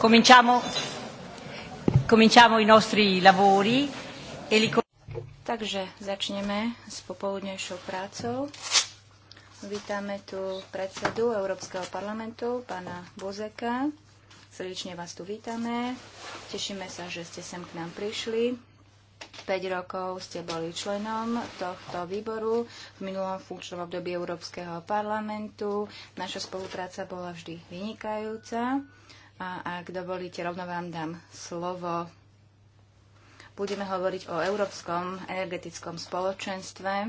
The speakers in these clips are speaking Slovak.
Cominciamo, cominciamo i nostri lavori. E Takže začneme s popoludnejšou prácou. Vítame tu predsedu Európskeho parlamentu, pána Bozeka. Srdečne vás tu vítame. Tešíme sa, že ste sem k nám prišli. 5 rokov ste boli členom tohto výboru v minulom funkčnom období Európskeho parlamentu. Naša spolupráca bola vždy vynikajúca. A ak dovolíte, rovno vám dám slovo. Budeme hovoriť o Európskom energetickom spoločenstve.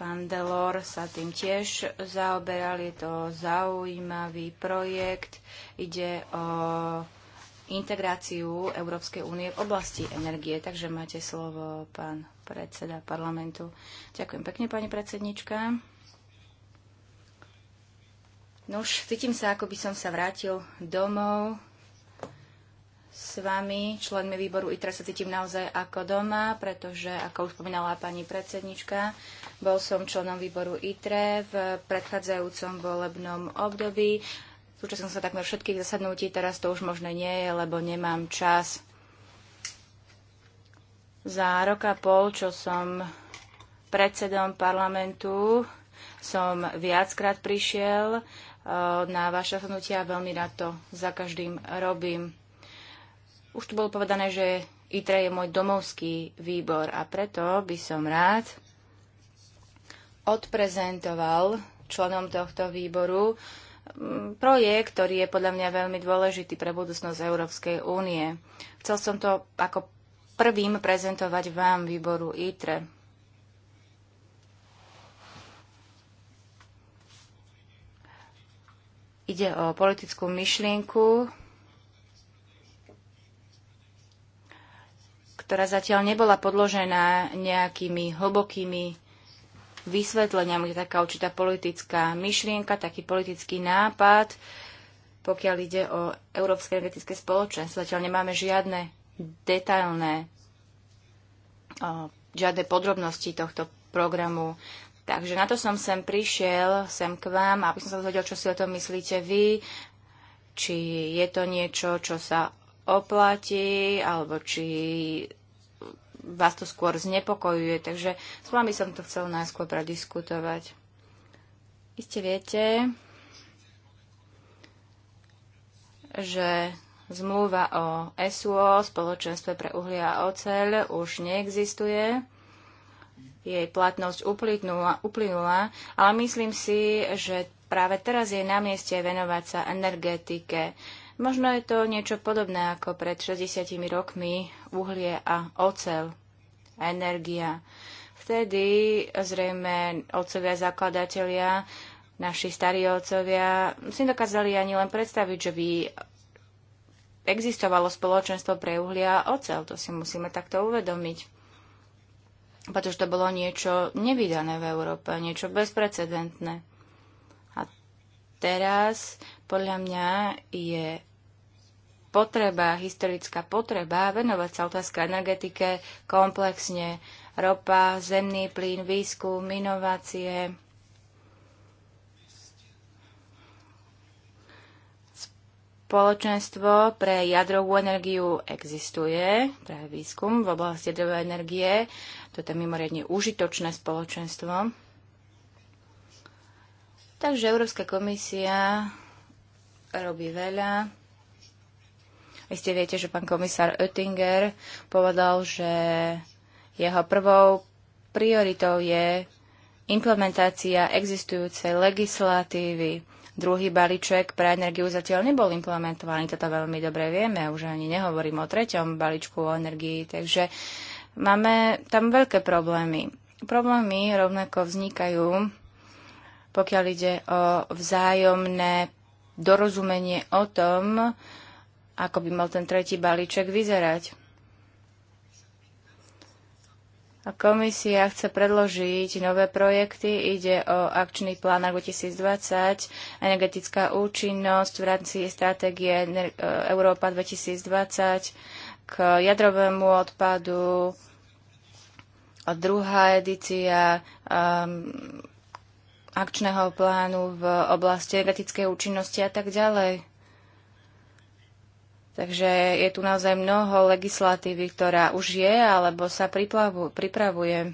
Pán Delor sa tým tiež zaoberal. Je to zaujímavý projekt. Ide o integráciu Európskej únie v oblasti energie. Takže máte slovo, pán predseda parlamentu. Ďakujem pekne, pani predsednička. No už cítim sa, ako by som sa vrátil domov s vami, členmi výboru ITRA, sa cítim naozaj ako doma, pretože, ako už spomínala pani predsednička, bol som členom výboru ITRE v predchádzajúcom volebnom období. Súčasne som sa takmer všetkých zasadnutí, teraz to už možné nie je, lebo nemám čas. Za rok a pol, čo som predsedom parlamentu, som viackrát prišiel Eh, na vaše a Veľmi rád to za každým robím. Už tu bolo povedané, že ITRE je môj domovský výbor a preto by som rád odprezentoval členom tohto výboru mm, projekt, ktorý je podľa mňa veľmi dôležitý pre budúcnosť Európskej únie. Chcel som to ako prvým prezentovať vám, výboru ITRE. Ide o politickú myšlienku, ktorá zatiaľ nebola podložená nejakými hlbokými vysvetleniami. Taká určitá politická myšlienka, taký politický nápad, pokiaľ ide o Európske energetické spoločenstvo. Zatiaľ nemáme žiadne detailné, žiadne podrobnosti tohto programu. Takže na to som sem prišiel, sem k vám, aby som sa dozvedel, čo si o tom myslíte vy, či je to niečo, čo sa oplatí, alebo či vás to skôr znepokojuje. Takže s vami som to chcel najskôr prediskutovať. Iste viete, že zmluva o SUO, spoločenstve pre uhlia a oceľ, už neexistuje jej platnosť uplynula, uplynula, ale myslím si, že práve teraz je na mieste venovať sa energetike. Možno je to niečo podobné ako pred 60 rokmi uhlie a ocel, energia. Vtedy zrejme otcovia zakladatelia, naši starí otcovia, si dokázali ani len predstaviť, že by existovalo spoločenstvo pre uhlia a ocel. To si musíme takto uvedomiť pretože to bolo niečo nevydané v Európe, niečo bezprecedentné. A teraz podľa mňa je potreba, historická potreba venovať sa otázka energetike komplexne. Ropa, zemný plyn, výskum, inovácie, spoločenstvo pre jadrovú energiu existuje, pre výskum v oblasti jadrovej energie, toto je mimoriadne užitočné spoločenstvo. Takže Európska komisia robí veľa. Vy ste viete, že pán komisár Oettinger povedal, že jeho prvou prioritou je implementácia existujúcej legislatívy. Druhý balíček pre energiu zatiaľ nebol implementovaný, toto veľmi dobre vieme, už ani nehovorím o treťom balíčku o energii, takže uh, Máme tam veľké problémy. Problémy rovnako vznikajú, pokiaľ ide o vzájomné dorozumenie o tom, ako by mal ten tretí balíček vyzerať. A komisia chce predložiť nové projekty. Ide o akčný plán na 2020, energetická účinnosť v rámci stratégie e, Európa 2020, k jadrovému odpadu, a druhá edícia um, akčného plánu v oblasti energetickej účinnosti a tak ďalej. Takže je tu naozaj mnoho legislatívy, ktorá už je alebo sa priplavu, pripravuje.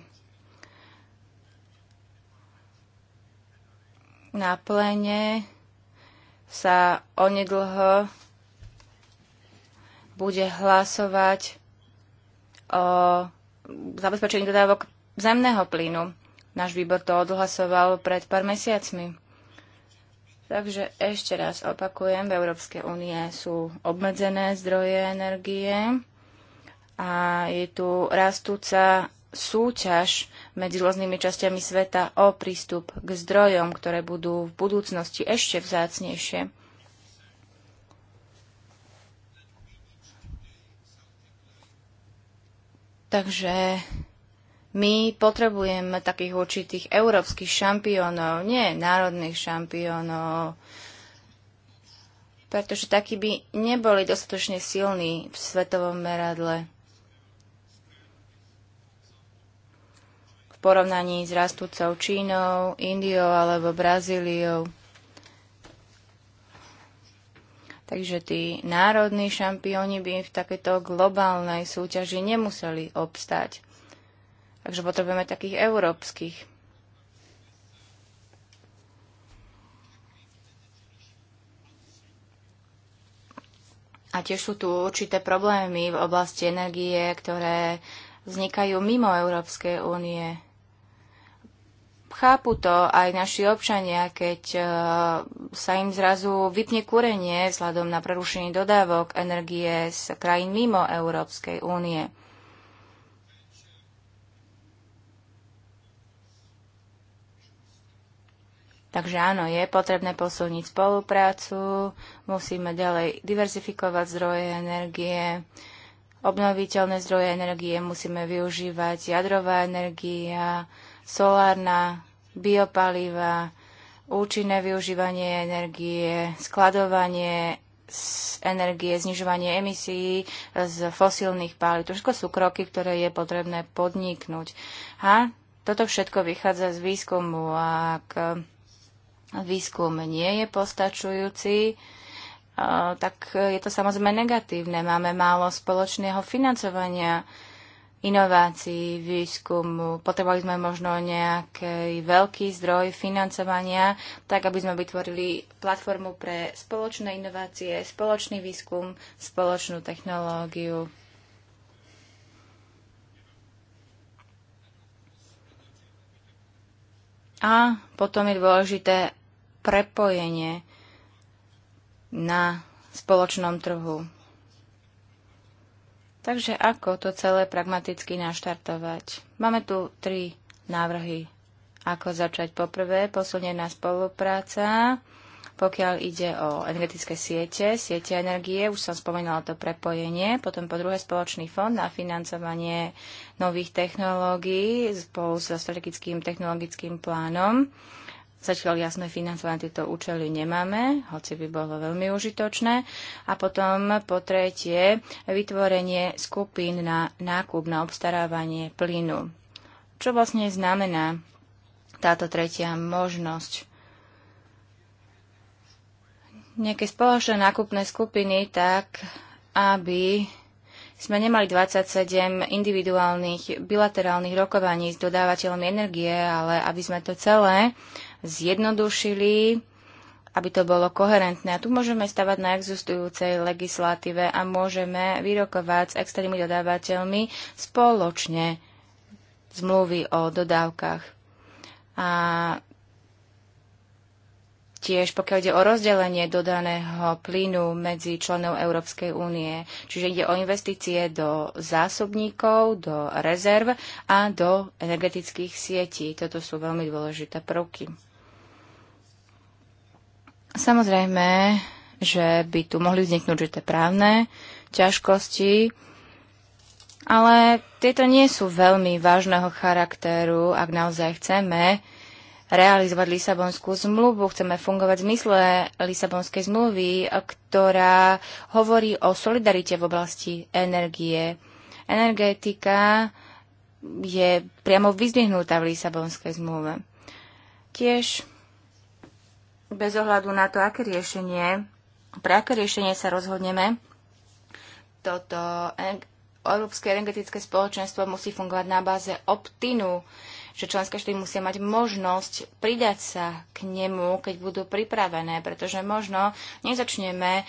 Na plene sa onedlho bude hlasovať o zabezpečení dodávok zemného plynu. Náš výbor to odhlasoval pred pár mesiacmi. Takže ešte raz opakujem, v Európskej únie sú obmedzené zdroje energie a je tu rastúca súťaž medzi rôznymi časťami sveta o prístup k zdrojom, ktoré budú v budúcnosti ešte vzácnejšie. Takže my potrebujeme takých určitých európskych šampiónov, nie národných šampiónov, pretože takí by neboli dostatočne silní v svetovom meradle. V porovnaní s rastúcou Čínou, Indiou alebo Brazíliou. Takže tí národní šampióni by v takéto globálnej súťaži nemuseli obstať. Takže potrebujeme takých európskych. A tiež sú tu určité problémy v oblasti energie, ktoré vznikajú mimo Európskej únie. Chápu to aj naši občania, keď e, sa im zrazu vypne kúrenie vzhľadom na prerušenie dodávok energie z krajín mimo Európskej únie. Takže áno, je potrebné posilniť spoluprácu, musíme ďalej diverzifikovať zdroje energie, obnoviteľné zdroje energie, musíme využívať jadrová energia, solárna biopaliva, účinné využívanie energie, skladovanie z energie, znižovanie emisí z fosílnych palív. To všetko sú kroky, ktoré je potrebné podniknúť. A toto všetko vychádza z výskumu. Ak výskum nie je postačujúci, eh, tak je to samozrejme negatívne. Máme málo spoločného financovania inovácií, výskumu. Potrebovali sme možno nejaký veľký zdroj financovania, tak aby sme vytvorili platformu pre spoločné inovácie, spoločný výskum, spoločnú technológiu. A potom je dôležité prepojenie na spoločnom trhu. Takže ako to celé pragmaticky naštartovať? Máme tu tri návrhy. Ako začať? Poprvé, posilnená spolupráca, pokiaľ ide o energetické siete, siete energie, už som spomenula to prepojenie, potom po druhé spoločný fond na financovanie nových technológií spolu so strategickým technologickým plánom Zatiaľ jasné na tieto účely nemáme, hoci by bolo veľmi užitočné. A potom po tretie, vytvorenie skupín na nákup, na obstarávanie plynu. Čo vlastne znamená táto tretia možnosť? Nejaké spoločné nákupné skupiny tak, aby sme nemali 27 individuálnych bilaterálnych rokovaní s dodávateľmi energie, ale aby sme to celé zjednodušili, aby to bolo koherentné. A tu môžeme stavať na existujúcej legislatíve a môžeme vyrokovať s externými dodávateľmi spoločne zmluvy o dodávkach. A tiež pokiaľ ide o rozdelenie dodaného plynu medzi členov Európskej únie. Čiže ide o investície do zásobníkov, do rezerv a do energetických sietí. Toto sú veľmi dôležité prvky. Samozrejme, že by tu mohli vzniknúť určité právne ťažkosti, ale tieto nie sú veľmi vážneho charakteru, ak naozaj chceme realizovať Lisabonskú zmluvu, chceme fungovať v zmysle Lisabonskej zmluvy, ktorá hovorí o solidarite v oblasti energie. Energetika je priamo vyzvihnutá v Lisabonskej zmluve. Tiež bez ohľadu na to, aké riešenie, pre aké riešenie sa rozhodneme, toto Európske energetické spoločenstvo musí fungovať na báze optinu, že členské štáty musia mať možnosť pridať sa k nemu, keď budú pripravené, pretože možno nezačneme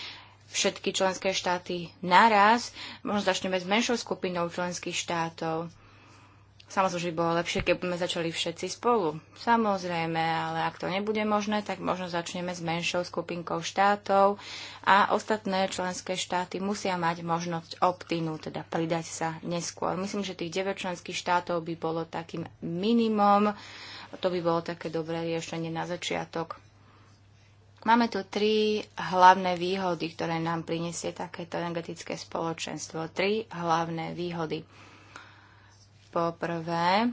všetky členské štáty naraz, možno začneme s menšou skupinou členských štátov. Samozrejme, že by bolo lepšie, keby sme začali všetci spolu. Samozrejme, ale ak to nebude možné, tak možno začneme s menšou skupinkou štátov a ostatné členské štáty musia mať možnosť optinu, teda pridať sa neskôr. Myslím, že tých 9 členských štátov by bolo takým minimum. To by bolo také dobré riešenie na začiatok. Máme tu tri hlavné výhody, ktoré nám prinesie takéto energetické spoločenstvo. Tri hlavné výhody. Poprvé,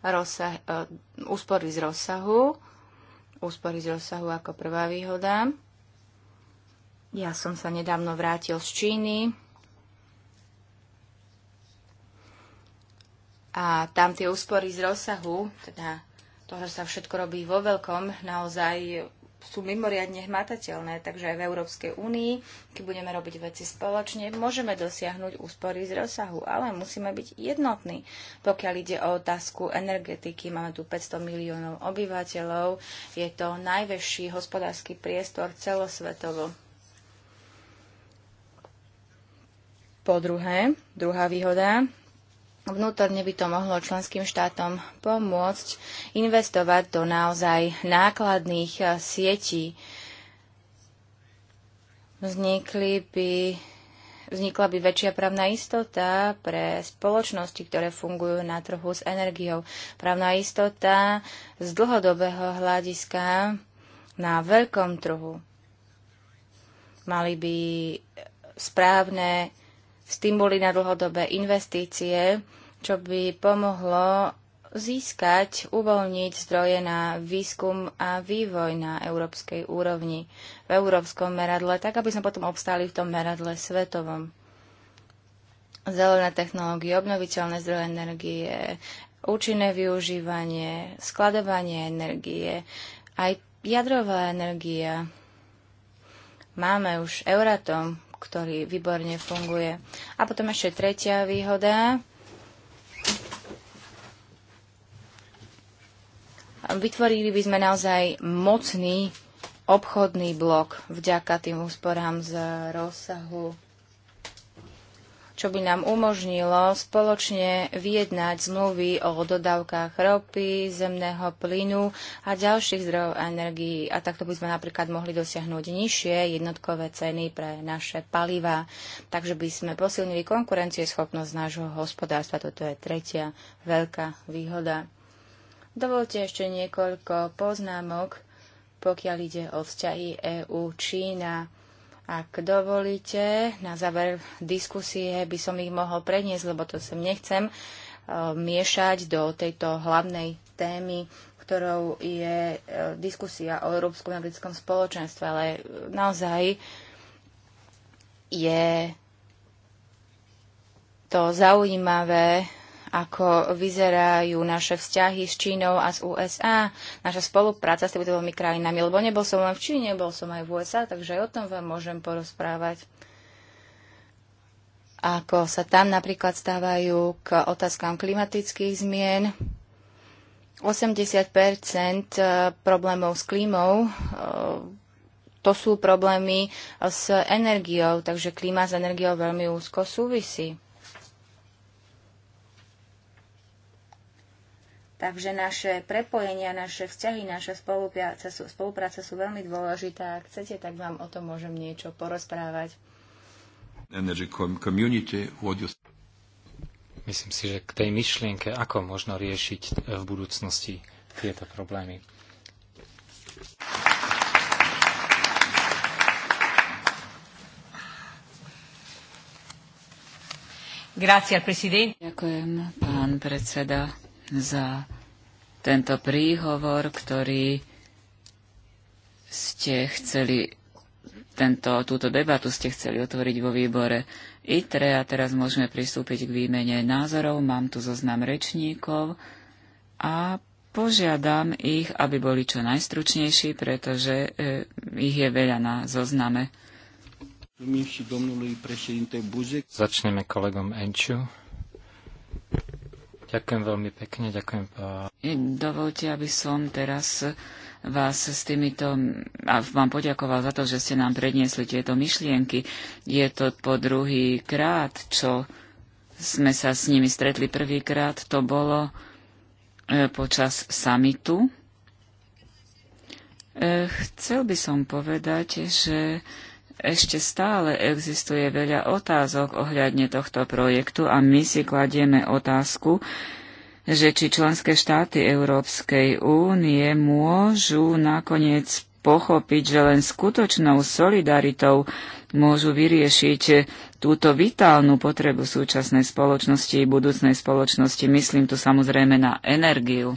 rozsah, uh, úspory z rozsahu. Úspory z rozsahu ako prvá výhoda. Ja som sa nedávno vrátil z Číny a tam tie úspory z rozsahu, teda to, že sa všetko robí vo veľkom, naozaj sú mimoriadne hmatateľné, takže aj v Európskej únii, keď budeme robiť veci spoločne, môžeme dosiahnuť úspory z rozsahu, ale musíme byť jednotní. Pokiaľ ide o otázku energetiky, máme tu 500 miliónov obyvateľov, je to najväčší hospodársky priestor celosvetovo. Po druhé, druhá výhoda, Vnútorne by to mohlo členským štátom pomôcť investovať do naozaj nákladných eh, sietí. Vznikli by vznikla by väčšia právna istota pre spoločnosti, ktoré fungujú na trhu s energiou. Právna istota z dlhodobého hľadiska na veľkom trhu. Mali by eh, správne stimuly na dlhodobé investície čo by pomohlo získať, uvoľniť zdroje na výskum a vývoj na európskej úrovni, v európskom meradle, tak aby sme potom obstáli v tom meradle svetovom. Zelené technológie, obnoviteľné zdroje energie, účinné využívanie, skladovanie energie, aj jadrová energia. Máme už Euratom, ktorý výborne funguje. A potom ešte tretia výhoda, Vytvorili by sme naozaj mocný obchodný blok vďaka tým úsporám z rozsahu čo by nám umožnilo spoločne vyjednať zmluvy o dodávkach ropy, zemného plynu a ďalších zdrojov energií. A takto by sme napríklad mohli dosiahnuť nižšie jednotkové ceny pre naše paliva. Takže by sme posilnili konkurencieschopnosť nášho hospodárstva. Toto je tretia veľká výhoda. Dovolte ešte niekoľko poznámok, pokiaľ ide o vzťahy EU-Čína. Ak dovolíte, na záver diskusie by som ich mohol preniesť, lebo to sem nechcem e, miešať do tejto hlavnej témy, ktorou je e, diskusia o Európskom energetickom spoločenstve, ale e, naozaj je to zaujímavé ako vyzerajú naše vzťahy s Čínou a s USA, naša spolupráca s týmito dvomi krajinami, lebo nebol som len v Číne, bol som aj v USA, takže aj o tom vám môžem porozprávať. Ako sa tam napríklad stávajú k otázkam klimatických zmien, 80 e, problémov s klímou e, to sú problémy s energiou, takže klíma s energiou veľmi úzko súvisí. Takže naše prepojenia, naše vzťahy, naša spolupráca sú, spolupráca sú veľmi dôležitá. Ak chcete, tak vám o tom môžem niečo porozprávať. Myslím si, že k tej myšlienke, ako možno riešiť e, v budúcnosti tieto problémy. Grazie, Ďakujem, pán predseda za tento príhovor, ktorý ste chceli, tento, túto debatu ste chceli otvoriť vo výbore ITRE a teraz môžeme pristúpiť k výmene názorov. Mám tu zoznam rečníkov a požiadam ich, aby boli čo najstručnejší, pretože e, ich je veľa na zozname. Začneme kolegom Enču. Ďakujem veľmi pekne, ďakujem. Dovolte, aby som teraz vás s týmito, a vám poďakoval za to, že ste nám predniesli tieto myšlienky. Je to po druhý krát, čo sme sa s nimi stretli prvýkrát, to bolo e, počas samitu. E, chcel by som povedať, že ešte stále existuje veľa otázok ohľadne tohto projektu a my si kladieme otázku, že či členské štáty Európskej únie môžu nakoniec pochopiť, že len skutočnou solidaritou môžu vyriešiť túto vitálnu potrebu súčasnej spoločnosti, budúcnej spoločnosti. Myslím tu samozrejme na energiu.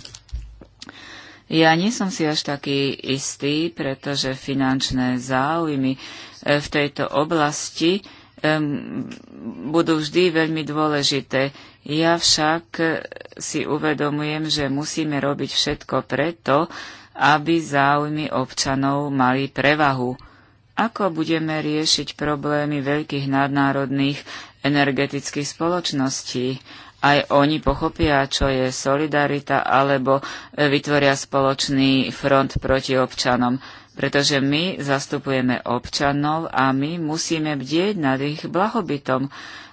Ja nie som si až taký istý, pretože finančné záujmy e, v tejto oblasti budú vždy veľmi dôležité. Ja však e, si uvedomujem, že musíme robiť všetko preto, aby záujmy občanov mali prevahu. Ako budeme riešiť problémy veľkých nadnárodných energetických spoločností? aj oni pochopia, čo je solidarita, alebo vytvoria spoločný front proti občanom. Pretože my zastupujeme občanov a my musíme bdieť nad ich blahobytom.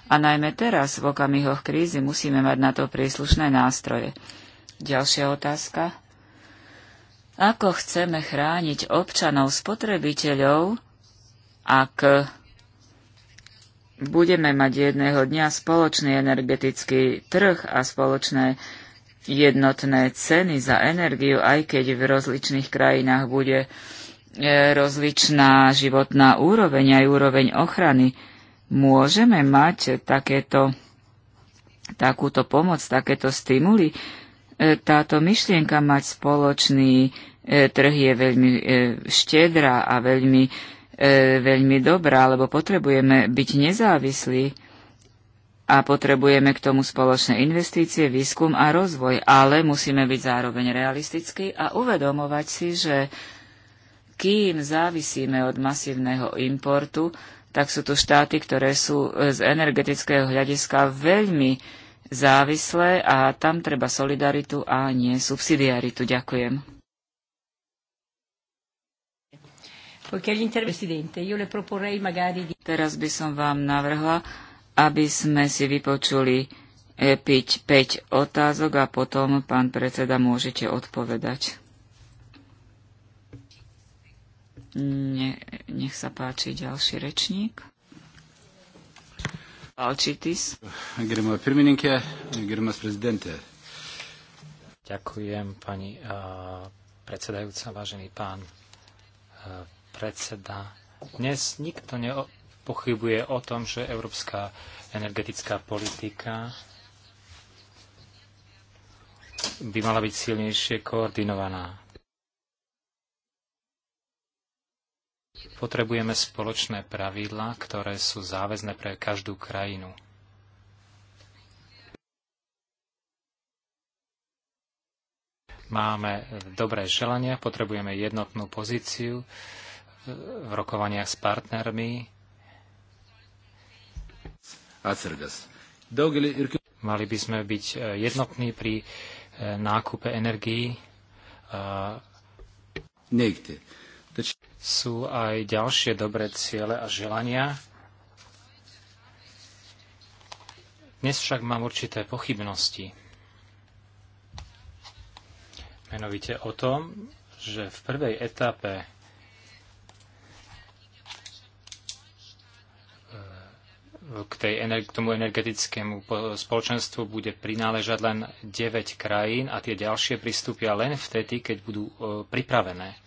A najmä teraz, v okamihoch krízy, musíme mať na to príslušné nástroje. Ďalšia otázka. Ako chceme chrániť občanov spotrebiteľov, ak budeme mať jedného dňa spoločný energetický trh a spoločné jednotné ceny za energiu, aj keď v rozličných krajinách bude e, rozličná životná úroveň aj úroveň ochrany, môžeme mať takéto, takúto pomoc, takéto stimuly. E, táto myšlienka mať spoločný e, trh je veľmi štedrá a veľmi E, veľmi dobrá, lebo potrebujeme byť nezávislí a potrebujeme k tomu spoločné investície, výskum a rozvoj, ale musíme byť zároveň realistickí a uvedomovať si, že kým závisíme od masívneho importu, tak sú tu štáty, ktoré sú e, z energetického hľadiska veľmi závislé a tam treba solidaritu a nie subsidiaritu. Ďakujem. Teraz by som vám navrhla, aby sme si vypočuli e, piť 5 otázok a potom, pán predseda, môžete odpovedať. Ne, nech sa páči ďalší rečník. Alčitis. Gerimo pirmininke, gerimas prezidente. Ďakujem, pani uh, predsedajúca, vážený pán uh, predseda. Dnes nikto nepochybuje o tom, že európska energetická politika by mala byť silnejšie koordinovaná. Potrebujeme spoločné pravidlá, ktoré sú záväzne pre každú krajinu. Máme dobré želania, potrebujeme jednotnú pozíciu, v rokovaniach s partnermi. Mali by sme byť e, jednotní pri e, nákupe energií. Sú aj ďalšie dobré ciele a želania. Dnes však mám určité pochybnosti. Menovite o tom, že v prvej etape k, tej, k tomu energetickému spoločenstvu bude prináležať len 9 krajín a tie ďalšie pristúpia len vtedy, keď budú e, pripravené.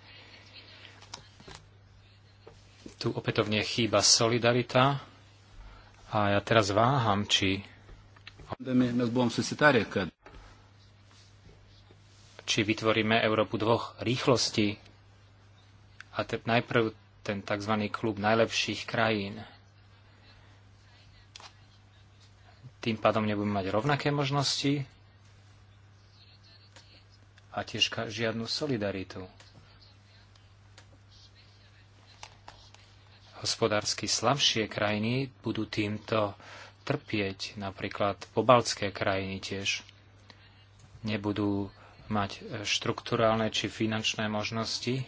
Tu opätovne chýba solidarita a ja teraz váham, či či vytvoríme Európu dvoch rýchlostí a te, najprv ten tzv. klub najlepších krajín – Tým pádom nebudeme mať rovnaké možnosti a tiež žiadnu solidaritu. Hospodársky slabšie krajiny budú týmto trpieť, napríklad pobaltské krajiny tiež nebudú mať e, štruktúrálne či finančné možnosti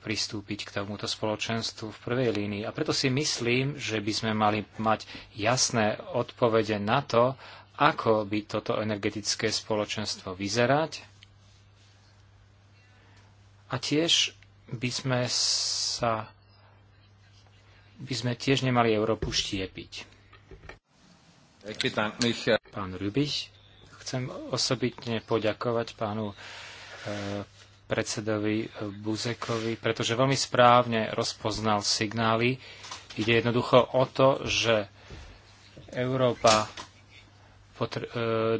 pristúpiť k tomuto spoločenstvu v prvej línii. A preto si myslím, že by sme mali mať jasné odpovede na to, ako by toto energetické spoločenstvo vyzerať. A tiež by sme sa by sme tiež nemali Európu štiepiť. Pán Rubich, chcem osobitne poďakovať pánu eh, predsedovi Buzekovi, pretože veľmi správne rozpoznal signály. Ide jednoducho o to, že Európa e,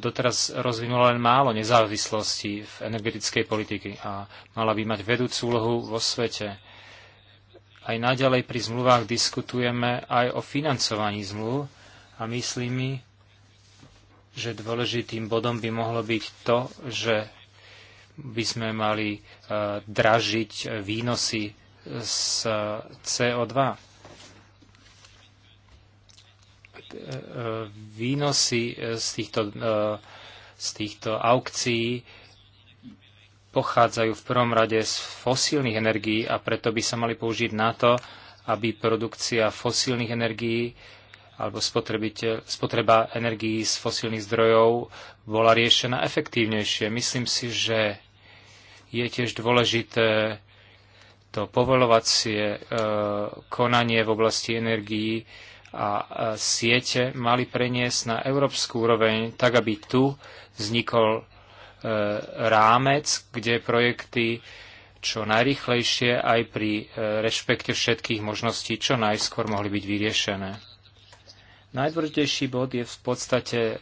doteraz rozvinula len málo nezávislosti v energetickej politiky a mala by mať vedúcu úlohu vo svete. Aj naďalej pri zmluvách diskutujeme aj o financovaní zmluv a myslím mi, že dôležitým bodom by mohlo byť to, že by sme mali e, dražiť výnosy z e, CO2. E, výnosy z týchto, z týchto aukcií pochádzajú v prvom rade z fosílnych energií a preto by sa mali použiť na to, aby produkcia fosílnych energií alebo spotreba energií z fosílnych zdrojov bola riešená efektívnejšie. Myslím si, že je tiež dôležité to povolovacie e, konanie v oblasti energií a e, siete mali preniesť na európsku úroveň, tak aby tu vznikol e, rámec, kde projekty čo najrychlejšie aj pri rešpekte všetkých možností čo najskôr mohli byť vyriešené. Najdôležitejší bod je v podstate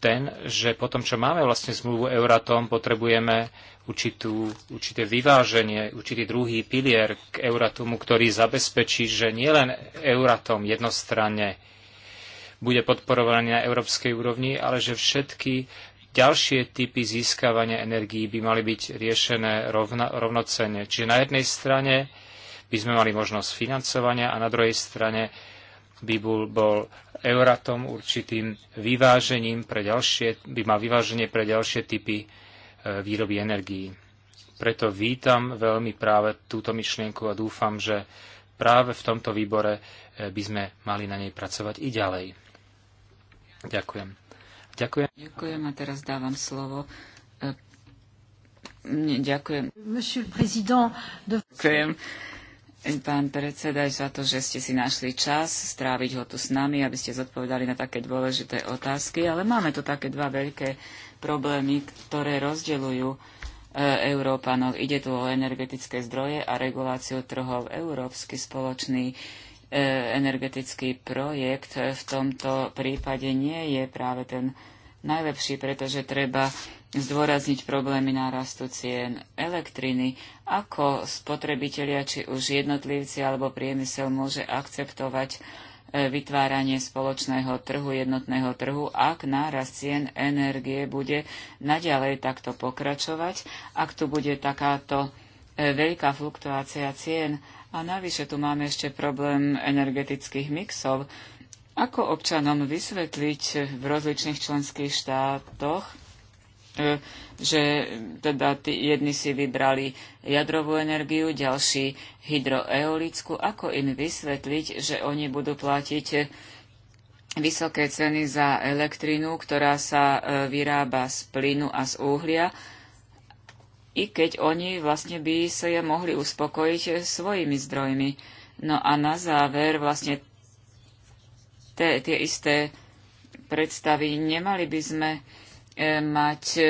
ten, že po tom, čo máme vlastne zmluvu Euratom, potrebujeme určitú, určité vyváženie, určitý druhý pilier k Euratomu, ktorý zabezpečí, že nielen Euratom jednostranne bude podporovaný na európskej úrovni, ale že všetky ďalšie typy získavania energií by mali byť riešené rovna, rovnocenne. Čiže na jednej strane by sme mali možnosť financovania a na druhej strane by bol, bol Euratom určitým vyvážením pre ďalšie, by mal vyváženie pre ďalšie typy e, výroby energií. Preto vítam veľmi práve túto myšlienku a dúfam, že práve v tomto výbore e, by sme mali na nej pracovať i ďalej. Ďakujem. Ďakujem. Ďakujem a teraz dávam slovo. E, ďakujem. Ďakujem pán predseda, aj za to, že ste si našli čas stráviť ho tu s nami, aby ste zodpovedali na také dôležité otázky, ale máme tu také dva veľké problémy, ktoré rozdeľujú e, Európanov. Ide tu o energetické zdroje a reguláciu trhov. Európsky spoločný e, energetický projekt v tomto prípade nie je práve ten najlepší, pretože treba zdôrazniť problémy nárastu cien elektriny, ako spotrebitelia, či už jednotlivci alebo priemysel môže akceptovať e, vytváranie spoločného trhu, jednotného trhu, ak nárast cien energie bude naďalej takto pokračovať, ak tu bude takáto e, veľká fluktuácia cien. A navyše tu máme ešte problém energetických mixov, ako občanom vysvetliť v rozličných členských štátoch, e, že teda tí jedni si vybrali jadrovú energiu, ďalší hydroeolickú. Ako im vysvetliť, že oni budú platiť vysoké ceny za elektrínu, ktorá sa e, vyrába z plynu a z uhlia, i keď oni vlastne by sa je mohli uspokojiť svojimi zdrojmi. No a na záver vlastne te, tie isté predstavy. Nemali by sme e, mať e,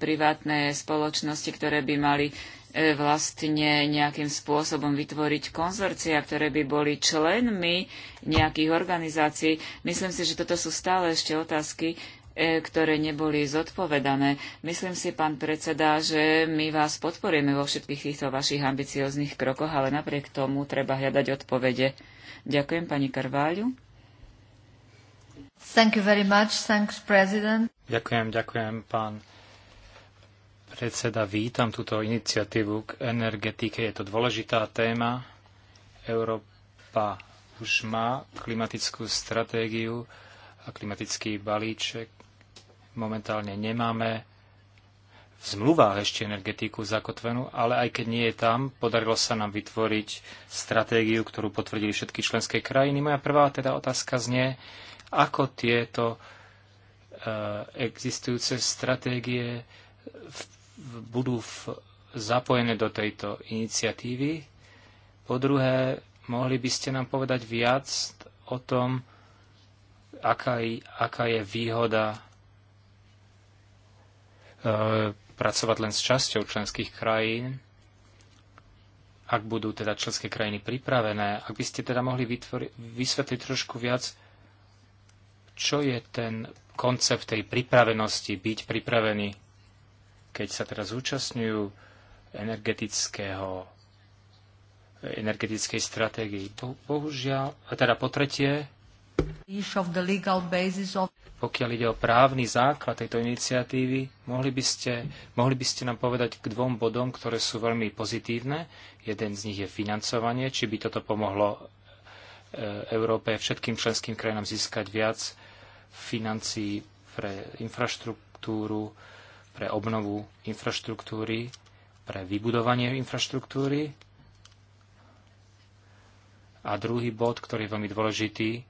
privátne spoločnosti, ktoré by mali e, vlastne nejakým spôsobom vytvoriť konzorcia, ktoré by boli členmi nejakých organizácií. Myslím si, že toto sú stále ešte otázky, ktoré neboli zodpovedané. Myslím si, pán predseda, že my vás podporujeme vo všetkých týchto vašich ambicióznych krokoch, ale napriek tomu treba hľadať odpovede. Ďakujem pani Karváľu. Thank you very much. Thanks, President. Ďakujem, ďakujem, pán predseda. Vítam túto iniciatívu k energetike. Je to dôležitá téma. Európa už má klimatickú stratégiu a klimatický balíček. Momentálne nemáme v zmluvách ešte energetiku zakotvenú, ale aj keď nie je tam, podarilo sa nám vytvoriť stratégiu, ktorú potvrdili všetky členské krajiny. Moja prvá teda otázka znie, ako tieto e, existujúce stratégie budú v, zapojené do tejto iniciatívy. Po druhé, mohli by ste nám povedať viac o tom, aká, aká je výhoda e, pracovať len s časťou členských krajín, ak budú teda členské krajiny pripravené. Ak by ste teda mohli vytvori, vysvetliť trošku viac, čo je ten koncept tej pripravenosti, byť pripravený, keď sa teraz zúčastňujú energetického energetickej stratégii. Bo, bohužiaľ, a teda po tretie, pokiaľ ide o právny základ tejto iniciatívy, mohli by, ste, mohli by ste nám povedať k dvom bodom, ktoré sú veľmi pozitívne. Jeden z nich je financovanie, či by toto pomohlo e, Európe, všetkým členským krajinám získať viac financií pre infraštruktúru, pre obnovu infraštruktúry, pre vybudovanie infraštruktúry. A druhý bod, ktorý je veľmi dôležitý, e,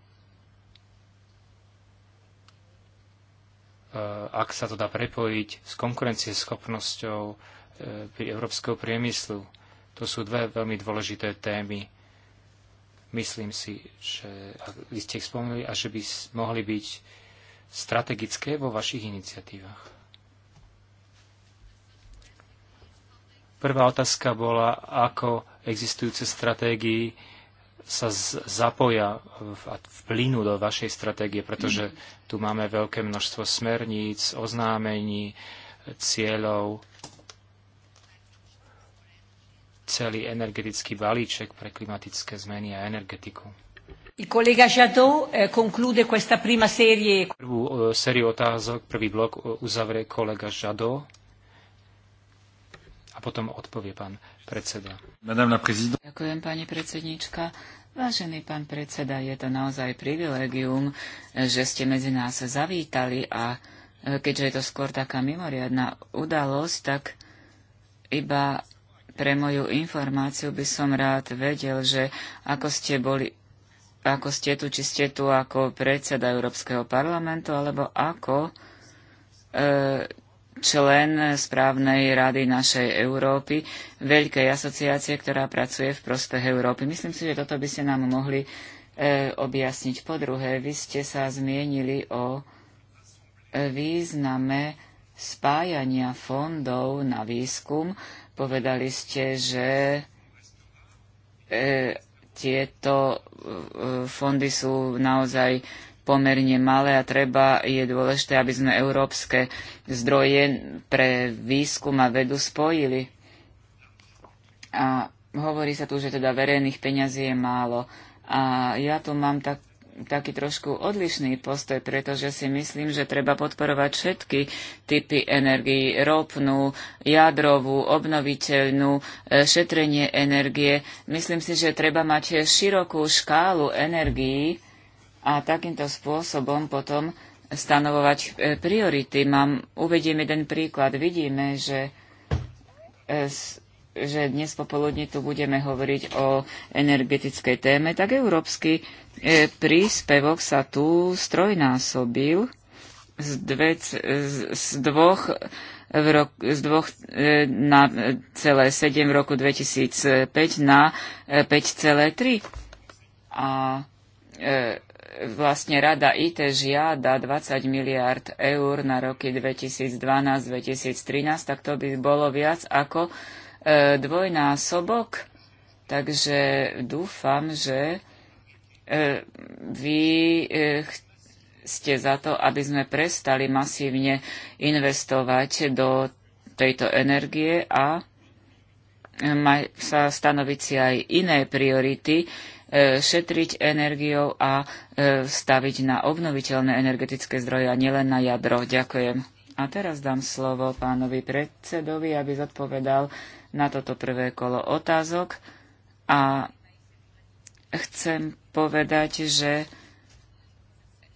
ak sa to dá prepojiť s konkurencieschopnosťou e, pri európskeho priemyslu. To sú dve veľmi dôležité témy Myslím si, že vy ste ich spomenuli a že by mohli byť strategické vo vašich iniciatívach. Prvá otázka bola, ako existujúce stratégii sa zapoja a vplynú do vašej stratégie, pretože tu máme veľké množstvo smerníc, oznámení, cieľov celý energetický balíček pre klimatické zmeny a energetiku. Il kolega Jadot eh, conclude questa prima serie. Prvú eh, sériu otázok, prvý blok eh, uzavrie kolega Jadot a potom odpovie pán predseda. Ďakujem, pani predsednička. Vážený pán predseda, je to naozaj privilegium, že ste medzi nás zavítali a keďže je to skôr taká mimoriadná udalosť, tak iba pre moju informáciu by som rád vedel, že ako ste boli ako ste tu, či ste tu ako predseda Európskeho parlamentu, alebo ako e, člen správnej rady našej Európy, veľkej asociácie, ktorá pracuje v prospech Európy. Myslím si, že toto by ste nám mohli e, objasniť. Po druhé, vy ste sa zmienili o e, význame spájania fondov na výskum Povedali ste, že e, tieto e, fondy sú naozaj pomerne malé a treba, je dôležité, aby sme európske zdroje pre výskum a vedu spojili. A hovorí sa tu, že teda verejných peňazí je málo. A ja tu mám tak, taký trošku odlišný postoj, pretože si myslím, že treba podporovať všetky typy energii, ropnú, jadrovú, obnoviteľnú, e, šetrenie energie. Myslím si, že treba mať širokú škálu energií a takýmto spôsobom potom stanovovať e, priority. Mám, uvediem jeden príklad. Vidíme, že e, že dnes popoludní tu budeme hovoriť o energetickej téme, tak Európsky E, príspevok sa tu strojnásobil z, dve, z dvoch v rok, z dvoch e, na celé 7 v roku 2005 na 5,3. E, A e, vlastne Rada IT žiada 20 miliard eur na roky 2012-2013, tak to by bolo viac ako e, dvojnásobok. Takže dúfam, že E, vy e, ste za to, aby sme prestali masívne investovať do tejto energie a sa stanoviť si aj iné priority, e, šetriť energiou a staviť na obnoviteľné energetické zdroje a nielen na jadro. Ďakujem. A teraz dám slovo pánovi predsedovi, aby zodpovedal na toto prvé kolo otázok a chcem povedať, že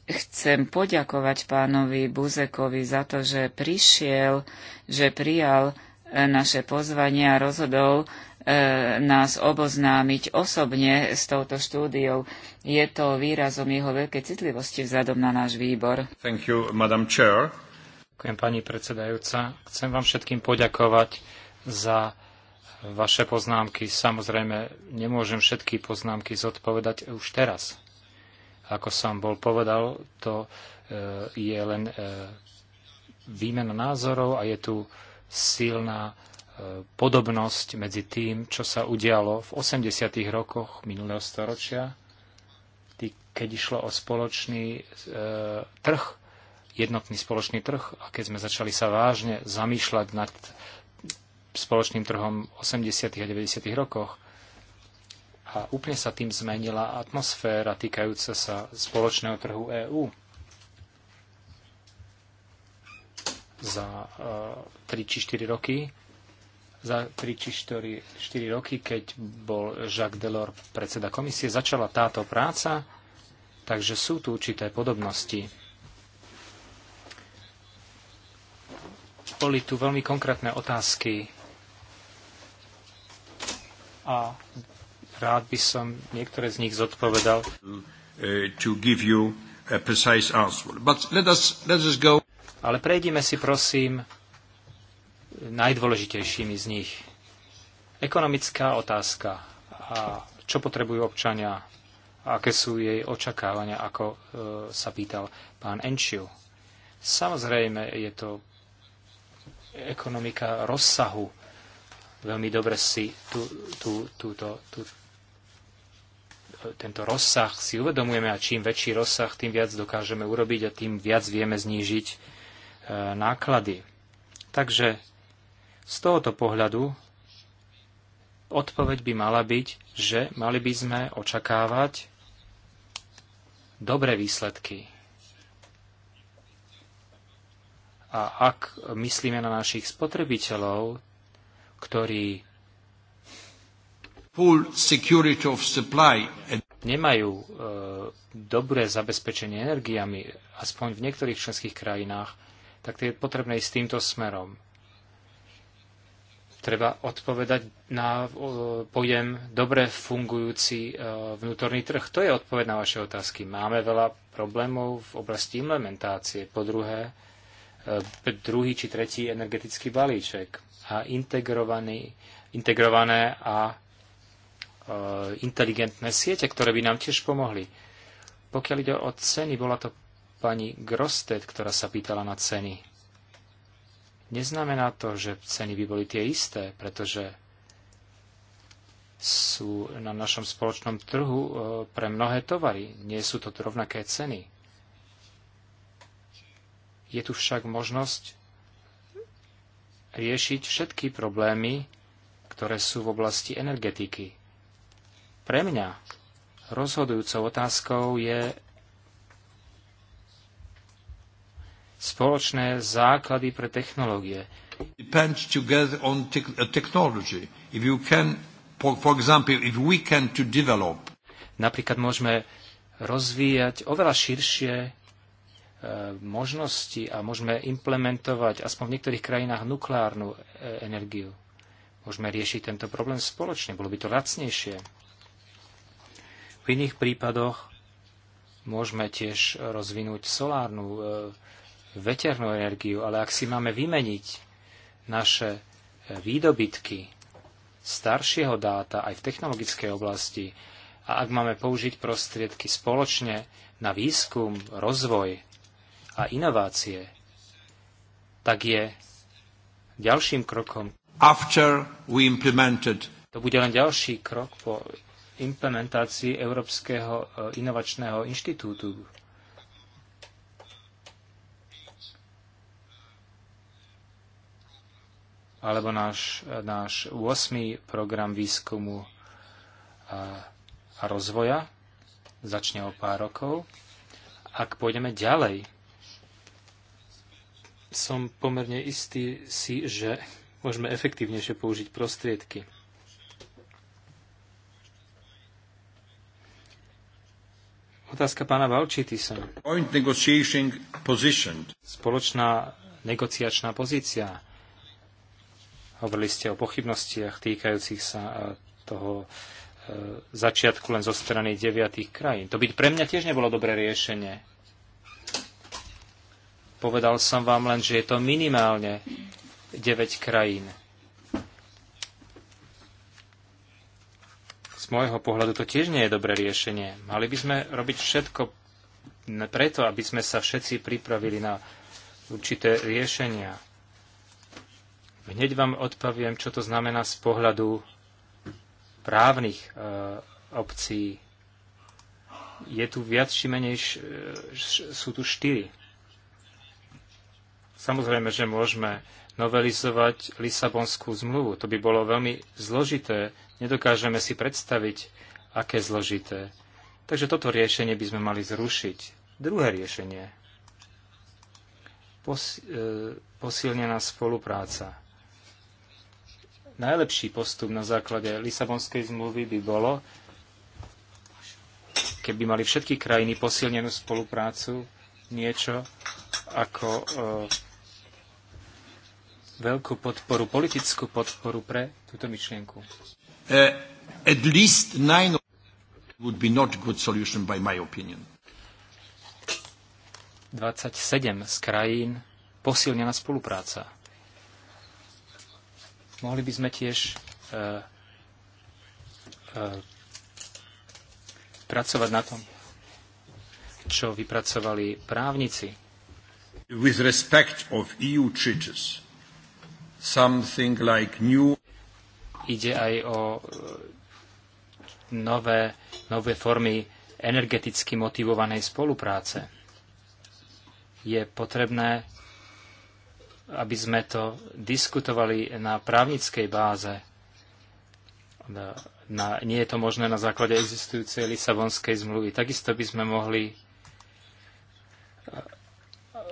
chcem poďakovať pánovi Buzekovi za to, že prišiel, že prijal e, naše pozvanie a rozhodol e, nás oboznámiť osobne s touto štúdiou. Je to výrazom jeho veľkej citlivosti vzhľadom na náš výbor. Thank you, Madam Chair. Ďakujem, pani predsedajúca. Chcem vám všetkým poďakovať za vaše poznámky. Samozrejme, nemôžem všetky poznámky zodpovedať už teraz. Ako som bol povedal, to e, je len e, výmena názorov a je tu silná e, podobnosť medzi tým, čo sa udialo v 80. rokoch minulého storočia, keď išlo o spoločný trh, jednotný spoločný trh a keď sme začali sa vážne zamýšľať nad spoločným trhom v 80. a 90. rokoch. A úplne sa tým zmenila atmosféra týkajúca sa spoločného trhu EÚ. Za uh, e, 3 či 4 roky za 3 či 4, 4 roky, keď bol Jacques Delors predseda komisie, začala táto práca, takže sú tu určité podobnosti. Boli tu veľmi konkrétne otázky a rád by som niektoré z nich zodpovedal. Uh, to give you a precise answer. But let us, let us go. Ale prejdime si prosím najdôležitejšími z nich. Ekonomická otázka. A čo potrebujú občania? A aké sú jej očakávania, ako e, sa pýtal pán Enčiu. Samozrejme je to ekonomika rozsahu veľmi dobre si tú, tú, túto, tú, tento rozsah si uvedomujeme a čím väčší rozsah, tým viac dokážeme urobiť a tým viac vieme znížiť e, náklady. Takže z tohoto pohľadu odpoveď by mala byť, že mali by sme očakávať dobré výsledky. A ak myslíme na našich spotrebiteľov, ktorí nemajú e, dobré zabezpečenie energiami, aspoň v niektorých členských krajinách, tak to je potrebné ísť týmto smerom. Treba odpovedať na e, pojem dobre fungujúci e, vnútorný trh. To je odpoveď na vaše otázky. Máme veľa problémov v oblasti implementácie. Po druhé, e, druhý či tretí energetický balíček a integrované a e, inteligentné siete, ktoré by nám tiež pomohli. Pokiaľ ide o ceny, bola to pani Grosted, ktorá sa pýtala na ceny. Neznamená to, že ceny by boli tie isté, pretože sú na našom spoločnom trhu e, pre mnohé tovary. Nie sú to rovnaké ceny. Je tu však možnosť riešiť všetky problémy, ktoré sú v oblasti energetiky. Pre mňa rozhodujúcou otázkou je spoločné základy pre technológie. Depends together on uh, technology. If you can, for example, if we can to develop. Napríklad môžeme rozvíjať oveľa širšie možnosti a môžeme implementovať aspoň v niektorých krajinách nukleárnu e, energiu. Môžeme riešiť tento problém spoločne, bolo by to lacnejšie. V iných prípadoch môžeme tiež rozvinúť solárnu, e, veternú energiu, ale ak si máme vymeniť naše e, výdobytky staršieho dáta aj v technologickej oblasti a ak máme použiť prostriedky spoločne na výskum, rozvoj a inovácie, tak je ďalším krokom. After we implemented. To bude len ďalší krok po implementácii Európskeho e, inovačného inštitútu. alebo náš, e, náš 8. program výskumu a, e, a rozvoja začne o pár rokov. Ak pôjdeme ďalej, som pomerne istý si, že môžeme efektívnejšie použiť prostriedky. Otázka pána sa. Spoločná negociačná pozícia. Hovorili ste o pochybnostiach týkajúcich sa e, toho e, začiatku len zo strany deviatých krajín. To by pre mňa tiež nebolo dobré riešenie Povedal som vám len, že je to minimálne 9 krajín. Z môjho pohľadu to tiež nie je dobré riešenie. Mali by sme robiť všetko preto, aby sme sa všetci pripravili na určité riešenia. Hneď vám odpaviem, čo to znamená z pohľadu právnych e, obcí. Je tu viac či menej, š, š, sú tu štyri Samozrejme, že môžeme novelizovať Lisabonskú zmluvu. To by bolo veľmi zložité. Nedokážeme si predstaviť, aké zložité. Takže toto riešenie by sme mali zrušiť. Druhé riešenie. Pos, e, posilnená spolupráca. Najlepší postup na základe Lisabonskej zmluvy by bolo, keby mali všetky krajiny posilnenú spoluprácu, niečo ako e, veľkú podporu, politickú podporu pre túto myšlienku. Uh, at least nine would be not good solution by my opinion. 27 z krajín posilnená spolupráca. Mohli by sme tiež uh, uh, pracovať na tom, čo vypracovali právnici. With respect of EU treaties, something like new ide aj o e, nové, nové formy energeticky motivovanej spolupráce. Je potrebné, aby sme to diskutovali na právnickej báze. Na, na, nie je to možné na základe existujúcej Lisabonskej zmluvy. Takisto by sme mohli e,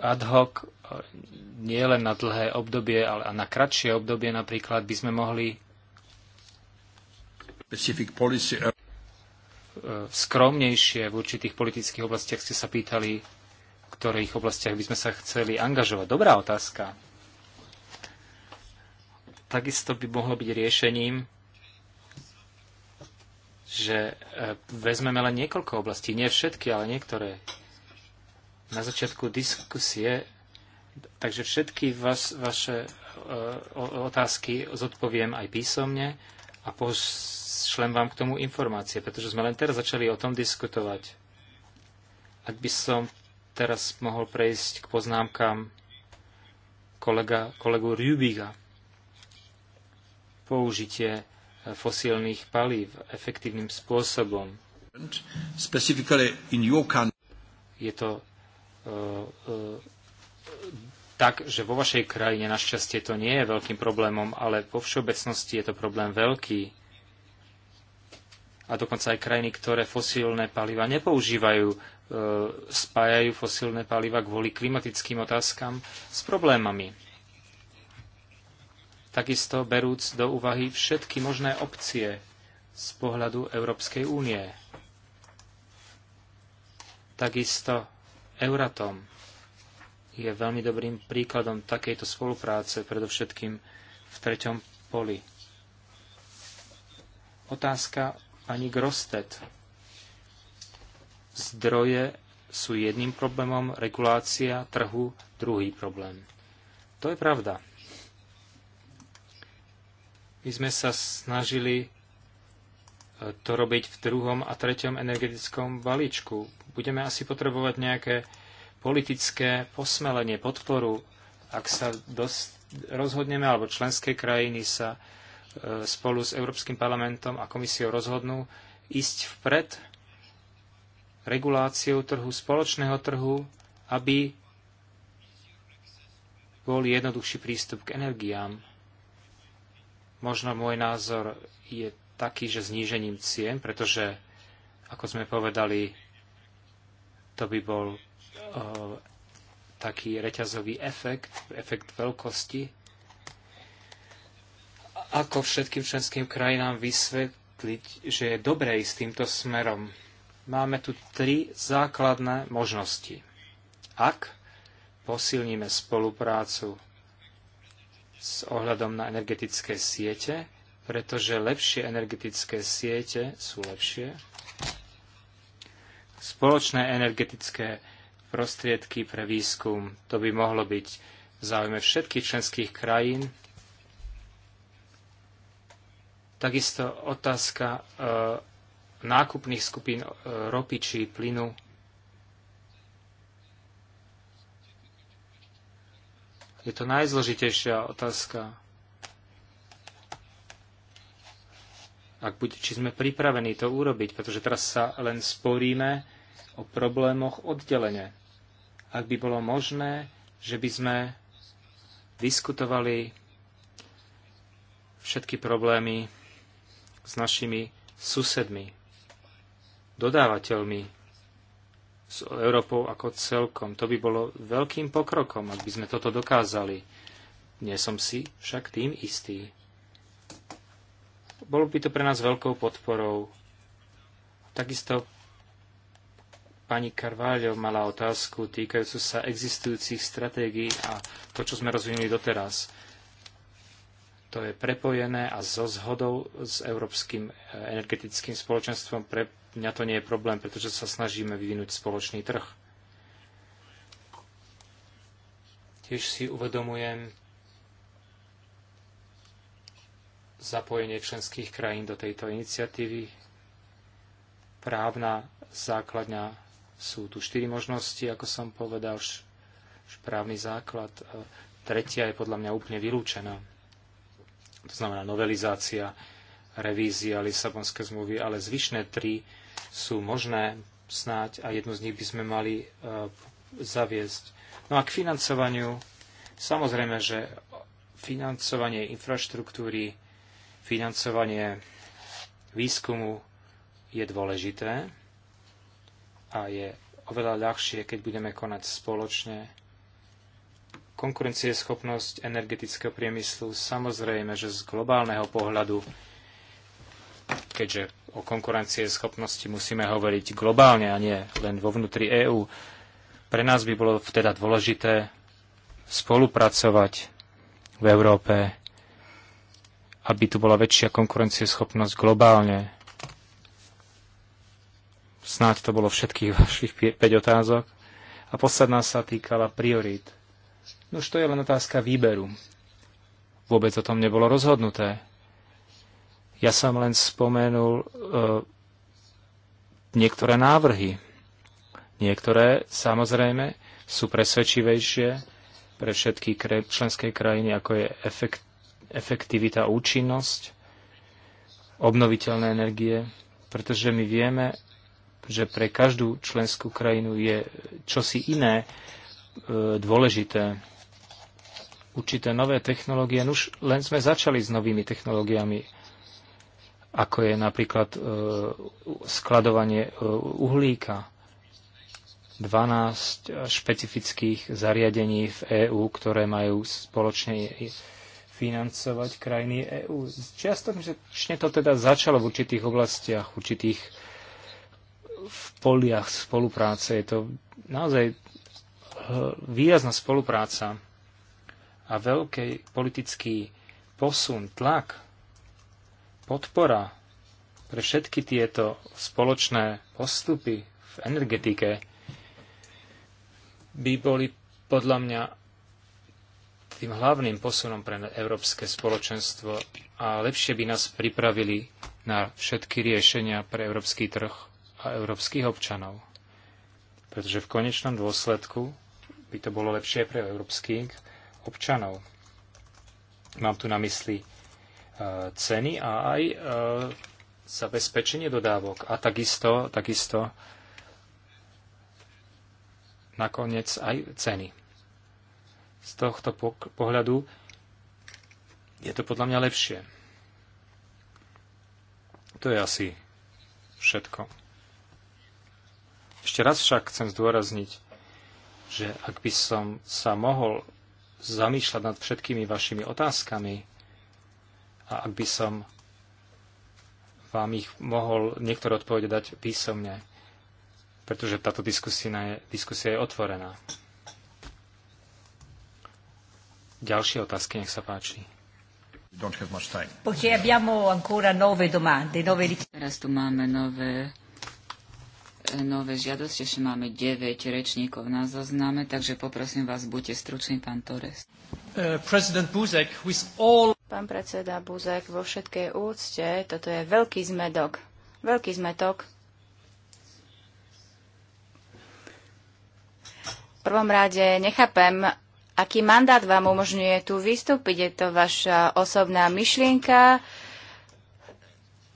ad hoc nie len na dlhé obdobie, ale na kratšie obdobie napríklad by sme mohli eh, skromnejšie v určitých politických oblastiach ste sa pýtali, v ktorých oblastiach by sme sa chceli angažovať. Dobrá otázka. Takisto by mohlo byť riešením, že eh, vezmeme len niekoľko oblastí, nie všetky, ale niektoré. Na začiatku diskusie Takže všetky vas, vaše uh, otázky zodpoviem aj písomne a pošlem vám k tomu informácie, pretože sme len teraz začali o tom diskutovať. Ak by som teraz mohol prejsť k poznámkam kolega, kolegu Rubiga. Použitie e, fosílnych palív efektívnym spôsobom. Je to uh, uh, tak, že vo vašej krajine našťastie to nie je veľkým problémom, ale vo všeobecnosti je to problém veľký. A dokonca aj krajiny, ktoré fosílne paliva nepoužívajú, e, spájajú fosílne paliva kvôli klimatickým otázkam s problémami. Takisto berúc do úvahy všetky možné opcie z pohľadu Európskej únie. Takisto Euratom je veľmi dobrým príkladom takejto spolupráce, predovšetkým v treťom poli. Otázka pani Grostet. Zdroje sú jedným problémom, regulácia trhu druhý problém. To je pravda. My sme sa snažili e, to robiť v druhom a treťom energetickom balíčku. Budeme asi potrebovať nejaké politické posmelenie, podporu, ak sa dosť rozhodneme, alebo členské krajiny sa e, spolu s Európskym parlamentom a komisiou rozhodnú ísť vpred reguláciou trhu, spoločného trhu, aby bol jednoduchší prístup k energiám. Možno môj názor je taký, že znížením cien, pretože, ako sme povedali, to by bol Eh, taký reťazový efekt, efekt veľkosti. Ako všetkým členským krajinám vysvetliť, že je dobré s týmto smerom? Máme tu tri základné možnosti. Ak posilníme spoluprácu s ohľadom na energetické siete, pretože lepšie energetické siete sú lepšie. Spoločné energetické prostriedky pre výskum. To by mohlo byť v záujme všetkých členských krajín. Takisto otázka e, nákupných skupín e, ropy či plynu. Je to najzložitejšia otázka. Ak bude, či sme pripravení to urobiť, pretože teraz sa len sporíme o problémoch oddelenia ak by bolo možné, že by sme diskutovali všetky problémy s našimi susedmi, dodávateľmi, s Európou ako celkom. To by bolo veľkým pokrokom, ak by sme toto dokázali. Nie som si však tým istý. Bolo by to pre nás veľkou podporou. Takisto Pani Carvalho mala otázku týkajúcu sa existujúcich stratégií a to, čo sme rozvinuli doteraz. To je prepojené a so zhodou s Európskym eh, energetickým spoločenstvom pre mňa to nie je problém, pretože sa snažíme vyvinúť spoločný trh. Tiež si uvedomujem zapojenie členských krajín do tejto iniciatívy. Právna základňa sú tu štyri možnosti, ako som povedal, právny základ. E, tretia je podľa mňa úplne vylúčená. To znamená novelizácia, revízia Lisabonskej zmluvy, ale zvyšné tri sú možné snáď a jednu z nich by sme mali e, zaviesť. No a k financovaniu, samozrejme, že financovanie infraštruktúry, financovanie výskumu je dôležité, a je oveľa ľahšie, keď budeme konať spoločne. Konkurencieschopnosť energetického priemyslu samozrejme, že z globálneho pohľadu, keďže o konkurencieschopnosti musíme hovoriť globálne a nie len vo vnútri EÚ, pre nás by bolo teda dôležité spolupracovať v Európe, aby tu bola väčšia konkurencieschopnosť globálne Snáď to bolo všetkých vašich 5 otázok. A posledná sa týkala priorít. No už to je len otázka výberu. Vôbec o tom nebolo rozhodnuté. Ja som len spomenul e, niektoré návrhy. Niektoré, samozrejme, sú presvedčivejšie pre všetky členské krajiny, ako je efekt, efektivita, účinnosť, obnoviteľné energie, pretože my vieme, že pre každú členskú krajinu je čosi iné e, dôležité. Určité nové technológie, no už len sme začali s novými technológiami, ako je napríklad e, skladovanie e, uhlíka. 12 špecifických zariadení v EÚ, ktoré majú spoločne financovať krajiny EÚ. Čiastočne to teda začalo v určitých oblastiach, v určitých v poliach spolupráce. Je to naozaj eh, výrazná spolupráca a veľký politický posun, tlak, podpora pre všetky tieto spoločné postupy v energetike by boli podľa mňa tým hlavným posunom pre európske spoločenstvo a lepšie by nás pripravili na všetky riešenia pre európsky trh a európskych občanov. Pretože v konečnom dôsledku by to bolo lepšie pre európskych občanov. Mám tu na mysli e, ceny a aj e, zabezpečenie dodávok. A takisto, takisto nakoniec aj ceny. Z tohto pohľadu je to podľa mňa lepšie. To je asi všetko. Ešte raz však chcem zdôrazniť, že ak by som sa mohol zamýšľať nad všetkými vašimi otázkami a ak by som vám ich mohol niektoré odpovede dať písomne, pretože táto diskusia je, diskusia je otvorená. Ďalšie otázky, nech sa páči. Teraz tu máme nové nové žiadosti. Ešte máme 9 rečníkov na zozname, takže poprosím vás, buďte stručný, pán Torres. Uh, pán predseda Buzek, vo všetkej úcte, toto je veľký zmedok. Veľký zmetok. V prvom rade nechápem, aký mandát vám umožňuje tu vystúpiť. Je to vaša osobná myšlienka.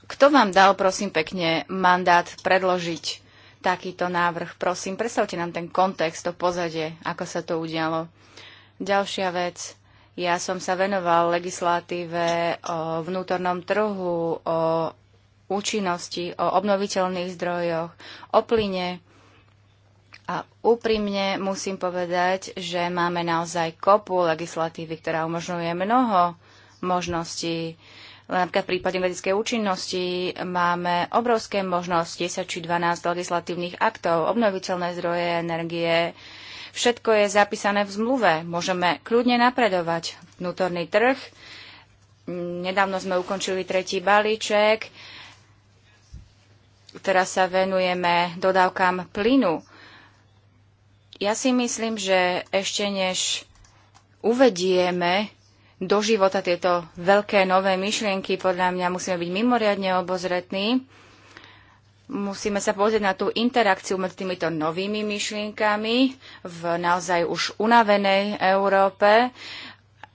Kto vám dal, prosím pekne, mandát predložiť takýto návrh. Prosím, predstavte nám ten kontext, to pozadie, ako sa to udialo. Ďalšia vec, ja som sa venoval legislatíve o vnútornom trhu, o účinnosti, o obnoviteľných zdrojoch, o plyne. A úprimne musím povedať, že máme naozaj kopu legislatívy, ktorá umožňuje mnoho možností Napríklad v prípade vedeckej účinnosti máme obrovské možnosti 10 či 12 legislatívnych aktov, obnoviteľné zdroje energie, Všetko je zapísané v zmluve. Môžeme kľudne napredovať. Vnútorný trh. Nedávno sme ukončili tretí balíček. Teraz sa venujeme dodávkam plynu. Ja si myslím, že ešte než uvedieme do života tieto veľké nové myšlienky. Podľa mňa musíme byť mimoriadne obozretní. Musíme sa pozrieť na tú interakciu medzi týmito novými myšlienkami v naozaj už unavenej Európe.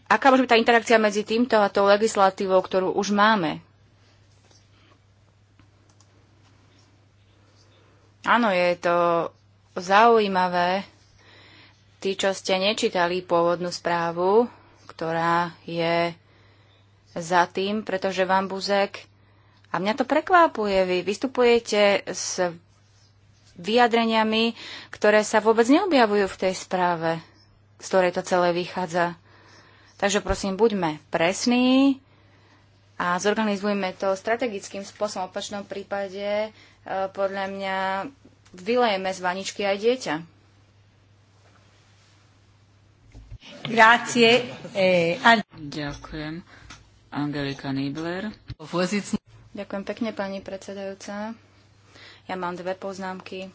Aká môže byť tá interakcia medzi týmto a tou legislatívou, ktorú už máme? Áno, je to zaujímavé. Tí, čo ste nečítali pôvodnú správu, ktorá je za tým, pretože vám Buzek, a mňa to prekvapuje, vy vystupujete s vyjadreniami, ktoré sa vôbec neobjavujú v tej správe, z ktorej to celé vychádza. Takže prosím, buďme presní a zorganizujme to strategickým spôsobom. V opačnom prípade, eh, podľa mňa, vylejeme z vaničky aj dieťa. Grazie. Eh, Ďakujem. Angelika Nibler. Ďakujem pekne, pani predsedajúca. Ja mám dve poznámky.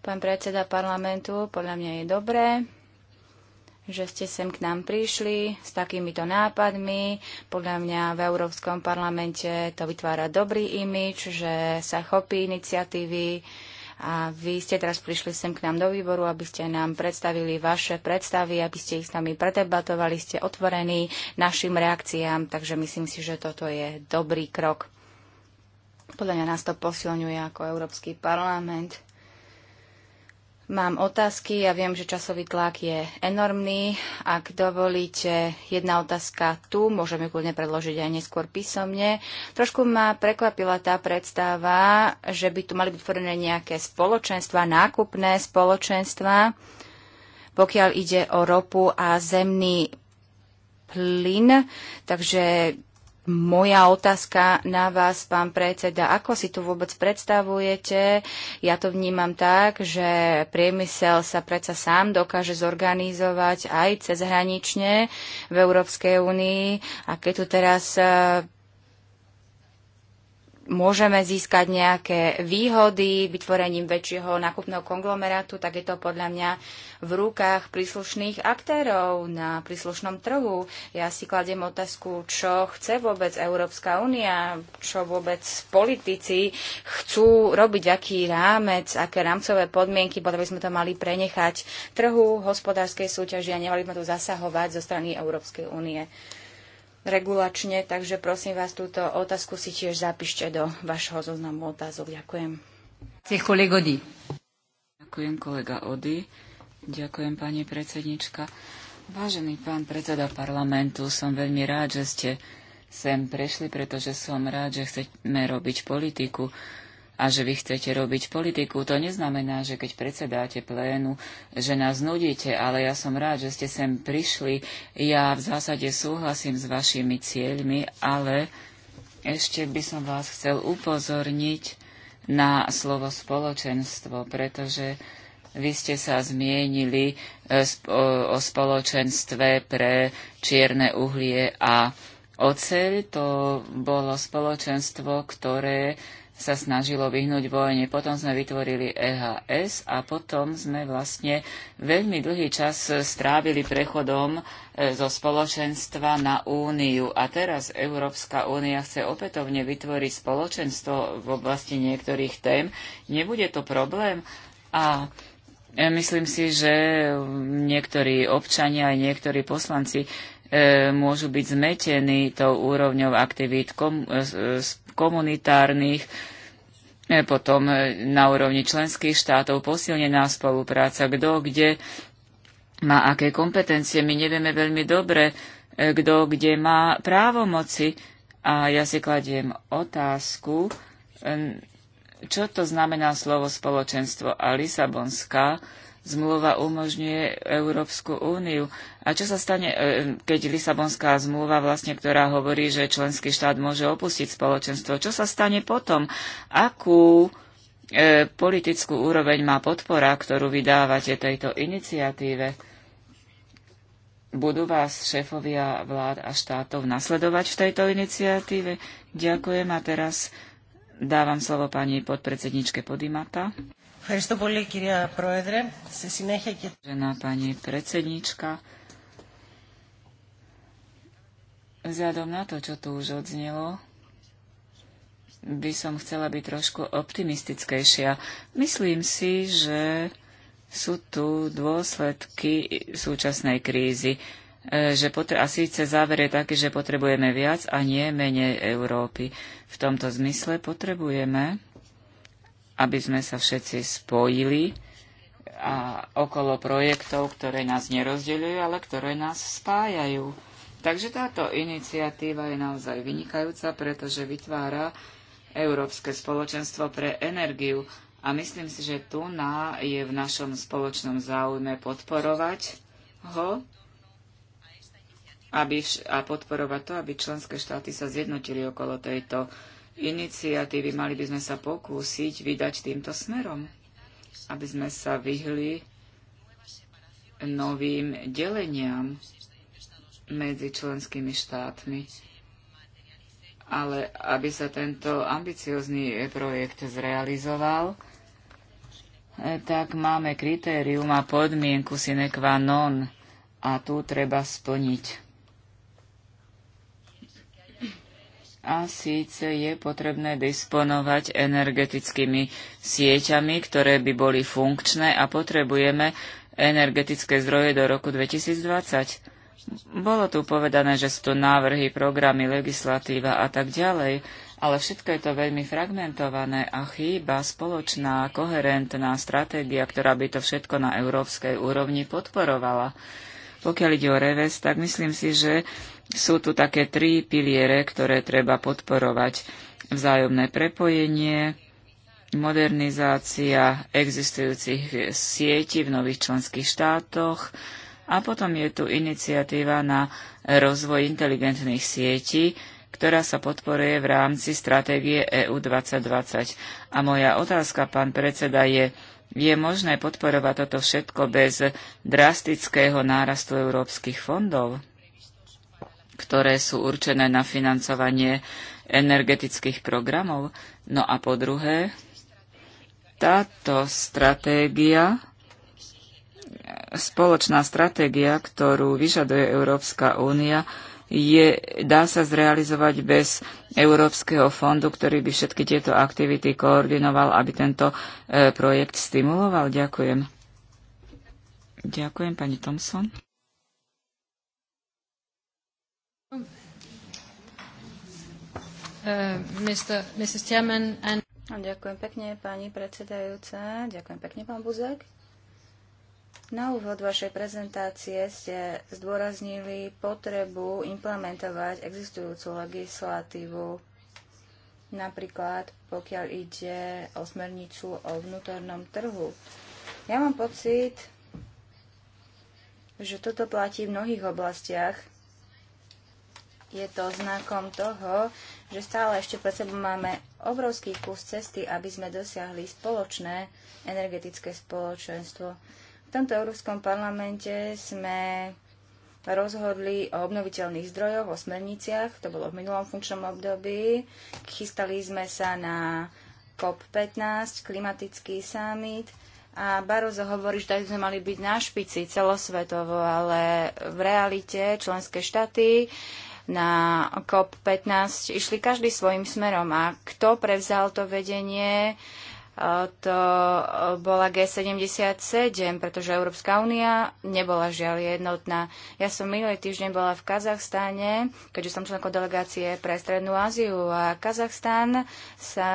Pán predseda parlamentu, podľa mňa je dobré, že ste sem k nám prišli s takýmito nápadmi. Podľa mňa v Európskom parlamente to vytvára dobrý imič, že sa chopí iniciatívy, a vy ste teraz prišli sem k nám do výboru, aby ste nám predstavili vaše predstavy, aby ste ich s nami predebatovali, ste otvorení našim reakciám, takže myslím si, že toto je dobrý krok. Podľa mňa nás to posilňuje ako Európsky parlament. Mám otázky, ja viem, že časový tlak je enormný. Ak dovolíte, jedna otázka tu, môžeme kľudne predložiť aj neskôr písomne. Trošku ma prekvapila tá predstava, že by tu mali byť tvorené nejaké spoločenstva, nákupné spoločenstva, pokiaľ ide o ropu a zemný plyn. Takže moja otázka na vás, pán predseda, ako si tu vôbec predstavujete? Ja to vnímam tak, že priemysel sa predsa sám dokáže zorganizovať aj cezhranične v Európskej únii. A keď tu teraz môžeme získať nejaké výhody vytvorením väčšieho nákupného konglomerátu, tak je to podľa mňa v rukách príslušných aktérov na príslušnom trhu. Ja si kladiem otázku, čo chce vôbec Európska únia, čo vôbec politici chcú robiť, aký rámec, aké rámcové podmienky, potom by sme to mali prenechať trhu hospodárskej súťaži a nemali by sme to zasahovať zo strany Európskej únie regulačne, takže prosím vás, túto otázku si tiež zapíšte do vašho zoznamu otázok. Ďakujem. Ďakujem, kolega Ody. Ďakujem, pani predsednička. Vážený pán predseda parlamentu, som veľmi rád, že ste sem prešli, pretože som rád, že chceme robiť politiku a že vy chcete robiť politiku, to neznamená, že keď predsedáte plénu, že nás nudíte, ale ja som rád, že ste sem prišli. Ja v zásade súhlasím s vašimi cieľmi, ale ešte by som vás chcel upozorniť na slovo spoločenstvo, pretože vy ste sa zmienili e, o spoločenstve pre čierne uhlie a oceľ. To bolo spoločenstvo, ktoré sa snažilo vyhnúť vojne. Potom sme vytvorili EHS a potom sme vlastne veľmi dlhý čas strávili prechodom e, zo spoločenstva na úniu. A teraz Európska únia chce opätovne vytvoriť spoločenstvo v oblasti niektorých tém. Nebude to problém? A Myslím si, že niektorí občania aj niektorí poslanci E, môžu byť zmetení tou úrovňou aktivít e, e, komunitárnych, potom na úrovni členských štátov posilnená spolupráca, kto kde má aké kompetencie. My nevieme veľmi dobre, kto kde má právomoci. A ja si kladiem otázku, čo to znamená slovo spoločenstvo a Lisabonská zmluva umožňuje Európsku úniu. A čo sa stane, e, keď Lisabonská zmluva, vlastne, ktorá hovorí, že členský štát môže opustiť spoločenstvo, čo sa stane potom? Akú e, politickú úroveň má podpora, ktorú vydávate tejto iniciatíve? Budú vás šéfovia vlád a štátov nasledovať v tejto iniciatíve? Ďakujem a teraz dávam slovo pani podpredsedničke Podimata. Žená pani predsednička, vzhľadom na to, čo tu už odznelo, by som chcela byť trošku optimistickejšia. Myslím si, že sú tu dôsledky súčasnej krízy. E, že potre- a síce záver je taký, že potrebujeme viac a nie menej Európy. V tomto zmysle potrebujeme aby sme sa všetci spojili a okolo projektov, ktoré nás nerozdeľujú, ale ktoré nás spájajú. Takže táto iniciatíva je naozaj vynikajúca, pretože vytvára Európske spoločenstvo pre energiu a myslím si, že tu na je v našom spoločnom záujme podporovať ho aby, a podporovať to, aby členské štáty sa zjednotili okolo tejto iniciatívy. Mali by sme sa pokúsiť vydať týmto smerom, aby sme sa vyhli novým deleniam medzi členskými štátmi. Ale aby sa tento ambiciozný projekt zrealizoval, eh, tak máme kritérium a podmienku sine qua non a tu treba splniť. a síce je potrebné disponovať energetickými sieťami, ktoré by boli funkčné a potrebujeme energetické zdroje do roku 2020. Bolo tu povedané, že sú to návrhy, programy, legislatíva a tak ďalej, ale všetko je to veľmi fragmentované a chýba spoločná, koherentná stratégia, ktorá by to všetko na európskej úrovni podporovala. Pokiaľ ide o reves, tak myslím si, že sú tu také tri piliere, ktoré treba podporovať. Vzájomné prepojenie, modernizácia existujúcich sietí v nových členských štátoch a potom je tu iniciatíva na rozvoj inteligentných sietí, ktorá sa podporuje v rámci stratégie EU 2020. A moja otázka, pán predseda, je, je možné podporovať toto všetko bez drastického nárastu európskych fondov? ktoré sú určené na financovanie energetických programov. No a po druhé, táto stratégia, spoločná stratégia, ktorú vyžaduje Európska únia, je, dá sa zrealizovať bez Európskeho fondu, ktorý by všetky tieto aktivity koordinoval, aby tento e, projekt stimuloval. Ďakujem. Ďakujem, pani Thompson. Uh, Mr. Chairman and... Ďakujem pekne, pani predsedajúca. Ďakujem pekne, pán Buzek. Na úvod vašej prezentácie ste zdôraznili potrebu implementovať existujúcu legislatívu, napríklad pokiaľ ide o smernicu o vnútornom trhu. Ja mám pocit, že toto platí v mnohých oblastiach. Je to znakom toho, že stále ešte pred sebou máme obrovský kus cesty, aby sme dosiahli spoločné energetické spoločenstvo. V tomto Európskom parlamente sme rozhodli o obnoviteľných zdrojoch, o smerniciach, to bolo v minulom funkčnom období. Chystali sme sa na COP15, klimatický summit a Barozo hovorí, že sme mali byť na špici celosvetovo, ale v realite členské štáty na COP15 išli každý svojim smerom a kto prevzal to vedenie, e, to bola G77, pretože Európska únia nebola žiaľ jednotná. Ja som minulý týždeň bola v Kazachstane, keďže som členkou delegácie pre Strednú Áziu a Kazachstan sa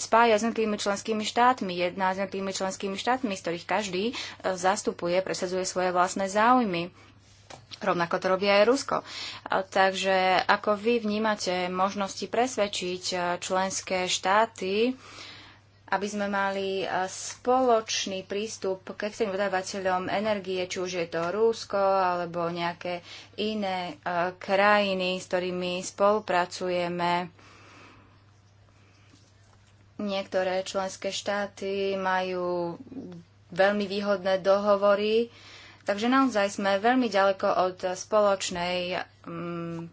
spája s jednotlivými členskými štátmi, jedná s jednotlivými členskými štátmi, z ktorých každý e, zastupuje, presadzuje svoje vlastné záujmy. Rovnako to robí aj Rusko. Takže ako vy vnímate možnosti presvedčiť členské štáty, aby sme mali spoločný prístup k externým dodávateľom energie, či už je to Rusko alebo nejaké iné krajiny, s ktorými spolupracujeme. Niektoré členské štáty majú veľmi výhodné dohovory, Takže naozaj sme veľmi ďaleko od spoločnej um,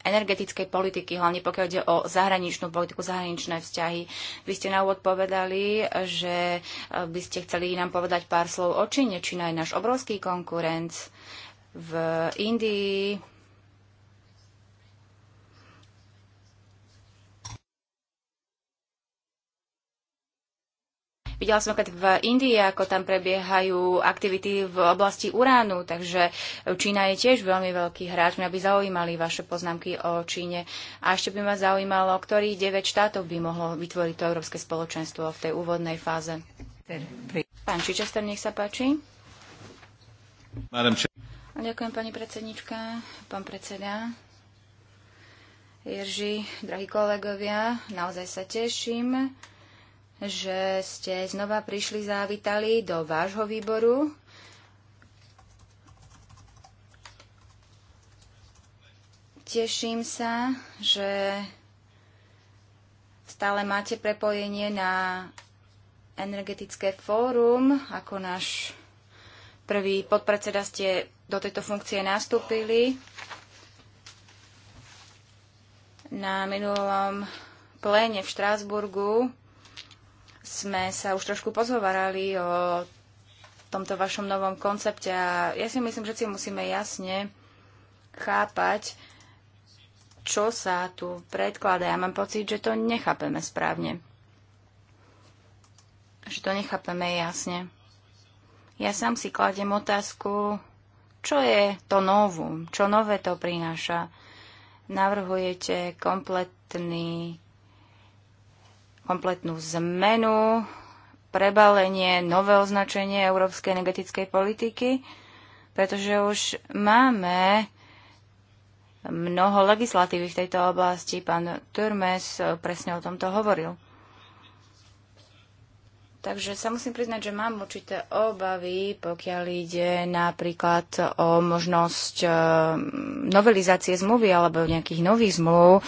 energetickej politiky, hlavne pokiaľ ide o zahraničnú politiku, zahraničné vzťahy. Vy ste na úvod povedali, že eh, by ste chceli nám povedať pár slov o Číne. Čína je náš obrovský konkurent v Indii, Videla som v Indii, ako tam prebiehajú aktivity v oblasti uránu, takže Čína je tiež veľmi veľký hráč. Mňa by zaujímali vaše poznámky o Číne. A ešte by ma zaujímalo, ktorých 9 štátov by mohlo vytvoriť to Európske spoločenstvo v tej úvodnej fáze. Pán Čičester, nech sa páči. Ďakujem, pani predsednička, pán predseda. Jerži, drahí kolegovia, naozaj sa teším, že ste znova prišli závitali do vášho výboru. Teším sa, že stále máte prepojenie na energetické fórum. Ako náš prvý podpredseda ste do tejto funkcie nastúpili. Na minulom pléne v Štrásburgu sme sa už trošku pozhovarali o tomto vašom novom koncepte a ja si myslím, že si musíme jasne chápať, čo sa tu predkladá. Ja mám pocit, že to nechápeme správne. Že to nechápeme jasne. Ja sám si kladem otázku, čo je to novú, čo nové to prináša. Navrhujete kompletný kompletnú zmenu, prebalenie, nové označenie európskej energetickej politiky, pretože už máme mnoho legislatívy v tejto oblasti. Pán Turmes presne o tomto hovoril. Takže sa musím priznať, že mám určité obavy, pokiaľ ide napríklad o možnosť eh, novelizácie zmluvy alebo nejakých nových zmluv,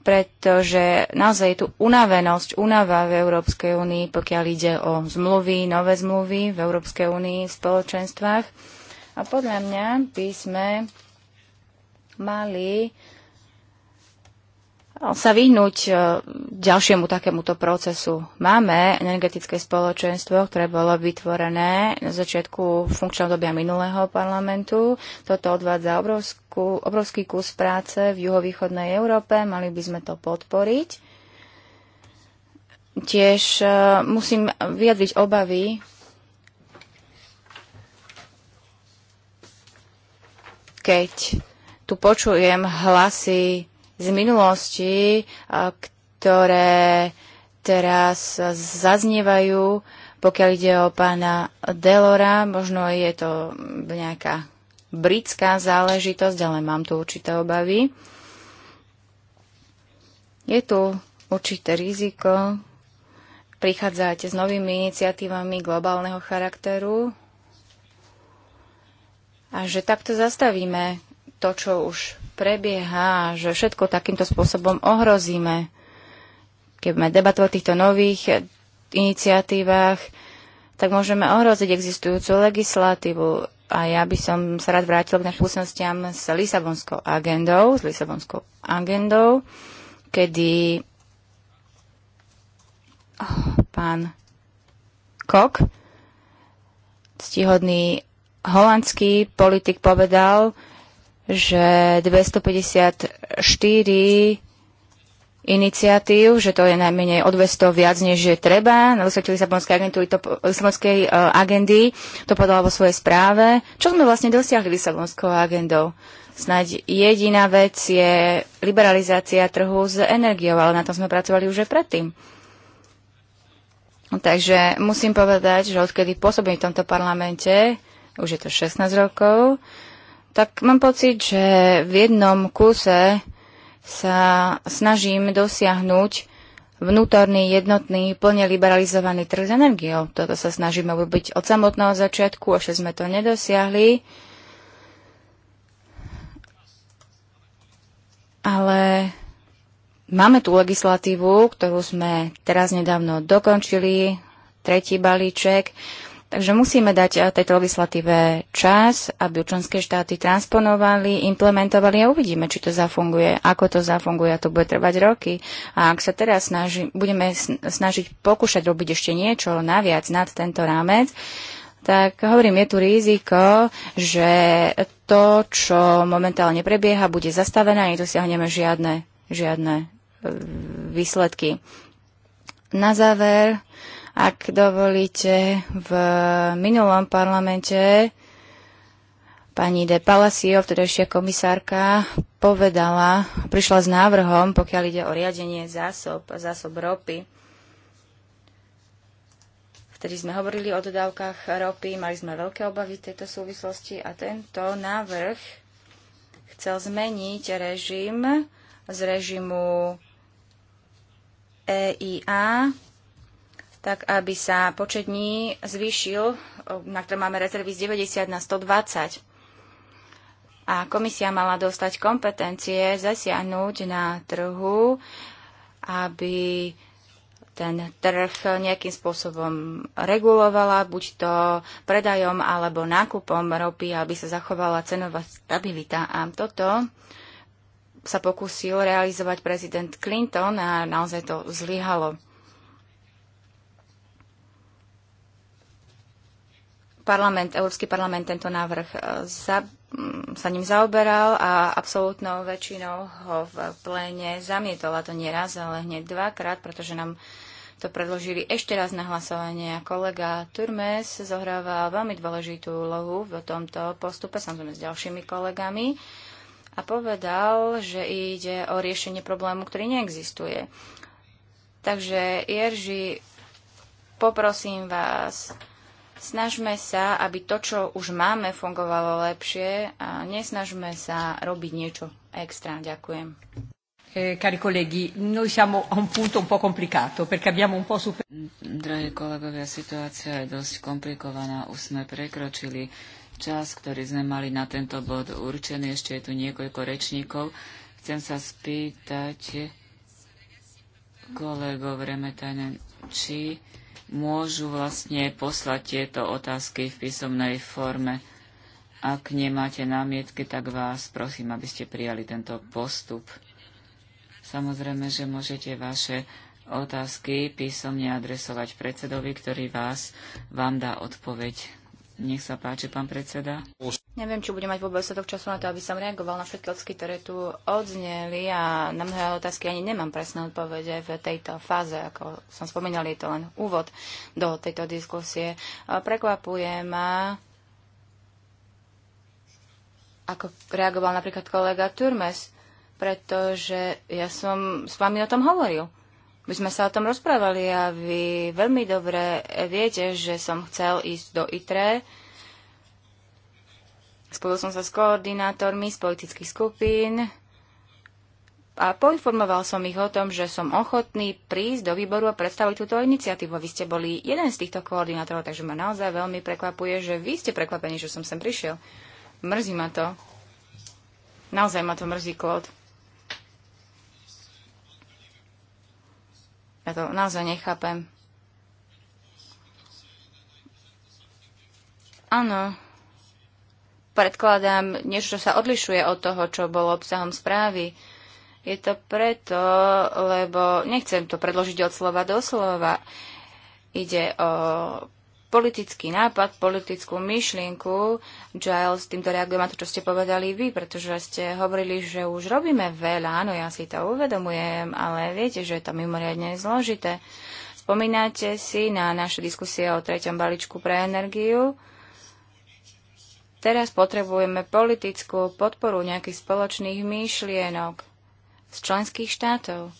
pretože naozaj je tu unavenosť, unava v Európskej únii, pokiaľ ide o zmluvy, nové zmluvy v Európskej únii, v spoločenstvách. A podľa mňa by sme mali sa vyhnúť e, ďalšiemu takémuto procesu. Máme energetické spoločenstvo, ktoré bolo vytvorené na začiatku funkčného dobia minulého parlamentu. Toto odvádza obrovskú, obrovský kus práce v juhovýchodnej Európe. Mali by sme to podporiť. Tiež e, musím vyjadriť obavy, keď tu počujem hlasy z minulosti, ktoré teraz zaznievajú, pokiaľ ide o pána Delora. Možno je to nejaká britská záležitosť, ale mám tu určité obavy. Je tu určité riziko. Prichádzate s novými iniciatívami globálneho charakteru a že takto zastavíme to, čo už prebieha, že všetko takýmto spôsobom ohrozíme. Keď sme debatovali o týchto nových iniciatívach, tak môžeme ohroziť existujúcu legislatívu. A ja by som sa rád vrátil k našim skúsenostiam s Lisabonskou agendou, s Lisabonskou agendou, kedy oh, pán Kok, ctihodný holandský politik, povedal, že 254 iniciatív, že to je najmenej o 200 viac, než je treba. Na dosvedčí Lisabonskej, agentúry, to, Lisabonskej uh, agendy to podala vo svojej správe. Čo sme vlastne dosiahli Lisabonskou agendou? Snaď jediná vec je liberalizácia trhu s energiou, ale na tom sme pracovali už aj predtým. Takže musím povedať, že odkedy pôsobím v tomto parlamente, už je to 16 rokov, uh, tak mám pocit, že v jednom kuse sa snažím dosiahnuť vnútorný, jednotný, plne liberalizovaný trh s energiou. Toto sa snažíme byť od samotného začiatku, ešte sme to nedosiahli. Ale máme tú legislatívu, ktorú sme teraz nedávno dokončili, tretí balíček. Takže musíme dať eh, tejto legislatíve čas, aby členské štáty transponovali, implementovali a uvidíme, či to zafunguje, ako to zafunguje a to bude trvať roky. A ak sa teraz snaži, budeme snažiť pokúšať robiť ešte niečo naviac nad tento rámec, tak hovorím, je tu riziko, že to, čo momentálne prebieha, bude zastavené a nedosiahneme žiadne, žiadne eh, výsledky. Na záver, ak dovolíte, v minulom parlamente pani de Palacio, vtedajšia komisárka, povedala, prišla s návrhom, pokiaľ ide o riadenie zásob, zásob ropy. Vtedy sme hovorili o dodávkach ropy, mali sme veľké obavy v tejto súvislosti a tento návrh chcel zmeniť režim z režimu EIA tak aby sa počet dní zvýšil, na ktoré máme rezervy z 90 na 120. A komisia mala dostať kompetencie zasiahnuť na trhu, aby ten trh nejakým spôsobom regulovala, buď to predajom alebo nákupom ropy, aby sa zachovala cenová stabilita. A toto sa pokúsil realizovať prezident Clinton a naozaj to zlyhalo. parlament, Európsky parlament tento návrh e, za, mm, sa ním zaoberal a absolútnou väčšinou ho v pléne zamietol, a to nie raz, ale hneď dvakrát, pretože nám to predložili ešte raz na hlasovanie a kolega Turmes zohrával veľmi dôležitú úlohu v tomto postupe, samozrejme s ďalšími kolegami a povedal, že ide o riešenie problému, ktorý neexistuje. Takže Jerži, poprosím vás, Snažme sa, aby to, čo už máme, fungovalo lepšie a nesnažme sa robiť niečo extra. Ďakujem. Eh, cari colleghi, noi siamo a un punto un po' complicato perché abbiamo un po' super... Drahí kolegovia, situácia je dosť komplikovaná. Už sme prekročili čas, ktorý sme mali na tento bod určený. Ešte je tu niekoľko rečníkov. Chcem sa spýtať kolegov Remetanen, či môžu vlastne poslať tieto otázky v písomnej forme. Ak nemáte námietky, tak vás prosím, aby ste prijali tento postup. Samozrejme, že môžete vaše otázky písomne adresovať predsedovi, ktorý vás vám dá odpoveď. Nech sa páči, pán predseda. Neviem, či budem mať vôbec dostatok času na to, aby som reagoval na všetky otázky, ktoré tu odzneli a na mnohé otázky ani nemám presné odpovede v tejto fáze. Ako som spomínal, je to len úvod do tejto diskusie. Prekvapuje ma, ako reagoval napríklad kolega Turmes, pretože ja som s vami o tom hovoril. My sme sa o tom rozprávali a vy veľmi dobre viete, že som chcel ísť do ITRE, Spolu som sa s koordinátormi z politických skupín a poinformoval som ich o tom, že som ochotný prísť do výboru a predstaviť túto iniciatívu. Vy ste boli jeden z týchto koordinátorov, takže ma naozaj veľmi prekvapuje, že vy ste prekvapení, že som sem prišiel. Mrzí ma to. Naozaj ma to mrzí, Klod. Ja to naozaj nechápem. Áno, predkladám niečo, čo sa odlišuje od toho, čo bolo obsahom správy. Je to preto, lebo nechcem to predložiť od slova do slova. Ide o politický nápad, politickú myšlienku. Giles, týmto reagujem na to, čo ste povedali vy, pretože ste hovorili, že už robíme veľa, áno, ja si to uvedomujem, ale viete, že je to mimoriadne zložité. Spomínate si na naše diskusie o treťom balíčku pre energiu Teraz potrebujeme politickú podporu nejakých spoločných myšlienok z členských štátov.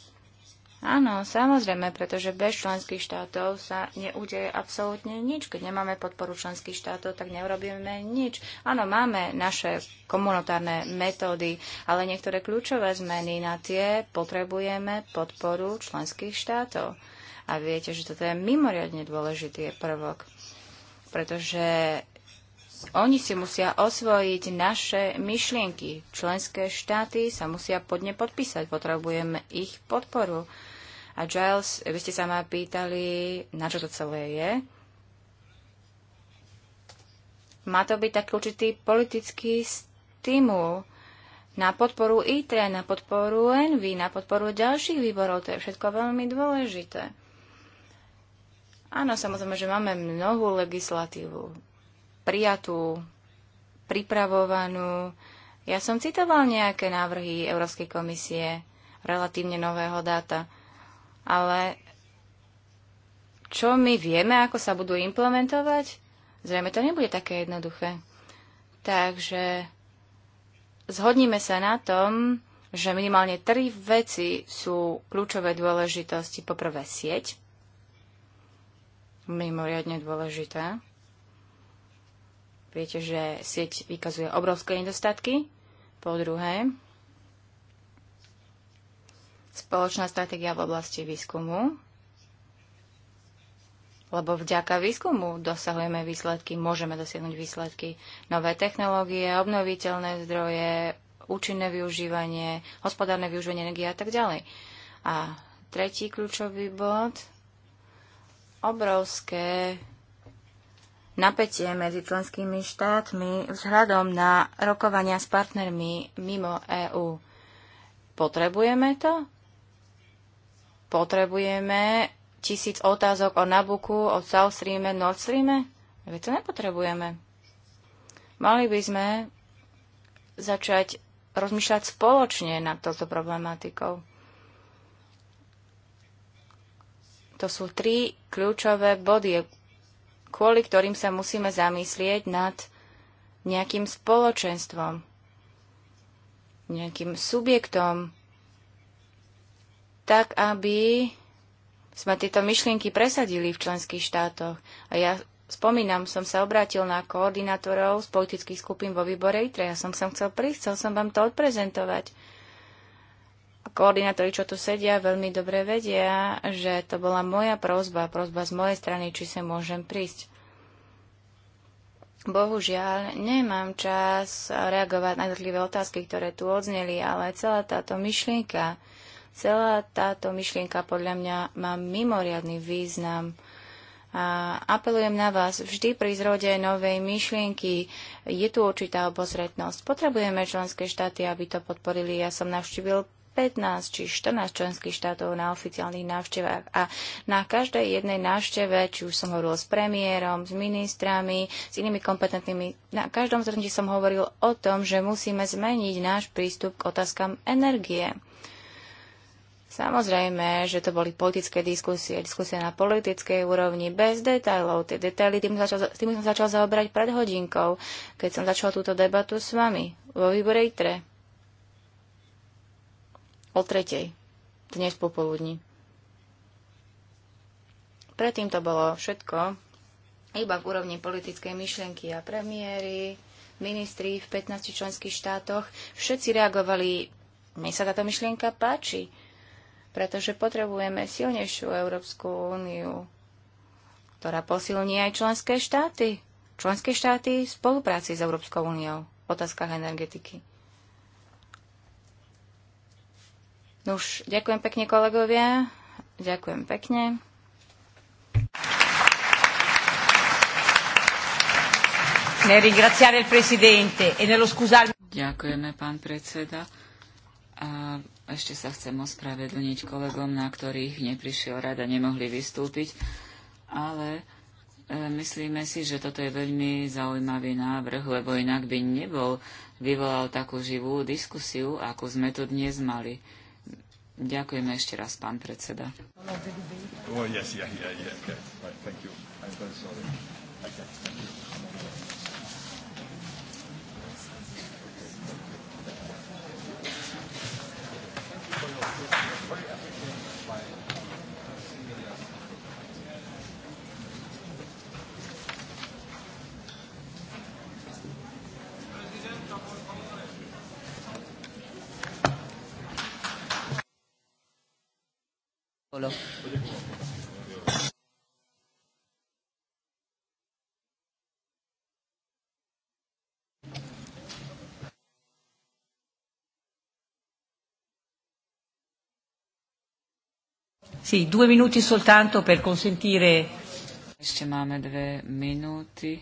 Áno, samozrejme, pretože bez členských štátov sa neudeje absolútne nič. Keď nemáme podporu členských štátov, tak neurobíme nič. Áno, máme naše komunitárne metódy, ale niektoré kľúčové zmeny na tie potrebujeme podporu členských štátov. A viete, že toto je mimoriadne dôležitý prvok, pretože oni si musia osvojiť naše myšlienky. Členské štáty sa musia pod ne podpísať, potrebujeme ich podporu. A Giles, vy ste sa ma pýtali, na čo to celé je. Má to byť taký určitý politický stimul na podporu ITRE, na podporu ENVY, na podporu ďalších výborov. To je všetko veľmi dôležité. Áno, samozrejme, že máme mnohú legislatívu prijatú, pripravovanú. Ja som citoval nejaké návrhy Európskej komisie relatívne nového dáta, ale čo my vieme, ako sa budú implementovať, zrejme to nebude také jednoduché. Takže zhodníme sa na tom, že minimálne tri veci sú kľúčové dôležitosti. Poprvé sieť, mimoriadne dôležitá. Viete, že sieť vykazuje obrovské nedostatky. Po druhé, spoločná stratégia v oblasti výskumu, lebo vďaka výskumu dosahujeme výsledky, môžeme dosiahnuť výsledky. Nové technológie, obnoviteľné zdroje, účinné využívanie, hospodárne využívanie energie a tak ďalej. A tretí kľúčový bod, obrovské napätie medzi členskými štátmi vzhľadom na rokovania s partnermi mimo EÚ. Potrebujeme to? Potrebujeme tisíc otázok o Nabuku, o South Streame, Nord Streame? Veď to nepotrebujeme. Mali by sme začať rozmýšľať spoločne nad touto problematikou. To sú tri kľúčové body kvôli ktorým sa musíme zamyslieť nad nejakým spoločenstvom, nejakým subjektom, tak aby sme tieto myšlienky presadili v členských štátoch. A ja spomínam, som sa obrátil na koordinátorov z politických skupín vo výbore ITRE. Ja som sem chcel prísť, chcel som vám to odprezentovať koordinátori, čo tu sedia, veľmi dobre vedia, že to bola moja prozba, prozba z mojej strany, či sa môžem prísť. Bohužiaľ, nemám čas reagovať na jednotlivé otázky, ktoré tu odzneli, ale celá táto myšlienka, celá táto myšlienka podľa mňa má mimoriadný význam. A apelujem na vás vždy pri zrode novej myšlienky. Je tu určitá obozretnosť. Potrebujeme členské štáty, aby to podporili. Ja som navštívil 15 či 14 členských štátov na oficiálnych návštevách a na každej jednej návšteve, či už som hovoril s premiérom, s ministrami, s inými kompetentnými, na každom zhrnutí som hovoril o tom, že musíme zmeniť náš prístup k otázkam energie. Samozrejme, že to boli politické diskusie, diskusie na politickej úrovni bez detajlov. Tie detaily, tým, začal, tým som začal zaoberať pred hodinkou, keď som začal túto debatu s vami vo výbore ITRE o tretej, dnes popoludní. Predtým to bolo všetko iba v úrovni politickej myšlienky a premiéry, ministri v 15 členských štátoch, všetci reagovali, mi sa táto myšlienka páči, pretože potrebujeme silnejšiu Európsku úniu, ktorá posilní aj členské štáty. Členské štáty v spolupráci s Európskou úniou v otázkach energetiky. už ďakujem pekne kolegovia. Ďakujem pekne. E Ďakujeme, pán predseda. A ešte sa chcem ospravedlniť kolegom, na ktorých neprišiel rada, nemohli vystúpiť, ale e, myslíme si, že toto je veľmi zaujímavý návrh, lebo inak by nebol vyvolal takú živú diskusiu, ako sme tu dnes mali. Ďakujem ešte raz, pán predseda. Oh, thank you. Hola. Sì, due minuti soltanto per consentire. Ešte máme dve minúty,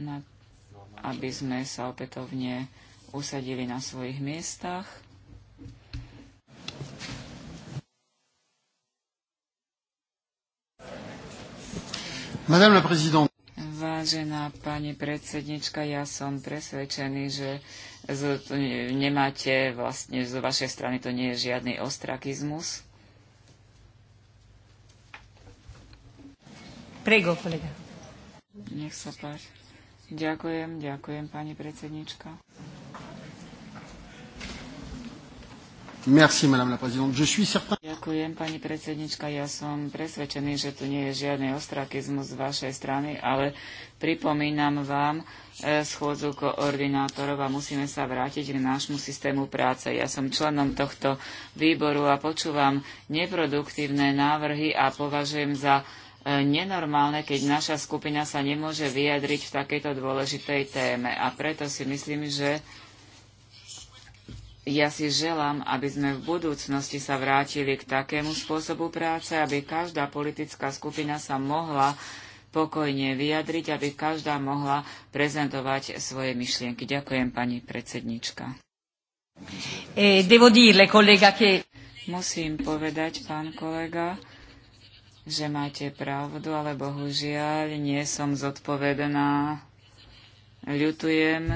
na, aby sme sa opätovne usadili na svojich miestach. Vážená pani predsednička, ja som presvedčený, že to nemáte vlastne, z vašej strany to nie je žiadny ostrakizmus. Prego, kolega. Nech sa páči. Ďakujem, ďakujem, pani predsednička. Merci, madame la présidente. Je suis certain... Ďakujem, pani predsednička. Ja som presvedčený, že tu nie je žiadny ostrakizmus z vašej strany, ale pripomínam vám e, schôdzu koordinátorov a musíme sa vrátiť k nášmu systému práce. Ja som členom tohto výboru a počúvam neproduktívne návrhy a považujem za e, nenormálne, keď naša skupina sa nemôže vyjadriť v takejto dôležitej téme. A preto si myslím, že ja si želám, aby sme v budúcnosti sa vrátili k takému spôsobu práce, aby každá politická skupina sa mohla pokojne vyjadriť, aby každá mohla prezentovať svoje myšlienky. Ďakujem, pani predsednička. E, Musím povedať, pán kolega, že máte pravdu, ale bohužiaľ nie som zodpovedná. Ľutujem.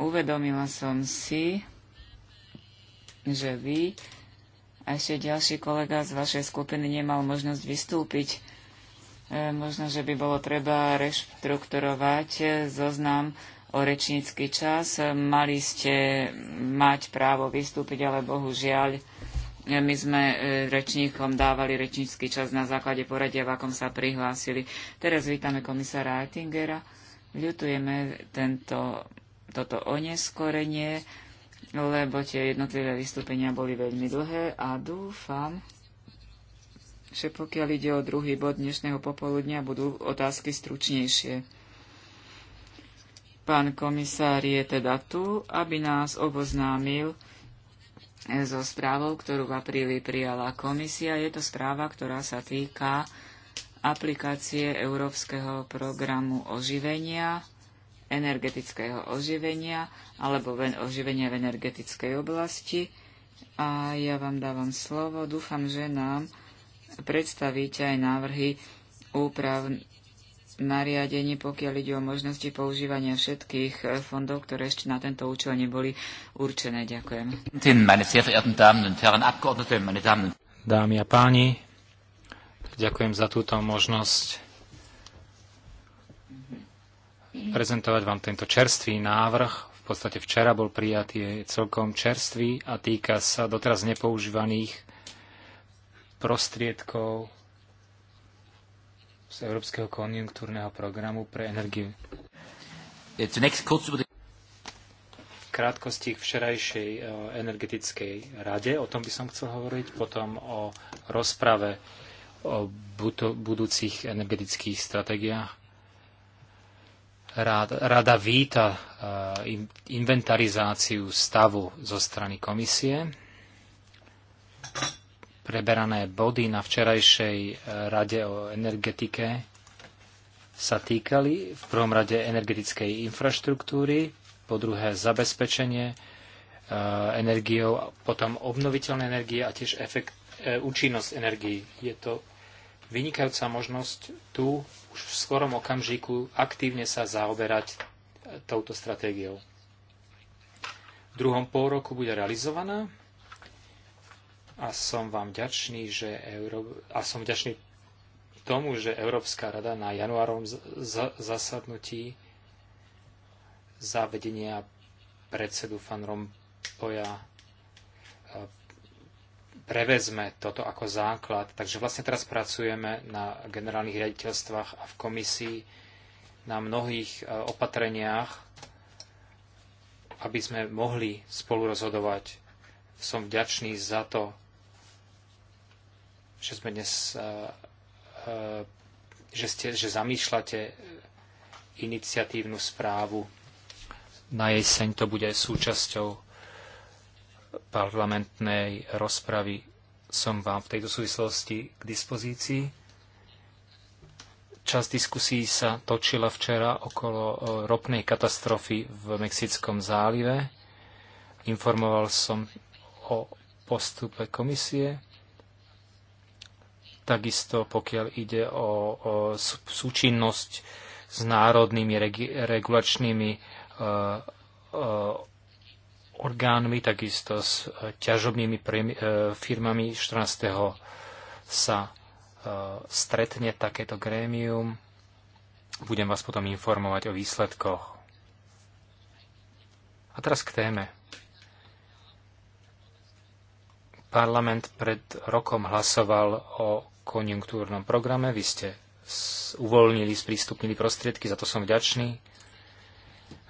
Uvedomila som si, že vy a ešte ďalší kolega z vašej skupiny nemal možnosť vystúpiť. E, možno, že by bolo treba reštrukturovať e, zoznam o rečnícky čas. E, mali ste mať právo vystúpiť, ale bohužiaľ e, my sme rečníkom dávali rečnícky čas na základe poradia, v akom sa prihlásili. Teraz vítame komisára Oettingera. Ľutujeme tento, toto oneskorenie lebo tie jednotlivé vystúpenia boli veľmi dlhé a dúfam, že pokiaľ ide o druhý bod dnešného popoludnia, budú otázky stručnejšie. Pán komisár je teda tu, aby nás oboznámil so správou, ktorú v apríli prijala komisia. Je to správa, ktorá sa týka aplikácie Európskeho programu oživenia energetického oživenia alebo ven oživenia v energetickej oblasti. A ja vám dávam slovo. Dúfam, že nám predstavíte aj návrhy úprav nariadení, pokiaľ ide o možnosti používania všetkých eh, fondov, ktoré ešte na tento účel neboli určené. Ďakujem. Dámy a páni, ďakujem za túto možnosť prezentovať vám tento čerstvý návrh. V podstate včera bol prijatý, je celkom čerstvý a týka sa doteraz nepoužívaných prostriedkov z Európskeho konjunktúrneho programu pre energiu. V krátkosti k včerajšej eh, energetickej rade, o tom by som chcel hovoriť, potom o rozprave o budúcich energetických stratégiách Rada víta e, inventarizáciu stavu zo strany komisie. Preberané body na včerajšej e, rade o energetike sa týkali v prvom rade energetickej infraštruktúry, po druhé zabezpečenie e, energiou, potom obnoviteľné energie a tiež efekt, účinnosť energií. Je to vynikajúca možnosť tu už v skorom okamžiku aktívne sa zaoberať e, touto stratégiou. V druhom pol roku bude realizovaná a som vám vďačný, že Euró... a som vďačný tomu, že Európska rada na januárom zasadnutí zavedenia predsedu Van Rompoja e, prevezme toto ako základ. Takže vlastne teraz pracujeme na generálnych riaditeľstvách a v komisii na mnohých e, opatreniach, aby sme mohli spolu rozhodovať. Som vďačný za to, že sme dnes e, e, že, ste, že zamýšľate iniciatívnu správu. Na jeseň to bude súčasťou parlamentnej rozpravy som vám v tejto súvislosti k dispozícii. Čas diskusí sa točila včera okolo e, ropnej katastrofy v Mexickom zálive. Informoval som o postupe komisie. Takisto pokiaľ ide o, o súčinnosť s národnými regi- regulačnými e, e, orgánmi, takisto s e, ťažobnými e, firmami 14. sa e, stretne takéto grémium. Budem vás potom informovať o výsledkoch. A teraz k téme. Parlament pred rokom hlasoval o konjunktúrnom programe. Vy ste uvoľnili, sprístupnili prostriedky, za to som vďačný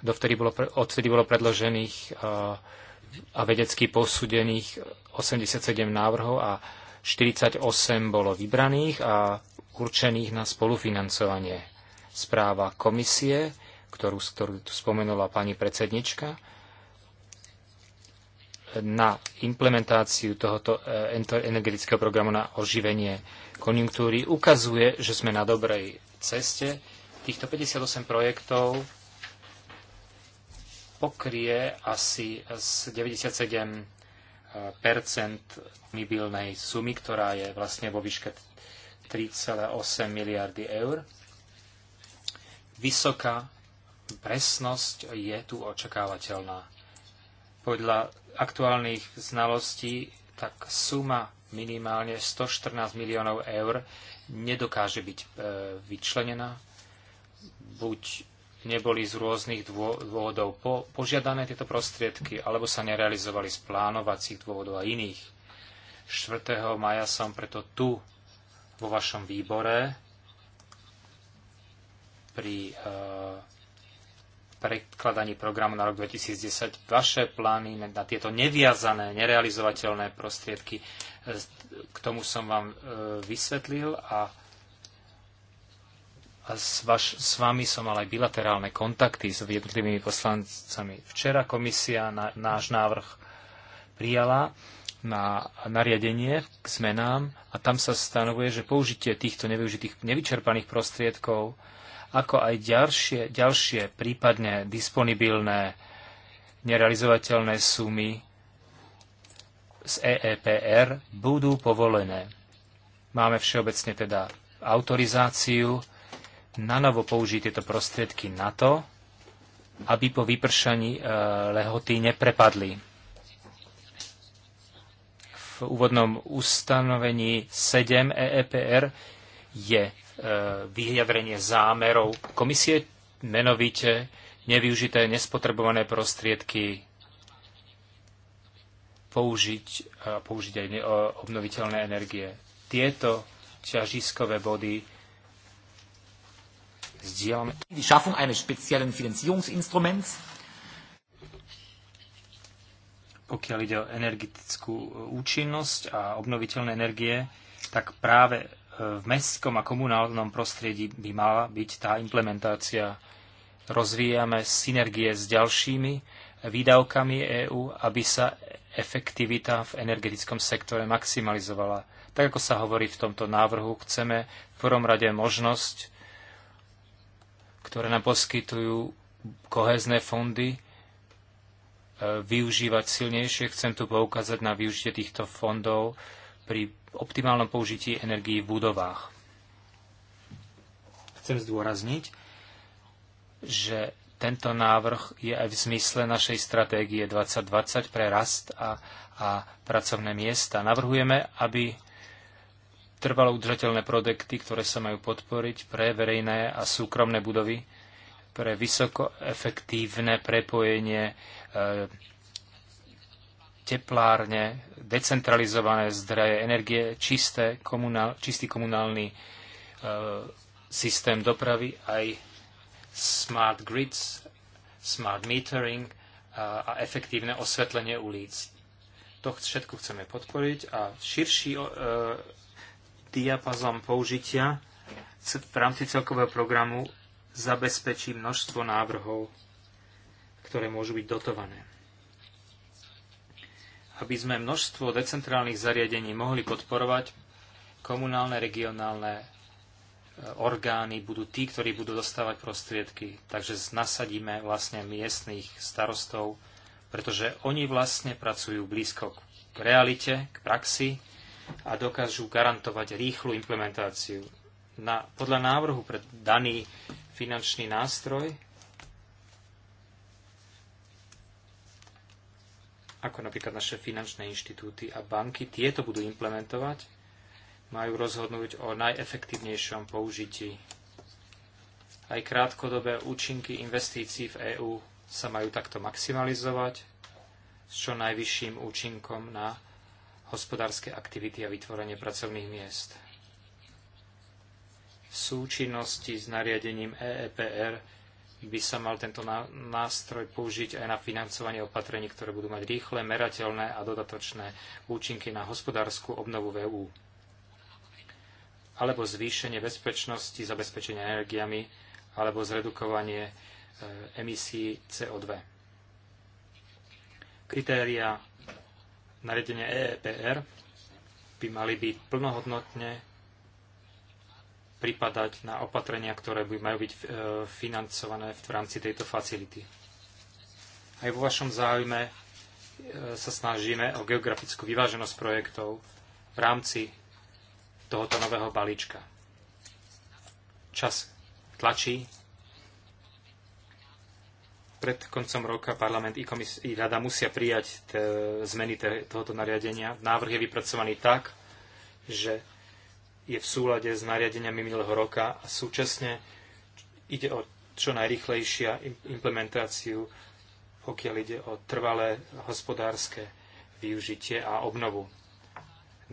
Dovtedy bolo, odtedy bolo predložených eh, a vedecky posúdených 87 návrhov a 48 bolo vybraných a určených na spolufinancovanie. Správa komisie, ktorú, ktorú tu spomenula pani predsednička, na implementáciu tohoto eh, energetického programu na oživenie konjunktúry ukazuje, že sme na dobrej ceste. Týchto 58 projektov pokrie asi z 97 eh, mobilnej sumy, ktorá je vlastne vo výške 3,8 miliardy eur. Vysoká presnosť je tu očakávateľná. Podľa aktuálnych znalostí tak suma minimálne 114 miliónov eur nedokáže byť eh, vyčlenená buď neboli z rôznych dôvodov požiadané tieto prostriedky alebo sa nerealizovali z plánovacích dôvodov a iných. 4. maja som preto tu vo vašom výbore pri e, prekladaní programu na rok 2010 vaše plány na tieto neviazané, nerealizovateľné prostriedky. E, k tomu som vám e, vysvetlil a a s, vaš, s vami som mal aj bilaterálne kontakty s jednotlivými poslancami. Včera komisia na, náš návrh prijala na nariadenie k zmenám a tam sa stanovuje, že použitie týchto nevyužitých nevyčerpaných prostriedkov, ako aj ďalšie, ďalšie prípadne disponibilné nerealizovateľné sumy z EEPR budú povolené. Máme všeobecne teda autorizáciu nanovo použiť tieto prostriedky na to, aby po vypršaní e, lehoty neprepadli. V úvodnom ustanovení 7 EEPR je e, vyjadrenie zámerov komisie, menovite nevyužité nespotrebované prostriedky použiť, e, použiť aj obnoviteľné energie. Tieto ťažiskové body Die Schaffung eines speziellen Finanzierungsinstruments. Pokiaľ ide o energetickú e, účinnosť a obnoviteľné energie, tak práve e, v mestskom a komunálnom prostredí by mala byť tá implementácia. Rozvíjame synergie s ďalšími e, výdavkami EÚ, aby sa efektivita v energetickom sektore maximalizovala. Tak ako sa hovorí v tomto návrhu, chceme v prvom rade možnosť ktoré nám poskytujú kohezné fondy, e, využívať silnejšie. Chcem tu poukázať na využitie týchto fondov pri optimálnom použití energií v budovách. Chcem zdôrazniť, že tento návrh je aj v zmysle našej stratégie 2020 pre rast a, a pracovné miesta. Navrhujeme, aby trvalo udržateľné projekty, ktoré sa majú podporiť pre verejné a súkromné budovy, pre vysoko efektívne prepojenie e, teplárne, decentralizované zdraje, energie, čisté komunál, čistý komunálny e, systém dopravy, aj smart grids, smart metering a, a efektívne osvetlenie ulic. To všetko chceme podporiť a širší e, diapazom použitia v rámci celkového programu zabezpečí množstvo návrhov, ktoré môžu byť dotované. Aby sme množstvo decentrálnych zariadení mohli podporovať, komunálne, regionálne e, orgány budú tí, ktorí budú dostávať prostriedky. Takže nasadíme vlastne miestných starostov, pretože oni vlastne pracujú blízko k realite, k praxi, a dokážu garantovať rýchlu implementáciu. Na, podľa návrhu pre daný finančný nástroj, ako napríklad naše finančné inštitúty a banky, tieto budú implementovať, majú rozhodnúť o najefektívnejšom použití. Aj krátkodobé účinky investícií v EÚ sa majú takto maximalizovať s čo najvyšším účinkom na hospodárske aktivity a vytvorenie pracovných miest. V súčinnosti s nariadením EEPR by sa mal tento nástroj použiť aj na financovanie opatrení, ktoré budú mať rýchle, merateľné a dodatočné účinky na hospodárskú obnovu v e alebo zvýšenie bezpečnosti zabezpečenia energiami, alebo zredukovanie e, emisí CO2. Kritéria nariadenia EEPR by mali byť plnohodnotne pripadať na opatrenia, ktoré by majú byť e, financované v rámci tejto facility. Aj vo vašom záujme e, sa snažíme o geografickú vyváženosť projektov v rámci tohoto nového balíčka. Čas tlačí, pred koncom roka parlament i, komis- i rada musia prijať zmeny tohoto nariadenia. Návrh je vypracovaný tak, že je v súlade s nariadeniami minulého roka a súčasne ide o čo najrychlejšia implementáciu, pokiaľ ide o trvalé hospodárske využitie a obnovu.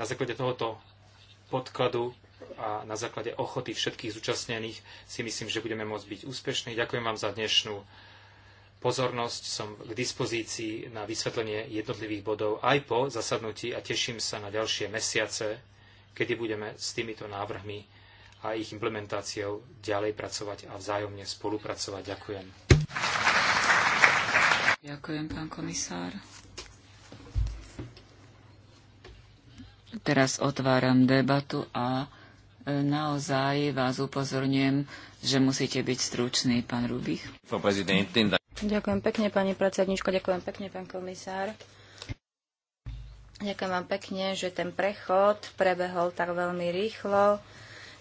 Na základe tohoto podkladu a na základe ochoty všetkých zúčastnených si myslím, že budeme môcť byť úspešní. Ďakujem vám za dnešnú pozornosť, som k dispozícii na vysvetlenie jednotlivých bodov aj po zasadnutí a teším sa na ďalšie mesiace, kedy budeme s týmito návrhmi a ich implementáciou ďalej pracovať a vzájomne spolupracovať. Ďakujem. Ďakujem, pán komisár. Teraz otváram debatu a e, naozaj vás upozorňujem, že musíte byť stručný, pán Rubich. Ďakujem pekne, pani predsedničko, ďakujem pekne, pán komisár. Ďakujem vám pekne, že ten prechod prebehol tak veľmi rýchlo.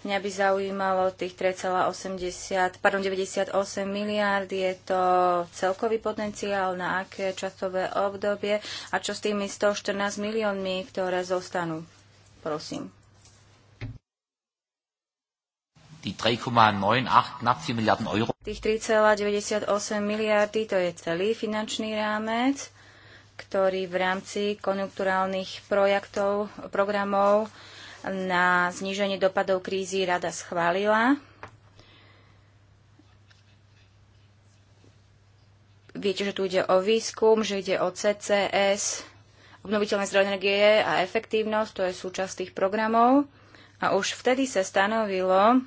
Mňa by zaujímalo tých 3,80, pardon, 98 miliárd, je to celkový potenciál, na aké časové obdobie a čo s tými 114 miliónmi, ktoré zostanú? Prosím. Die 3,98 knapp 4 Milliarden Euro Tých 3,98 miliardy to je celý finančný rámec, ktorý v rámci konjunkturálnych projektov, programov na zníženie dopadov krízy rada schválila. Viete, že tu ide o výskum, že ide o CCS, obnoviteľné zdroje energie a efektívnosť, to je súčasť tých programov. A už vtedy sa stanovilo,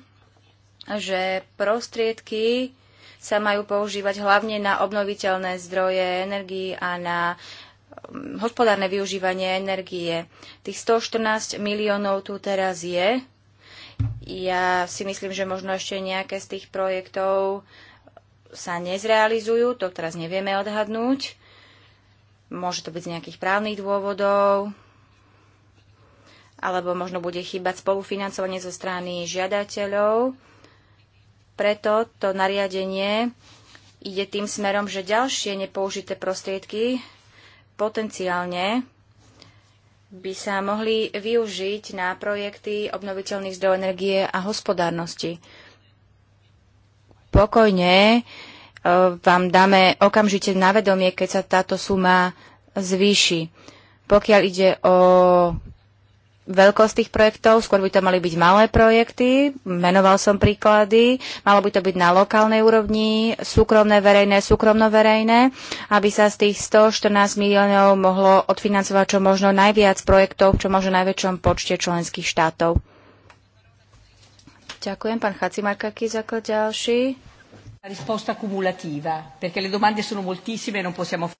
že prostriedky sa majú používať hlavne na obnoviteľné zdroje energii a na um, hospodárne využívanie energie. Tých 114 miliónov tu teraz je. Ja si myslím, že možno ešte nejaké z tých projektov sa nezrealizujú, to teraz nevieme odhadnúť. Môže to byť z nejakých právnych dôvodov, alebo možno bude chýbať spolufinancovanie zo strany žiadateľov preto to nariadenie ide tým smerom, že ďalšie nepoužité prostriedky potenciálne by sa mohli využiť na projekty obnoviteľných zdrojov energie a hospodárnosti. Pokojne e, vám dáme okamžite navedomie, keď sa táto suma zvýši. Pokiaľ ide o veľkosť tých projektov, skôr by to mali byť malé projekty, menoval som príklady, malo by to byť na lokálnej úrovni, súkromné verejné, súkromno verejné, aby sa z tých 114 miliónov mohlo odfinancovať čo možno najviac projektov čo možno najväčšom počte členských štátov. Ďakujem, pán Chacimarkaký, ako ďalší. E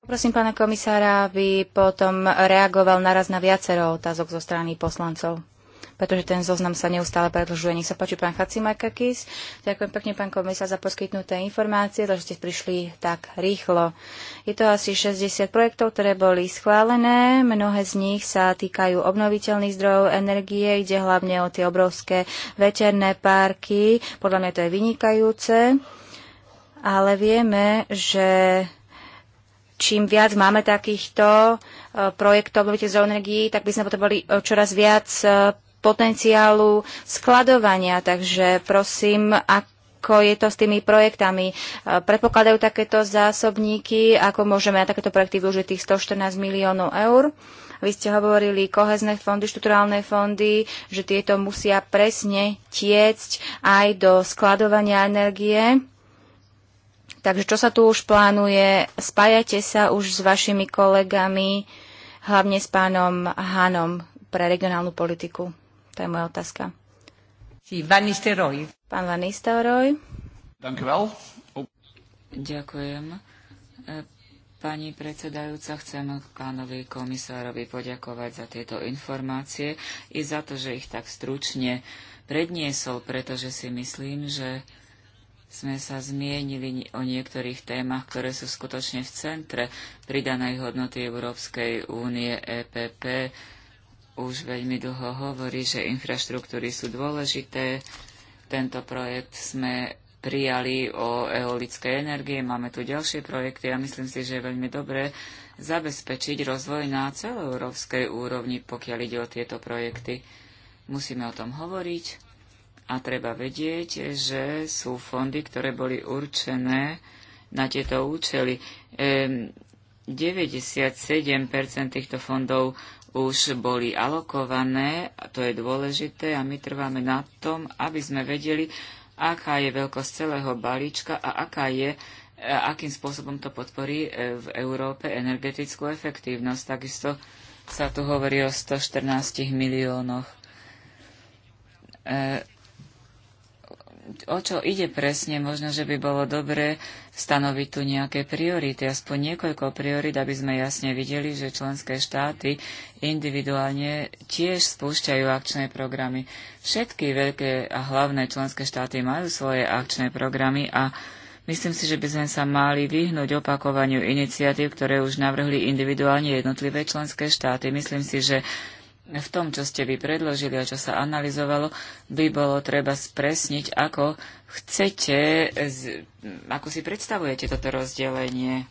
Prosím pána komisára, aby potom reagoval naraz na viacero otázok zo strany poslancov pretože ten zoznam sa neustále predlžuje. Nech sa páči pán Chacimakakis. Ďakujem pekne, pán komisár, za poskytnuté informácie, to, že ste prišli tak rýchlo. Je to asi 60 projektov, ktoré boli schválené. Mnohé z nich sa týkajú obnoviteľných zdrojov energie, ide hlavne o tie obrovské veterné parky. Podľa mňa to je vynikajúce ale vieme, že čím viac máme takýchto e, projektov obnoviteľných energii, tak by sme potrebovali e, čoraz viac e, potenciálu skladovania. Takže prosím, ak ako je to s tými projektami. Predpokladajú takéto zásobníky, ako môžeme na takéto projekty využiť tých 114 miliónov eur. Vy ste hovorili kohezné fondy, štrukturálne fondy, že tieto musia presne tiecť aj do skladovania energie Takže čo sa tu už plánuje? Spájate sa už s vašimi kolegami, hlavne s pánom Hanom pre regionálnu politiku? To je moja otázka. Pán Van Nistelrooy. Ďakujem. Pani predsedajúca, chcem pánovi komisárovi poďakovať za tieto informácie i za to, že ich tak stručne predniesol, pretože si myslím, že sme sa zmienili o niektorých témach, ktoré sú skutočne v centre pridanej hodnoty Európskej únie EPP. Už veľmi dlho hovorí, že infraštruktúry sú dôležité. Tento projekt sme prijali o eolickej energie. Máme tu ďalšie projekty a myslím si, že je veľmi dobré zabezpečiť rozvoj na celoeurópskej úrovni, pokiaľ ide o tieto projekty. Musíme o tom hovoriť a treba vedieť, že sú fondy, ktoré boli určené na tieto účely. 97% týchto fondov už boli alokované, a to je dôležité, a my trváme na tom, aby sme vedeli, aká je veľkosť celého balíčka a aká je akým spôsobom to podporí e, v Európe energetickú efektívnosť. Takisto sa tu hovorí o 114 miliónoch e, o čo ide presne, možno, že by bolo dobre stanoviť tu nejaké priority, aspoň niekoľko priorit, aby sme jasne videli, že členské štáty individuálne tiež spúšťajú akčné programy. Všetky veľké a hlavné členské štáty majú svoje akčné programy a myslím si, že by sme sa mali vyhnúť opakovaniu iniciatív, ktoré už navrhli individuálne jednotlivé členské štáty. Myslím si, že v tom, čo ste vy predložili a čo sa analyzovalo, by bolo treba spresniť, ako chcete, ako si predstavujete toto rozdelenie.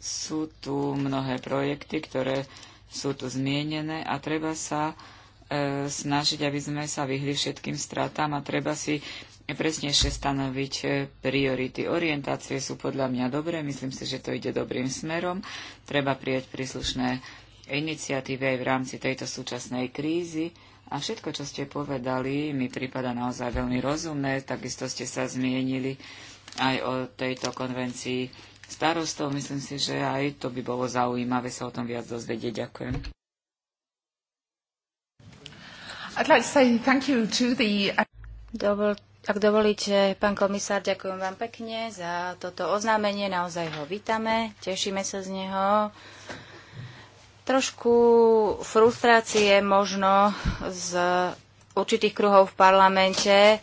Sú tu mnohé projekty, ktoré sú tu zmienené a treba sa e, snažiť, aby sme sa vyhli všetkým stratám a treba si presnejšie stanoviť e, priority. Orientácie sú podľa mňa dobré, myslím si, že to ide dobrým smerom. Treba prijať príslušné iniciatíve aj v rámci tejto súčasnej krízy. A všetko, čo ste povedali, mi prípada naozaj veľmi rozumné. Takisto ste sa zmienili aj o tejto konvencii starostov. Myslím si, že aj to by bolo zaujímavé sa o tom viac dozvedieť. Ďakujem. Dovol, ak dovolíte, pán komisár, ďakujem vám pekne za toto oznámenie. Naozaj ho vítame, tešíme sa z neho trošku frustrácie možno z určitých kruhov v parlamente.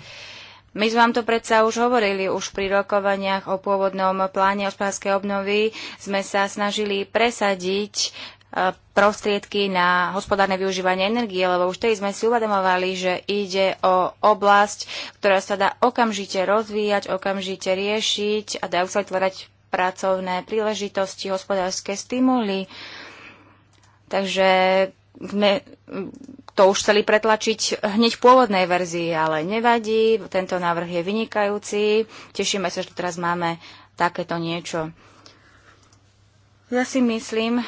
My sme vám to predsa už hovorili, už pri rokovaniach o pôvodnom pláne hospodárskej obnovy sme sa snažili presadiť e, prostriedky na hospodárne využívanie energie, lebo už tej sme si uvedomovali, že ide o oblasť, ktorá sa dá okamžite rozvíjať, okamžite riešiť a dajú sa vytvárať pracovné príležitosti, hospodárske stimuly. Uh, Takže sme to už chceli pretlačiť hneď v pôvodnej verzii, ale nevadí, tento návrh je vynikajúci, tešíme sa, že teraz máme takéto niečo. Ja si myslím,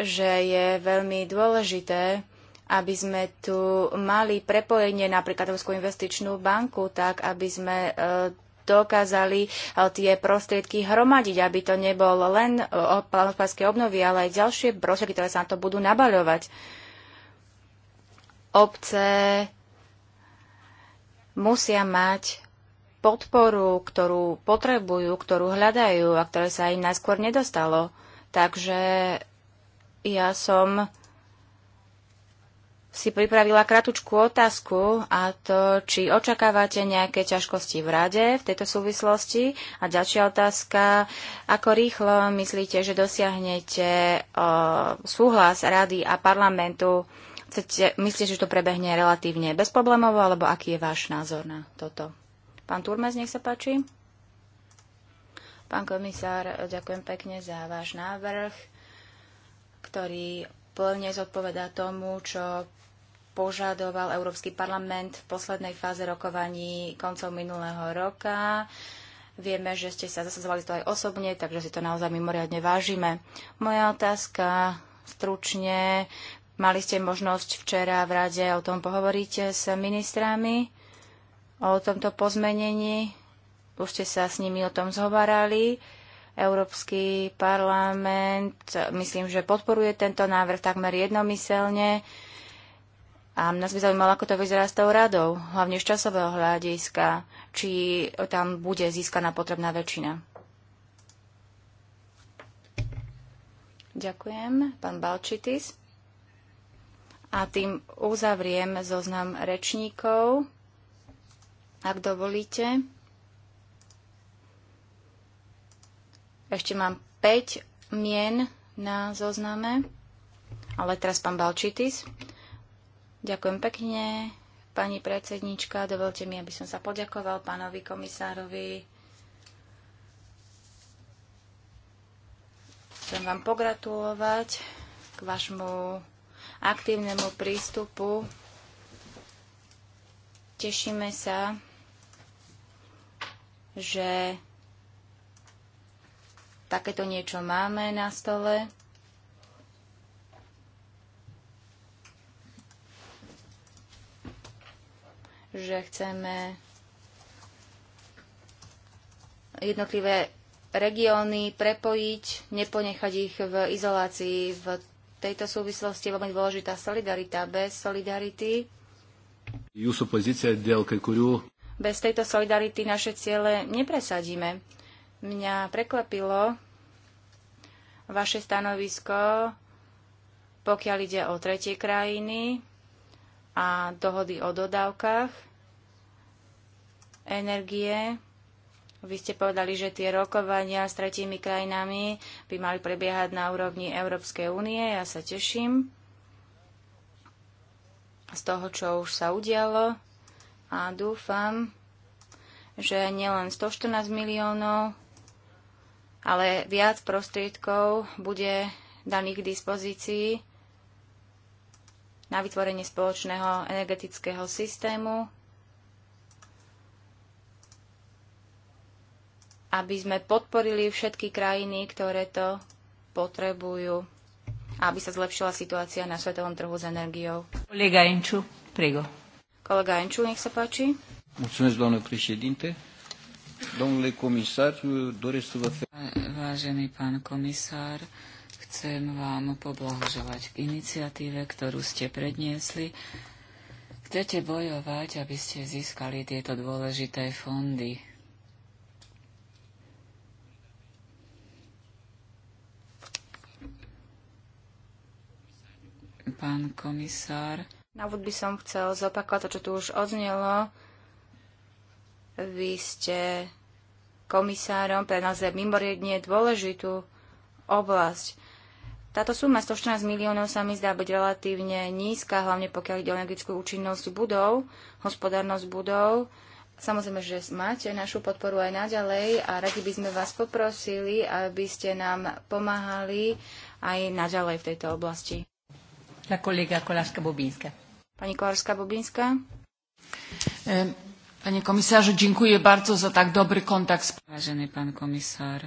že je veľmi dôležité, aby sme tu mali prepojenie napríklad Európsku investičnú banku, tak aby sme e, dokázali eh, tie prostriedky hromadiť, aby to nebol len eh, o hospodárskej obnovy, ale aj ďalšie prostriedky, ktoré sa na to budú nabaľovať. Obce musia mať podporu, ktorú potrebujú, ktorú hľadajú a ktoré sa im najskôr nedostalo. Takže ja som si pripravila kratučku otázku a to, či očakávate nejaké ťažkosti v rade v tejto súvislosti. A ďalšia otázka, ako rýchlo myslíte, že dosiahnete o, súhlas rady a parlamentu? Chcete, myslíte, že to prebehne relatívne bezproblémovo, alebo aký je váš názor na toto? Pán Turmes, nech sa páči. Pán komisár, ďakujem pekne za váš návrh, ktorý plne zodpovedá tomu, čo požadoval Európsky parlament v poslednej fáze rokovaní koncom minulého roka. Vieme, že ste sa zasadzovali to aj osobne, takže si to naozaj mimoriadne vážime. Moja otázka stručne. Mali ste možnosť včera v rade o tom pohovoriť s ministrami, o tomto pozmenení. Už ste sa s nimi o tom zhovarali. Európsky parlament, myslím, že podporuje tento návrh takmer jednomyselne. A nás by zaujímalo, ako to vyzerá s tou radou, hlavne z časového hľadiska, či tam bude získaná potrebná väčšina. Ďakujem, pán Balčitis. A tým uzavriem zoznam rečníkov, ak dovolíte. Ešte mám 5 mien na zozname, ale teraz pán Balčitis. Ďakujem pekne. Pani predsednička, dovolte mi, aby som sa poďakoval pánovi komisárovi. Chcem vám pogratulovať k vašmu aktívnemu prístupu. Tešíme sa, že takéto niečo máme na stole. že chceme jednotlivé regióny prepojiť, neponechať ich v izolácii. V tejto súvislosti je veľmi dôležitá solidarita. Bez solidarity Bez tejto solidarity naše ciele nepresadíme. Mňa prekvapilo vaše stanovisko, pokiaľ ide o tretie krajiny, a dohody o dodávkach energie. Vy ste povedali, že tie rokovania s tretími krajinami by mali prebiehať na úrovni Európskej únie. Ja sa teším z toho, čo už sa udialo a dúfam, že nielen 114 miliónov, ale viac prostriedkov bude daných k dispozícii na vytvorenie spoločného energetického systému, aby sme podporili všetky krajiny, ktoré to potrebujú aby sa zlepšila situácia na svetovom trhu s energiou. Kolega Enču, prigo. Kolega Enču, nech sa páči. Mulțumesc, doamnă președinte. Domnule comisar, doresc să vă... Vážený pán komisár, Chcem vám poblahoželať k iniciatíve, ktorú ste predniesli. Chcete bojovať, aby ste získali tieto dôležité fondy. Pán komisár. Na by som chcel zopakovať to, čo tu už odznelo. Vy ste komisárom pre nás je mimoriadne dôležitú oblasť. Táto suma 114 miliónov sa mi zdá byť relatívne nízka, hlavne pokiaľ ide o energetickú účinnosť budov, hospodárnosť budov. Samozrejme, že máte našu podporu aj naďalej a radi by sme vás poprosili, aby ste nám pomáhali aj naďalej v tejto oblasti. La kolega Kolárska-Bobínska. Pani Kolárska-Bobínska. E, Pani komisarzu, dziękuję bardzo za tak dobry kontakt. Vážený pán komisár,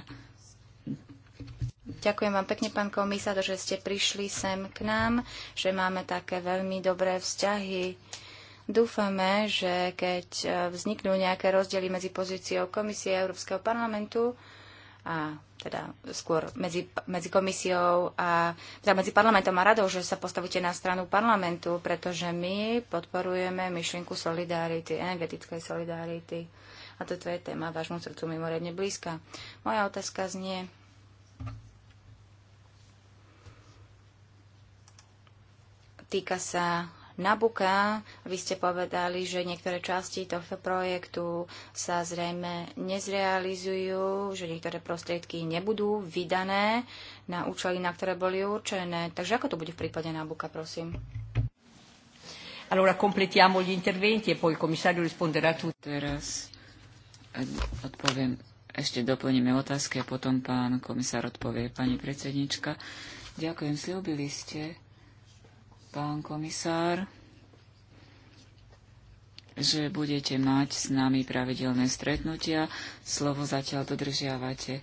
Ďakujem vám pekne, pán komisár, že ste prišli sem k nám, že máme také veľmi dobré vzťahy. Dúfame, že keď e, vzniknú nejaké rozdiely medzi pozíciou Komisie Európskeho parlamentu a teda skôr medzi, medzi komisiou a teda medzi parlamentom a radou, že sa postavíte na stranu parlamentu, pretože my podporujeme myšlienku solidarity, energetickej solidarity. A toto je téma vášmu srdcu mimoriadne blízka. Moja otázka znie, Týka sa Nabuka. Vy ste povedali, že niektoré časti tohto projektu sa zrejme nezrealizujú, že niektoré prostriedky nebudú vydané na účely, na ktoré boli určené. Takže ako to bude v prípade Nabuka, prosím? Allora completiamo gli interventi e poi il commissario risponderà a tutti. Teraz eh, odpoviem, ešte doplníme otázky a potom pán komisár odpovie. Pani predsednička, ďakujem, slúbili ste, pán komisár, že budete mať s nami pravidelné stretnutia. Slovo zatiaľ dodržiavate.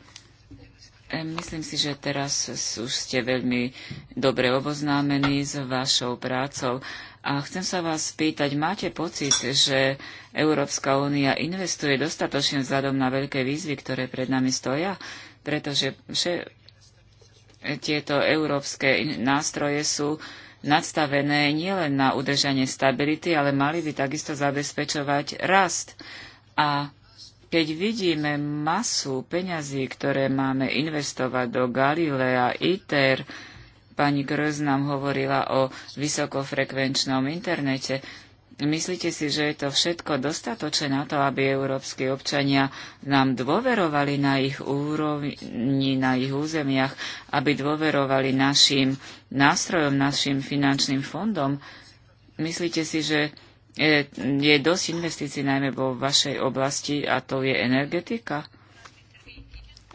Myslím si, že teraz už ste veľmi dobre oboznámení s vašou prácou a chcem sa vás spýtať, máte pocit, že Európska únia investuje dostatočne vzhľadom na veľké výzvy, ktoré pred nami stoja? Pretože tieto európske nástroje sú nadstavené nielen na udržanie stability, ale mali by takisto zabezpečovať rast. A keď vidíme masu peňazí, ktoré máme investovať do Galilea, ITER, pani Gröz nám hovorila o vysokofrekvenčnom internete, Myslíte si, že je to všetko dostatočné na to, aby európsky občania nám dôverovali na ich úrovni, na ich územiach, aby dôverovali našim nástrojom, našim finančným fondom? Myslíte si, že e, je dosť investícií najmä vo vašej oblasti a to je energetika?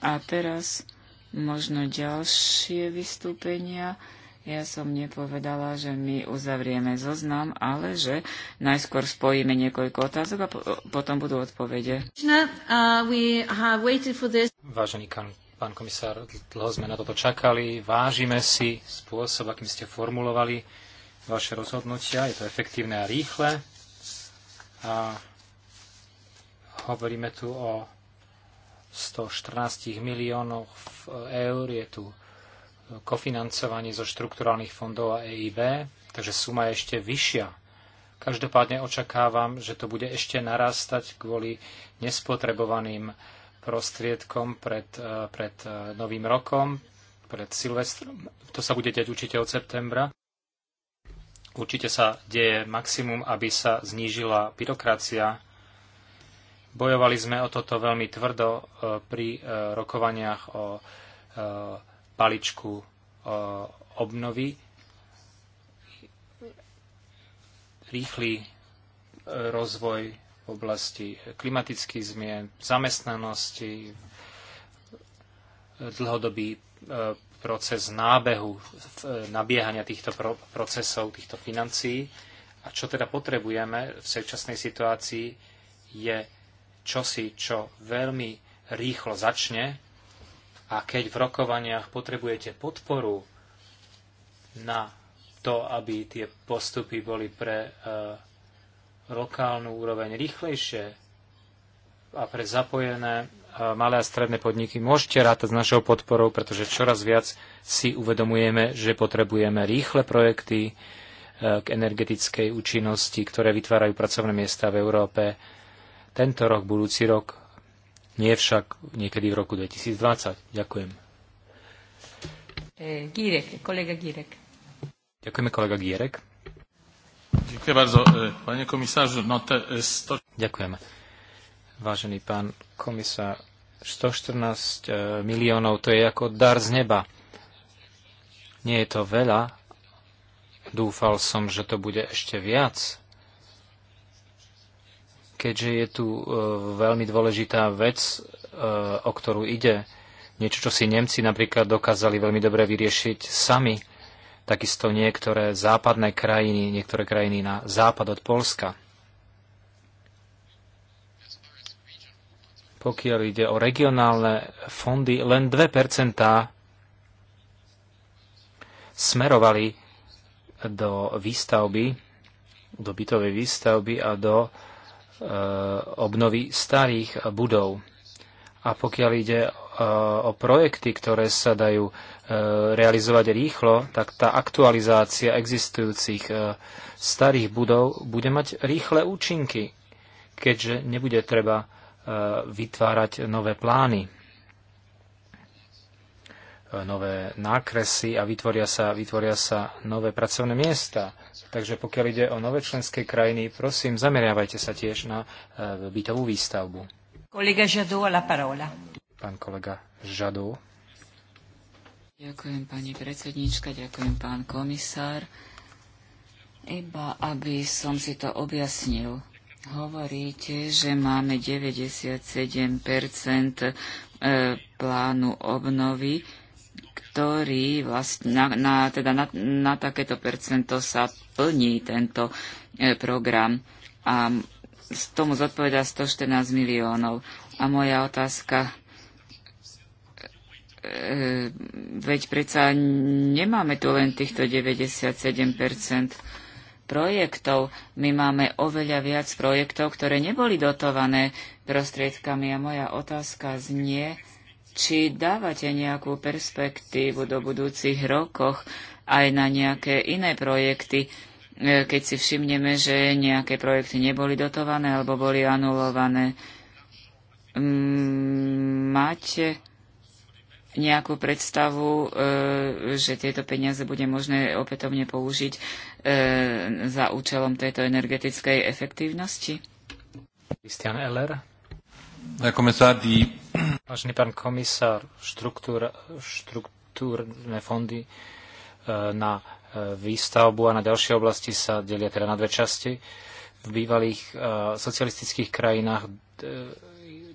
A teraz možno ďalšie vystúpenia. Ja som nepovedala, že my uzavrieme zoznam, ale že najskôr spojíme niekoľko otázok a po- potom budú odpovede. Uh, Vážený pán, pán komisár, dlho sme na toto čakali. Vážime si spôsob, akým ste formulovali vaše rozhodnutia. Je to efektívne a rýchle. A hovoríme tu o 114 miliónoch eur. Je tu kofinancovanie zo štrukturálnych fondov a EIB, takže suma je ešte vyššia. Každopádne očakávam, že to bude ešte narastať kvôli nespotrebovaným prostriedkom pred, e, pred e, novým rokom, pred Silvestrom. To sa bude deť určite od septembra. Určite sa deje maximum, aby sa znížila byrokracia. Bojovali sme o toto veľmi tvrdo e, pri rokovaniach o paličku e, obnovy, rýchly e, rozvoj v oblasti klimatických zmien, zamestnanosti, dlhodobý e, proces nábehu, nabiehania týchto procesov, týchto financií. A čo teda potrebujeme v súčasnej situácii je čosi, čo veľmi rýchlo začne a keď v rokovaniach potrebujete podporu na to, aby tie postupy boli pre e, lokálnu úroveň rýchlejšie a pre zapojené e, malé a stredné podniky, môžete rátať s našou podporou, pretože čoraz viac si uvedomujeme, že potrebujeme rýchle projekty e, k energetickej účinnosti, ktoré vytvárajú pracovné miesta v Európe. Tento rok, budúci rok nie však niekedy v roku 2020. Ďakujem. E, Gírek, kolega Gírek. Ďakujeme, kolega Gírek. Ďakujem bardzo, e, panie komisarzu. No te e, sto... Ďakujem. Vážený pán komisár, 114 miliónov to je ako dar z neba. Nie je to veľa. Dúfal som, že to bude ešte viac keďže je tu e, veľmi dôležitá vec, e, o ktorú ide, niečo, čo si Nemci napríklad dokázali veľmi dobre vyriešiť sami, takisto niektoré západné krajiny, niektoré krajiny na západ od Polska. Pokiaľ ide o regionálne fondy, len 2% smerovali do výstavby, do bytovej výstavby a do E, obnovy starých budov. A pokiaľ ide e, o projekty, ktoré sa dajú e, realizovať rýchlo, tak tá aktualizácia existujúcich starých budov bude mať rýchle účinky, keďže nebude treba vytvárať nové plány nové nákresy a vytvoria sa, vytvoria sa nové pracovné miesta. Takže pokiaľ ide o nové členské krajiny, prosím, zameriavajte sa tiež na e, bytovú výstavbu. Kolega Žadó, la parola. Pán kolega Žadó. Ďakujem pani predsednička, ďakujem pán komisár. Iba aby som si to objasnil. Hovoríte, že máme 97 e, plánu obnovy ktorý vlastne na, na, teda na, na takéto percento sa plní tento e, program a tomu zodpoveda 114 miliónov. A moja otázka, e, veď predsa nemáme tu len týchto 97 projektov. My máme oveľa viac projektov, ktoré neboli dotované prostriedkami. A moja otázka znie, či dávate nejakú perspektívu do budúcich rokoch aj na nejaké iné projekty, e, keď si všimneme, že nejaké projekty neboli dotované alebo boli anulované. Máte nejakú predstavu, e, že tieto peniaze bude možné opätovne použiť e, za účelom tejto energetickej efektívnosti? Christian Eller Vážený pán komisár, štruktúra, štruktúrne fondy e, na e, výstavbu a na ďalšie oblasti sa delia teda na dve časti. V bývalých e, socialistických krajinách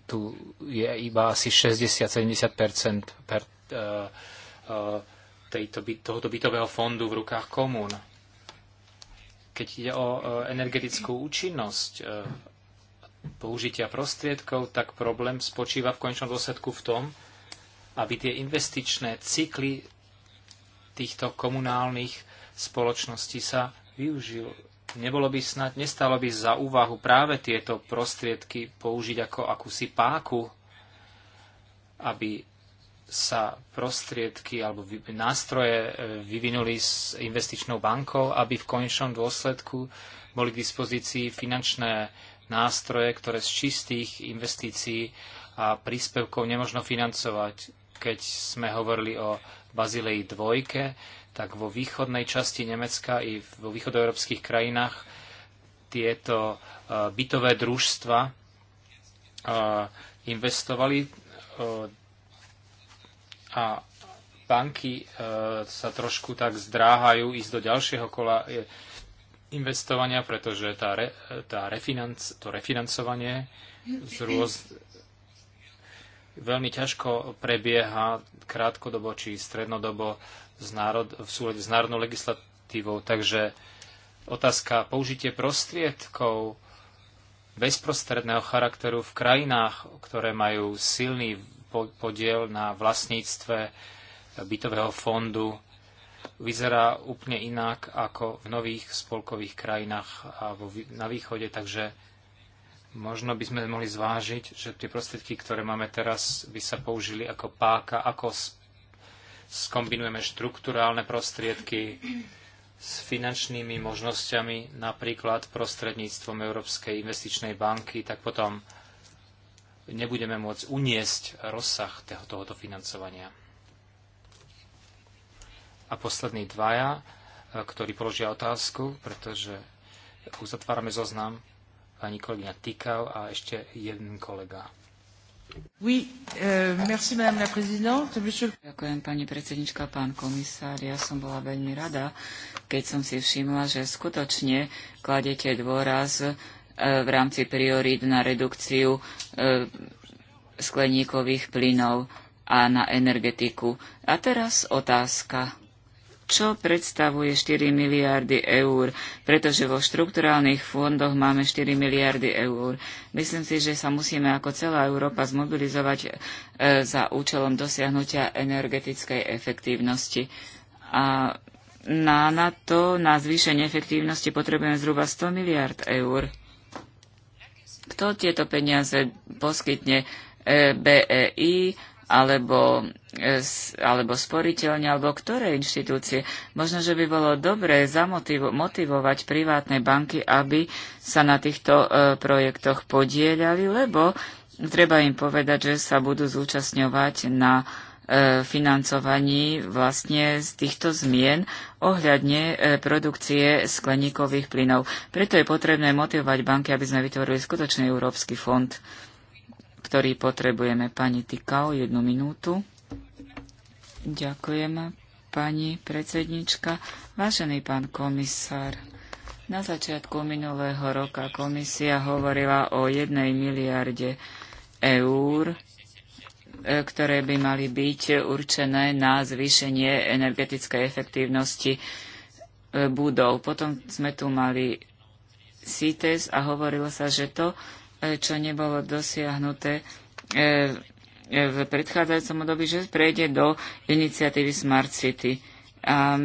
tu je iba asi 60-70 per, tohoto bytového fondu v rukách komún. Keď ide o energetickú účinnosť použitia prostriedkov, tak problém spočíva v končnom dôsledku v tom, aby tie investičné cykly týchto komunálnych spoločností sa využil. Nebolo by snad, nestalo by za úvahu práve tieto prostriedky použiť ako akúsi páku, aby sa prostriedky alebo nástroje e, vyvinuli s investičnou bankou, aby v konečnom dôsledku boli k dispozícii finančné nástroje, ktoré z čistých investícií a príspevkov nemožno financovať. Keď sme hovorili o Bazilei dvojke, tak vo východnej časti Nemecka i vo východoeurópskych krajinách tieto e, bytové družstva e, investovali e, a banky sa trošku tak zdráhajú ísť do ďalšieho kola investovania, pretože tá, re, tá refinanc, to refinancovanie z rôz, veľmi ťažko prebieha krátkodobo či strednodobo z národ, v súlade s národnou legislatívou. Takže otázka použitie prostriedkov bezprostredného charakteru v krajinách, ktoré majú silný podiel na vlastníctve bytového fondu, vyzerá úplne inak ako v nových spolkových krajinách a vo, na východe, takže možno by sme mohli zvážiť, že tie prostriedky, ktoré máme teraz, by sa použili ako páka, ako skombinujeme štruktúrálne prostriedky s finančnými možnosťami, napríklad prostredníctvom Európskej investičnej banky, tak potom nebudeme môcť uniesť rozsah tohoto financovania a poslední dvaja, e, ktorí položia otázku, pretože uzatvárame zoznam pani kolegyňa Tikal a ešte jeden kolega. Oui, euh, merci, madame la présidente. Monsieur... Ďakujem, pani predsednička, pán komisár. Ja som bola veľmi rada, keď som si všimla, že skutočne kladete dôraz e, v rámci priorít na redukciu e, skleníkových plynov a na energetiku. A teraz otázka čo predstavuje 4 miliardy eur, pretože vo štrukturálnych fondoch máme 4 miliardy eur. Myslím si, že sa musíme ako celá Európa zmobilizovať e, za účelom dosiahnutia energetickej efektívnosti. A na, na to, na zvýšenie efektívnosti potrebujeme zhruba 100 miliard eur. Kto tieto peniaze poskytne? E, BEI alebo alebo sporiteľne, alebo ktoré inštitúcie. Možno, že by bolo dobré motivovať privátne banky, aby sa na týchto e, projektoch podielali, lebo treba im povedať, že sa budú zúčastňovať na e, financovaní vlastne z týchto zmien ohľadne e, produkcie skleníkových plynov. Preto je potrebné motivovať banky, aby sme vytvorili skutočný európsky fond, ktorý potrebujeme. Pani Tikau, jednu minútu. Ďakujem, pani predsednička. Vážený pán komisár, na začiatku minulého roka komisia hovorila o jednej miliarde eur, e, ktoré by mali byť určené na zvýšenie energetickej efektívnosti e, budov. Potom sme tu mali CITES a hovorilo sa, že to, e, čo nebolo dosiahnuté v predchádzajúcom období, že prejde do iniciatívy Smart City. A,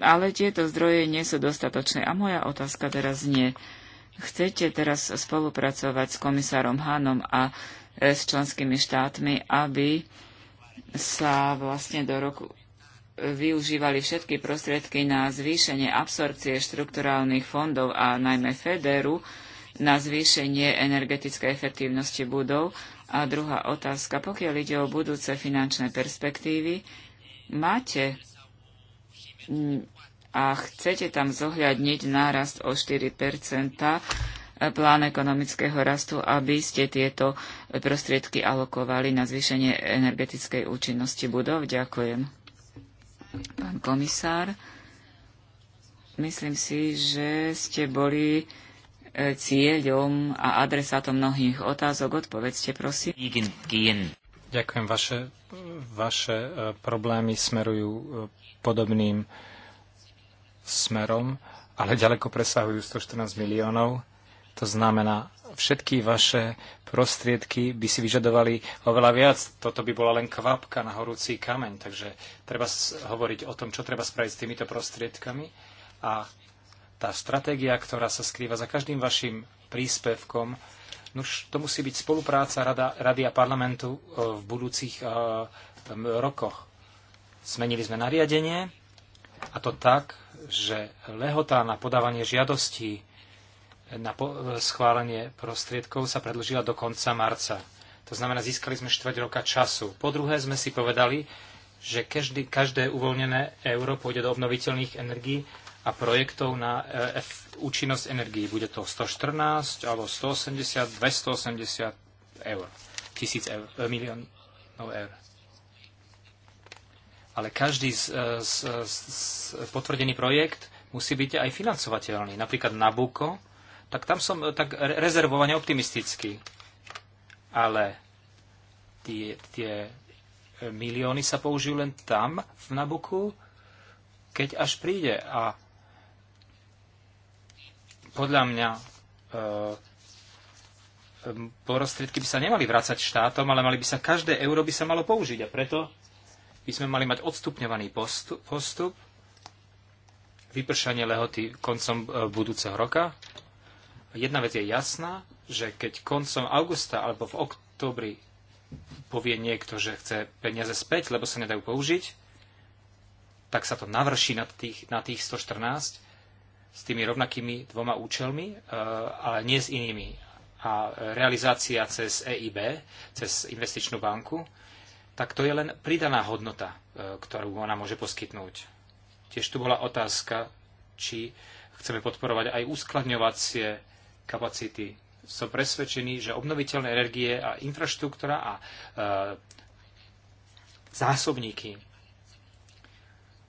ale tieto zdroje nie sú dostatočné. A moja otázka teraz nie. Chcete teraz spolupracovať s komisárom Hanom a e, s členskými štátmi, aby sa vlastne do roku využívali všetky prostriedky na zvýšenie absorpcie štrukturálnych fondov a najmä Federu na zvýšenie energetickej efektívnosti budov a druhá otázka, pokiaľ ide o budúce finančné perspektívy, máte a chcete tam zohľadniť nárast o 4 e, plán ekonomického rastu, aby ste tieto prostriedky alokovali na zvýšenie energetickej účinnosti budov? Ďakujem. Pán komisár, myslím si, že ste boli E, cieľom a adresátom mnohých otázok. Odpovedzte, prosím. Ďakujem. Vaše, vaše e, problémy smerujú e, podobným smerom, ale ďaleko presahujú 114 miliónov. To znamená, všetky vaše prostriedky by si vyžadovali oveľa viac. Toto by bola len kvapka na horúci kameň. Takže treba hovoriť o tom, čo treba spraviť s týmito prostriedkami. A tá stratégia, ktorá sa skrýva za každým vašim príspevkom, no to musí byť spolupráca rada, Rady a parlamentu e, v budúcich uh, rokoch. Zmenili sme nariadenie a to tak, že lehotá na podávanie žiadostí e, na po schválenie prostriedkov sa predlžila do konca marca. To znamená, získali sme štvrť roka času. Po druhé sme si povedali, že každý, každé uvoľnené euro pôjde do obnoviteľných energií a projektov na e, účinnosť energií. Bude to 114 alebo 180, 280 eur, tisíc eur, e, miliónov eur. Ale každý e, z, z, z, potvrdený projekt musí byť aj financovateľný. Napríklad Nabuko, tak tam som tak rezervovane optimistický. Ale tie, tie milióny sa použijú len tam, v Nabuku, keď až príde. A podľa mňa e, prostriedky by sa nemali vrácať štátom, ale mali by sa, každé euro by sa malo použiť. A preto by sme mali mať odstupňovaný postup, postup vypršanie lehoty koncom e, budúceho roka. Jedna vec je jasná, že keď koncom augusta alebo v oktobri povie niekto, že chce peniaze späť, lebo sa nedajú použiť, tak sa to navrší na tých, na tých 114 s tými rovnakými dvoma účelmi, e, ale nie s inými. A realizácia cez EIB, cez investičnú banku, tak to je len pridaná hodnota, e, ktorú ona môže poskytnúť. Tiež tu bola otázka, či chceme podporovať aj uskladňovacie kapacity. Som presvedčený, že obnoviteľné energie a infraštruktúra a e, zásobníky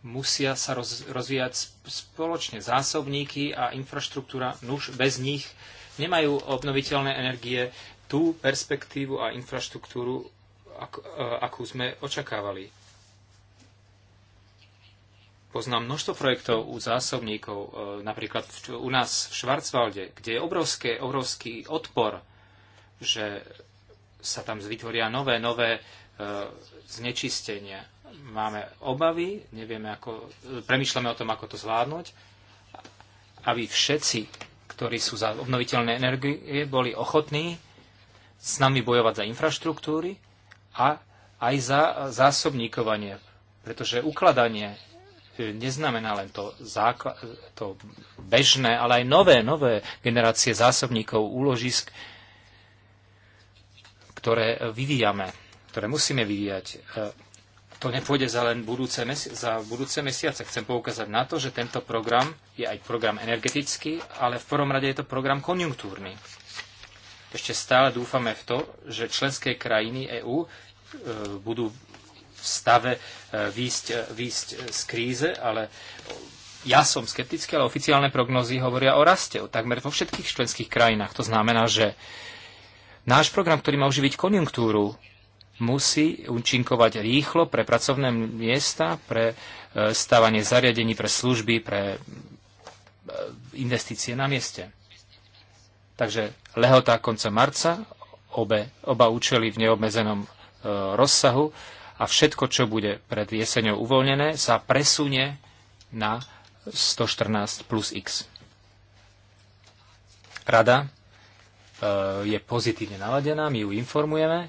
musia sa roz, rozvíjať spoločne zásobníky a infraštruktúra, nuž bez nich nemajú obnoviteľné energie tú perspektívu a infraštruktúru, ak, e, akú sme očakávali. Poznám množstvo projektov u zásobníkov, e, napríklad v, u nás v Švarcvalde, kde je obrovské, obrovský odpor, že sa tam vytvoria nové, nové E, Znečistenie. Máme obavy, nevieme ako, premyšľame o tom, ako to zvládnuť, aby všetci, ktorí sú za obnoviteľné energie, boli ochotní s nami bojovať za infraštruktúry a aj za zásobníkovanie, pretože ukladanie e, neznamená len to, základ, to bežné, ale aj nové, nové generácie zásobníkov, úložisk, ktoré vyvíjame ktoré musíme vyvíjať, e, to nepôjde za len budúce, za budúce mesiace. Chcem poukázať na to, že tento program je aj program energetický, ale v prvom rade je to program konjunktúrny. Ešte stále dúfame v to, že členské krajiny EÚ e, budú v stave e, výjsť, výjsť z kríze, ale ja som skeptický, ale oficiálne prognozy hovoria o raste o takmer vo všetkých členských krajinách. To znamená, že náš program, ktorý má uživiť konjunktúru, musí účinkovať rýchlo pre pracovné miesta, pre e, stávanie zariadení, pre služby, pre e, investície na mieste. Takže lehota konca marca, obe, oba účely v neobmedzenom e, rozsahu a všetko, čo bude pred jeseňou uvoľnené, sa presunie na 114 plus x. Rada je pozitívne naladená, my ju informujeme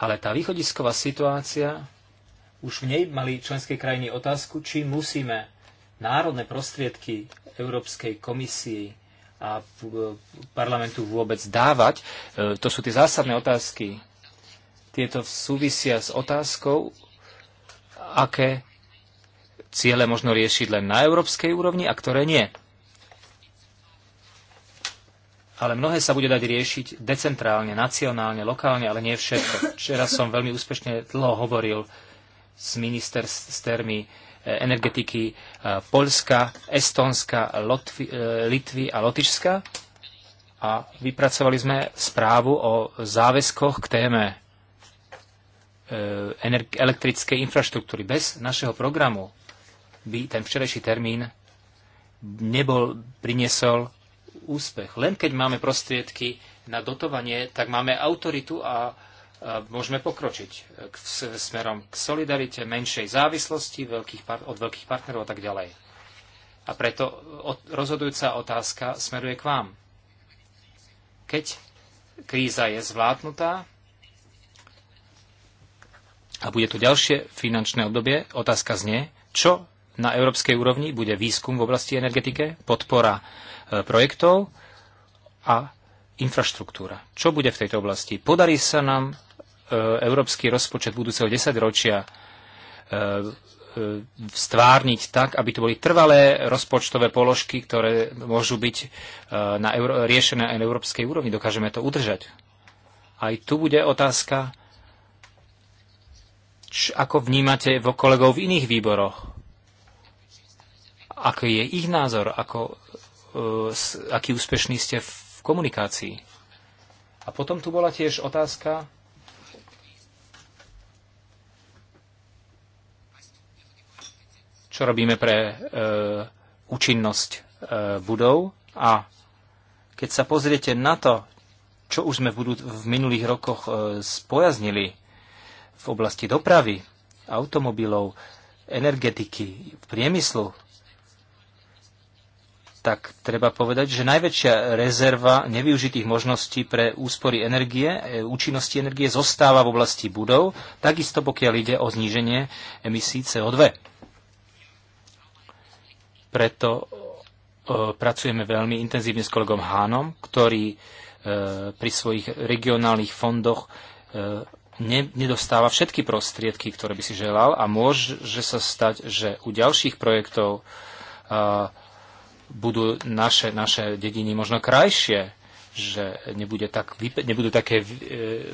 ale tá východisková situácia, už v nej mali členské krajiny otázku, či musíme národné prostriedky Európskej komisii a e, parlamentu vôbec dávať. E, to sú tie zásadné otázky. Tieto súvisia s otázkou, aké ciele možno riešiť len na európskej úrovni a ktoré nie ale mnohé sa bude dať riešiť decentrálne, nacionálne, lokálne, ale nie všetko. Včera som veľmi úspešne dlho hovoril s ministerstermi e, energetiky e, Polska, Estonska, Lotvi, e, Litvy a Lotyšska a vypracovali sme správu o záväzkoch k téme elektrickej infraštruktúry. Bez našeho programu by ten včerajší termín nebol, priniesol úspech. Len keď máme prostriedky na dotovanie, tak máme autoritu a, môžeme pokročiť k, smerom k solidarite, menšej závislosti veľkých od veľkých partnerov a tak ďalej. A preto rozhodujúca otázka smeruje k vám. Keď kríza je zvládnutá a bude tu ďalšie finančné obdobie, otázka znie, čo na európskej úrovni bude výskum v oblasti energetike, podpora E, projektov a infraštruktúra. Čo bude v tejto oblasti? Podarí sa nám e, európsky rozpočet budúceho desaťročia e, stvárniť tak, aby to boli trvalé rozpočtové položky, ktoré môžu byť na euro, riešené aj na európskej úrovni. Dokážeme to udržať. Aj tu bude otázka, č, ako vnímate vo kolegov v iných výboroch. Aký je ich názor, ako E, aký úspešný ste v komunikácii. A potom tu bola tiež otázka, čo robíme pre e, účinnosť e, budov a keď sa pozriete na to, čo už sme v, budú, v minulých rokoch e, spojaznili v oblasti dopravy, automobilov, energetiky, priemyslu, tak treba povedať, že najväčšia rezerva nevyužitých možností pre úspory energie, e, účinnosti energie zostáva v oblasti budov, takisto pokiaľ ide o zníženie emisí CO2. Preto e, pracujeme veľmi intenzívne s kolegom Hánom, ktorý e, pri svojich regionálnych fondoch e, ne, nedostáva všetky prostriedky, ktoré by si želal a môže sa stať, že u ďalších projektov e, budú naše, naše dediny možno krajšie, že nebude tak, nebudú také e,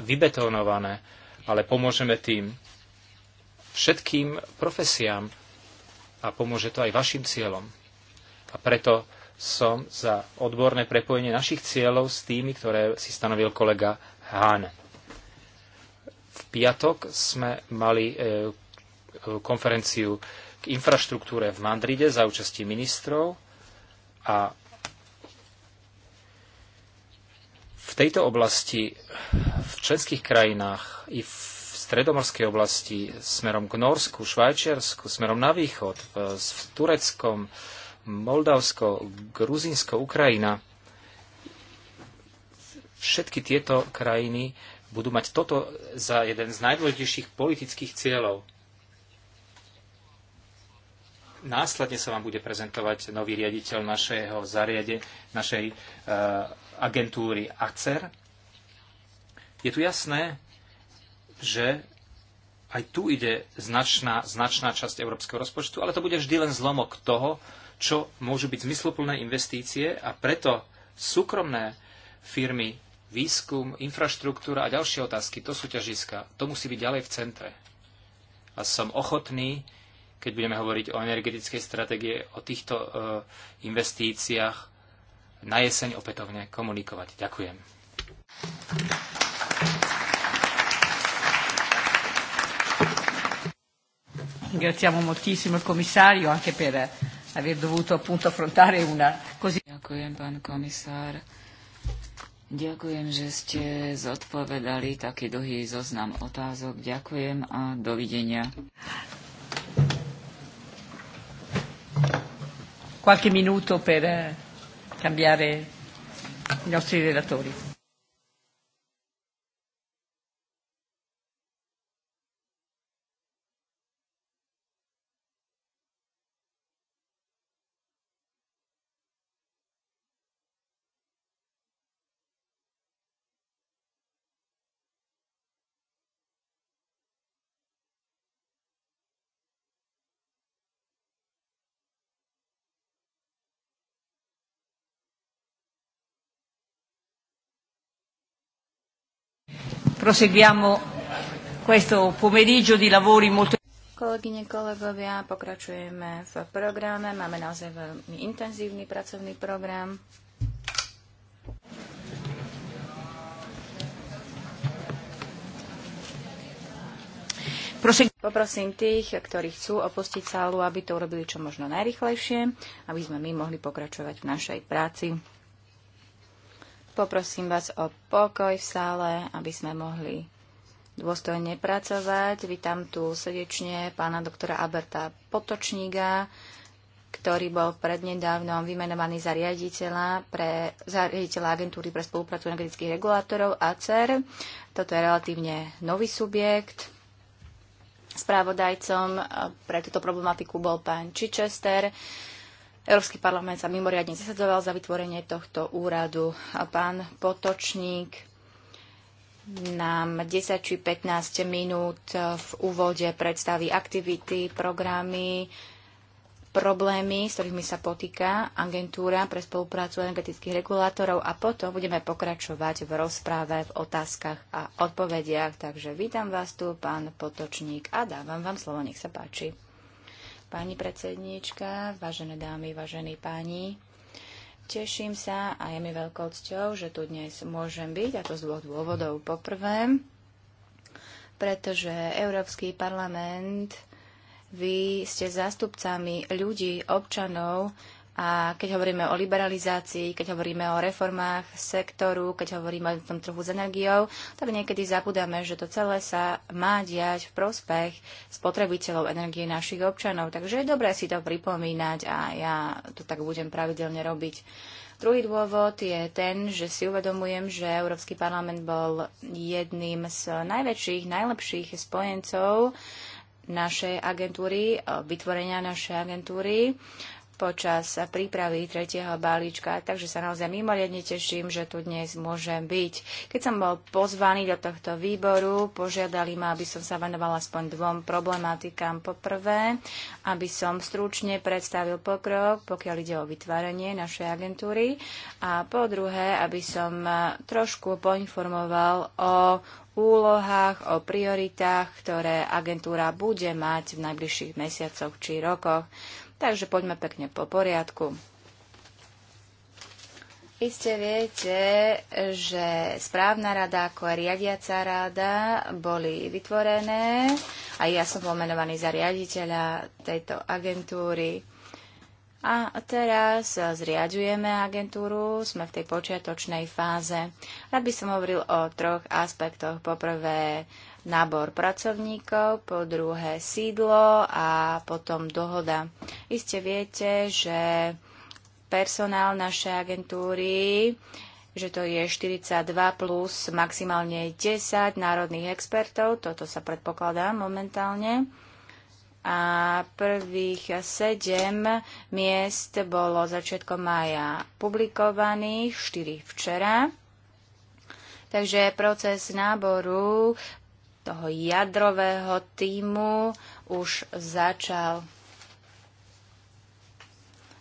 vybetonované, ale pomôžeme tým všetkým profesiám a pomôže to aj vašim cieľom. A preto som za odborné prepojenie našich cieľov s tými, ktoré si stanovil kolega Hahn. V piatok sme mali e, konferenciu k infraštruktúre v Madride za účasti ministrov a v tejto oblasti, v členských krajinách i v stredomorskej oblasti, smerom k Norsku, Švajčiarsku, smerom na východ, s Tureckom, Moldavsko, Gruzinsko, Ukrajina, všetky tieto krajiny budú mať toto za jeden z najdôležitejších politických cieľov následne sa vám bude prezentovať nový riaditeľ našeho zariade, našej e, agentúry ACER. Je tu jasné, že aj tu ide značná, značná časť európskeho rozpočtu, ale to bude vždy len zlomok toho, čo môžu byť zmysluplné investície a preto súkromné firmy, výskum, infraštruktúra a ďalšie otázky, to sú ťažiska. To musí byť ďalej v centre. A som ochotný keď budeme hovoriť o energetickej stratégie, o týchto e, investíciách na jeseň opätovne komunikovať. Ďakujem. Ringraziamo moltissimo il commissario anche per aver dovuto appunto affrontare una così. Ďakujem, pán komisár. Ďakujem, že ste zodpovedali taký dlhý zoznam otázok. Ďakujem a dovidenia. qualche minuto per eh, cambiare i nostri relatori. Proseguiamo questo pomeriggio di lavori molto... Kolegyne, kolegovia, pokračujeme v programe. Máme naozaj veľmi intenzívny pracovný program. Poprosím tých, ktorí chcú opustiť sálu, aby to urobili čo možno najrychlejšie, aby sme my mohli pokračovať v našej práci. Poprosím vás o pokoj v sále, aby sme mohli dôstojne pracovať. Vítam tu srdečne pána doktora Alberta Potočníka, ktorý bol prednedávnom vymenovaný za riaditeľa, pre, za riaditeľa agentúry pre spoluprácu energetických regulátorov ACER. Toto je relatívne nový subjekt. Správodajcom pre túto problematiku bol pán Chichester. Európsky parlament sa mimoriadne zasadzoval za vytvorenie tohto úradu. A pán Potočník nám 10 či 15 minút v úvode predstaví aktivity, programy, problémy, s ktorými sa potýka agentúra pre spoluprácu energetických regulátorov a potom budeme pokračovať v rozpráve, v otázkach a odpovediach. Takže vítam vás tu, pán Potočník, a dávam vám slovo, nech sa páči pani predsedníčka, vážené dámy, vážení páni. Teším sa a je mi veľkou cťou, že tu dnes môžem byť, a to z dvoch dôvodov. Poprvé, pretože Európsky parlament, vy ste zástupcami ľudí, občanov, a keď hovoríme o liberalizácii, keď hovoríme o reformách sektoru, keď hovoríme o tom trhu s energiou, tak niekedy zabudáme, že to celé sa má diať v prospech spotrebiteľov energie našich občanov. Takže je dobré si to pripomínať a ja to tak budem pravidelne robiť. Druhý dôvod je ten, že si uvedomujem, že Európsky parlament bol jedným z najväčších, najlepších spojencov našej agentúry, vytvorenia našej agentúry počas prípravy tretieho balíčka, takže sa naozaj mimoriadne teším, že tu dnes môžem byť. Keď som bol pozvaný do tohto výboru, požiadali ma, aby som sa venoval aspoň dvom problematikám. Poprvé, aby som stručne predstavil pokrok, pokiaľ ide o vytváranie našej agentúry. A po druhé, aby som trošku poinformoval o úlohách, o prioritách, ktoré agentúra bude mať v najbližších mesiacoch či rokoch. Takže poďme pekne po poriadku. Iste viete, že správna rada ako aj riadiaca rada boli vytvorené a ja som bol menovaný za riaditeľa tejto agentúry. A teraz zriadujeme agentúru, sme v tej počiatočnej fáze. Rád by som hovoril o troch aspektoch. Poprvé, nábor pracovníkov, po druhé sídlo a potom dohoda. Iste viete, že personál našej agentúry že to je 42 plus maximálne 10 národných expertov, toto sa predpokladá momentálne. A prvých 7 miest bolo začiatkom mája publikovaných, 4 včera. Takže proces náboru toho jadrového týmu už začal.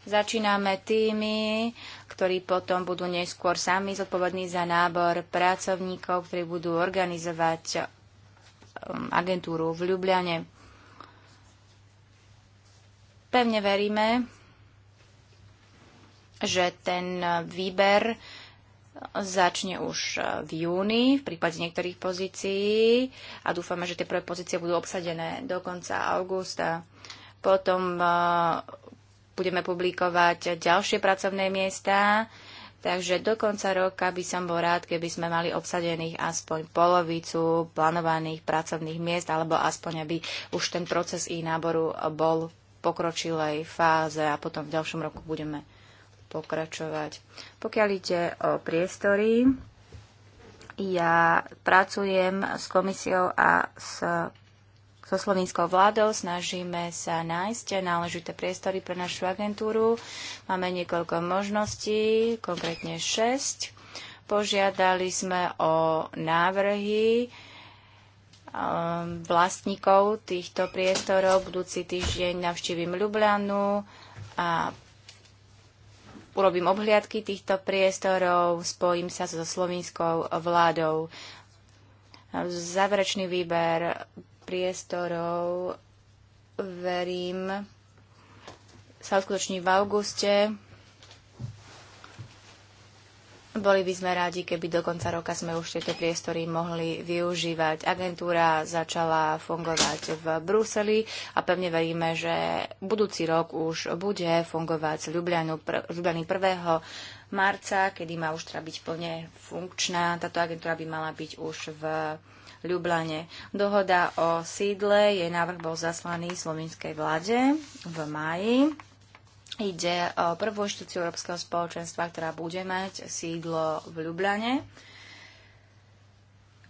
Začíname týmy, ktorí potom budú neskôr sami zodpovední za nábor pracovníkov, ktorí budú organizovať um, agentúru v Ljubljane. Pevne veríme, že ten výber začne už eh, v júni v prípade niektorých pozícií a dúfame, že tie prvé pozície budú obsadené do konca augusta. Potom eh, budeme publikovať ďalšie pracovné miesta, takže do konca roka by som bol rád, keby sme mali obsadených aspoň polovicu plánovaných pracovných miest, alebo aspoň aby už ten proces ich náboru bol v pokročilej fáze a potom v ďalšom roku budeme pokračovať. Pokiaľ ide o priestory, ja pracujem s komisiou a s so slovenskou vládou. Snažíme sa nájsť náležité priestory pre našu agentúru. Máme niekoľko možností, konkrétne 6. Požiadali sme o návrhy um, vlastníkov týchto priestorov. Budúci týždeň navštívim Ljubljanu a urobím obhliadky týchto priestorov, spojím sa so slovinskou vládou. Záverečný výber priestorov, verím, sa uskutoční v auguste boli by sme rádi, keby do konca roka sme už tieto priestory mohli využívať. Agentúra začala fungovať v Bruseli a pevne veríme, že budúci rok už bude fungovať Ljubljanu, Ljubljany 1. marca, kedy má už teda byť plne funkčná. Táto agentúra by mala byť už v Ljubljane. Dohoda o sídle, jej návrh bol zaslaný slovinskej vláde v máji. Ide o prvú inštitúciu Európskeho spoločenstva, ktorá bude mať sídlo v Ljubljane.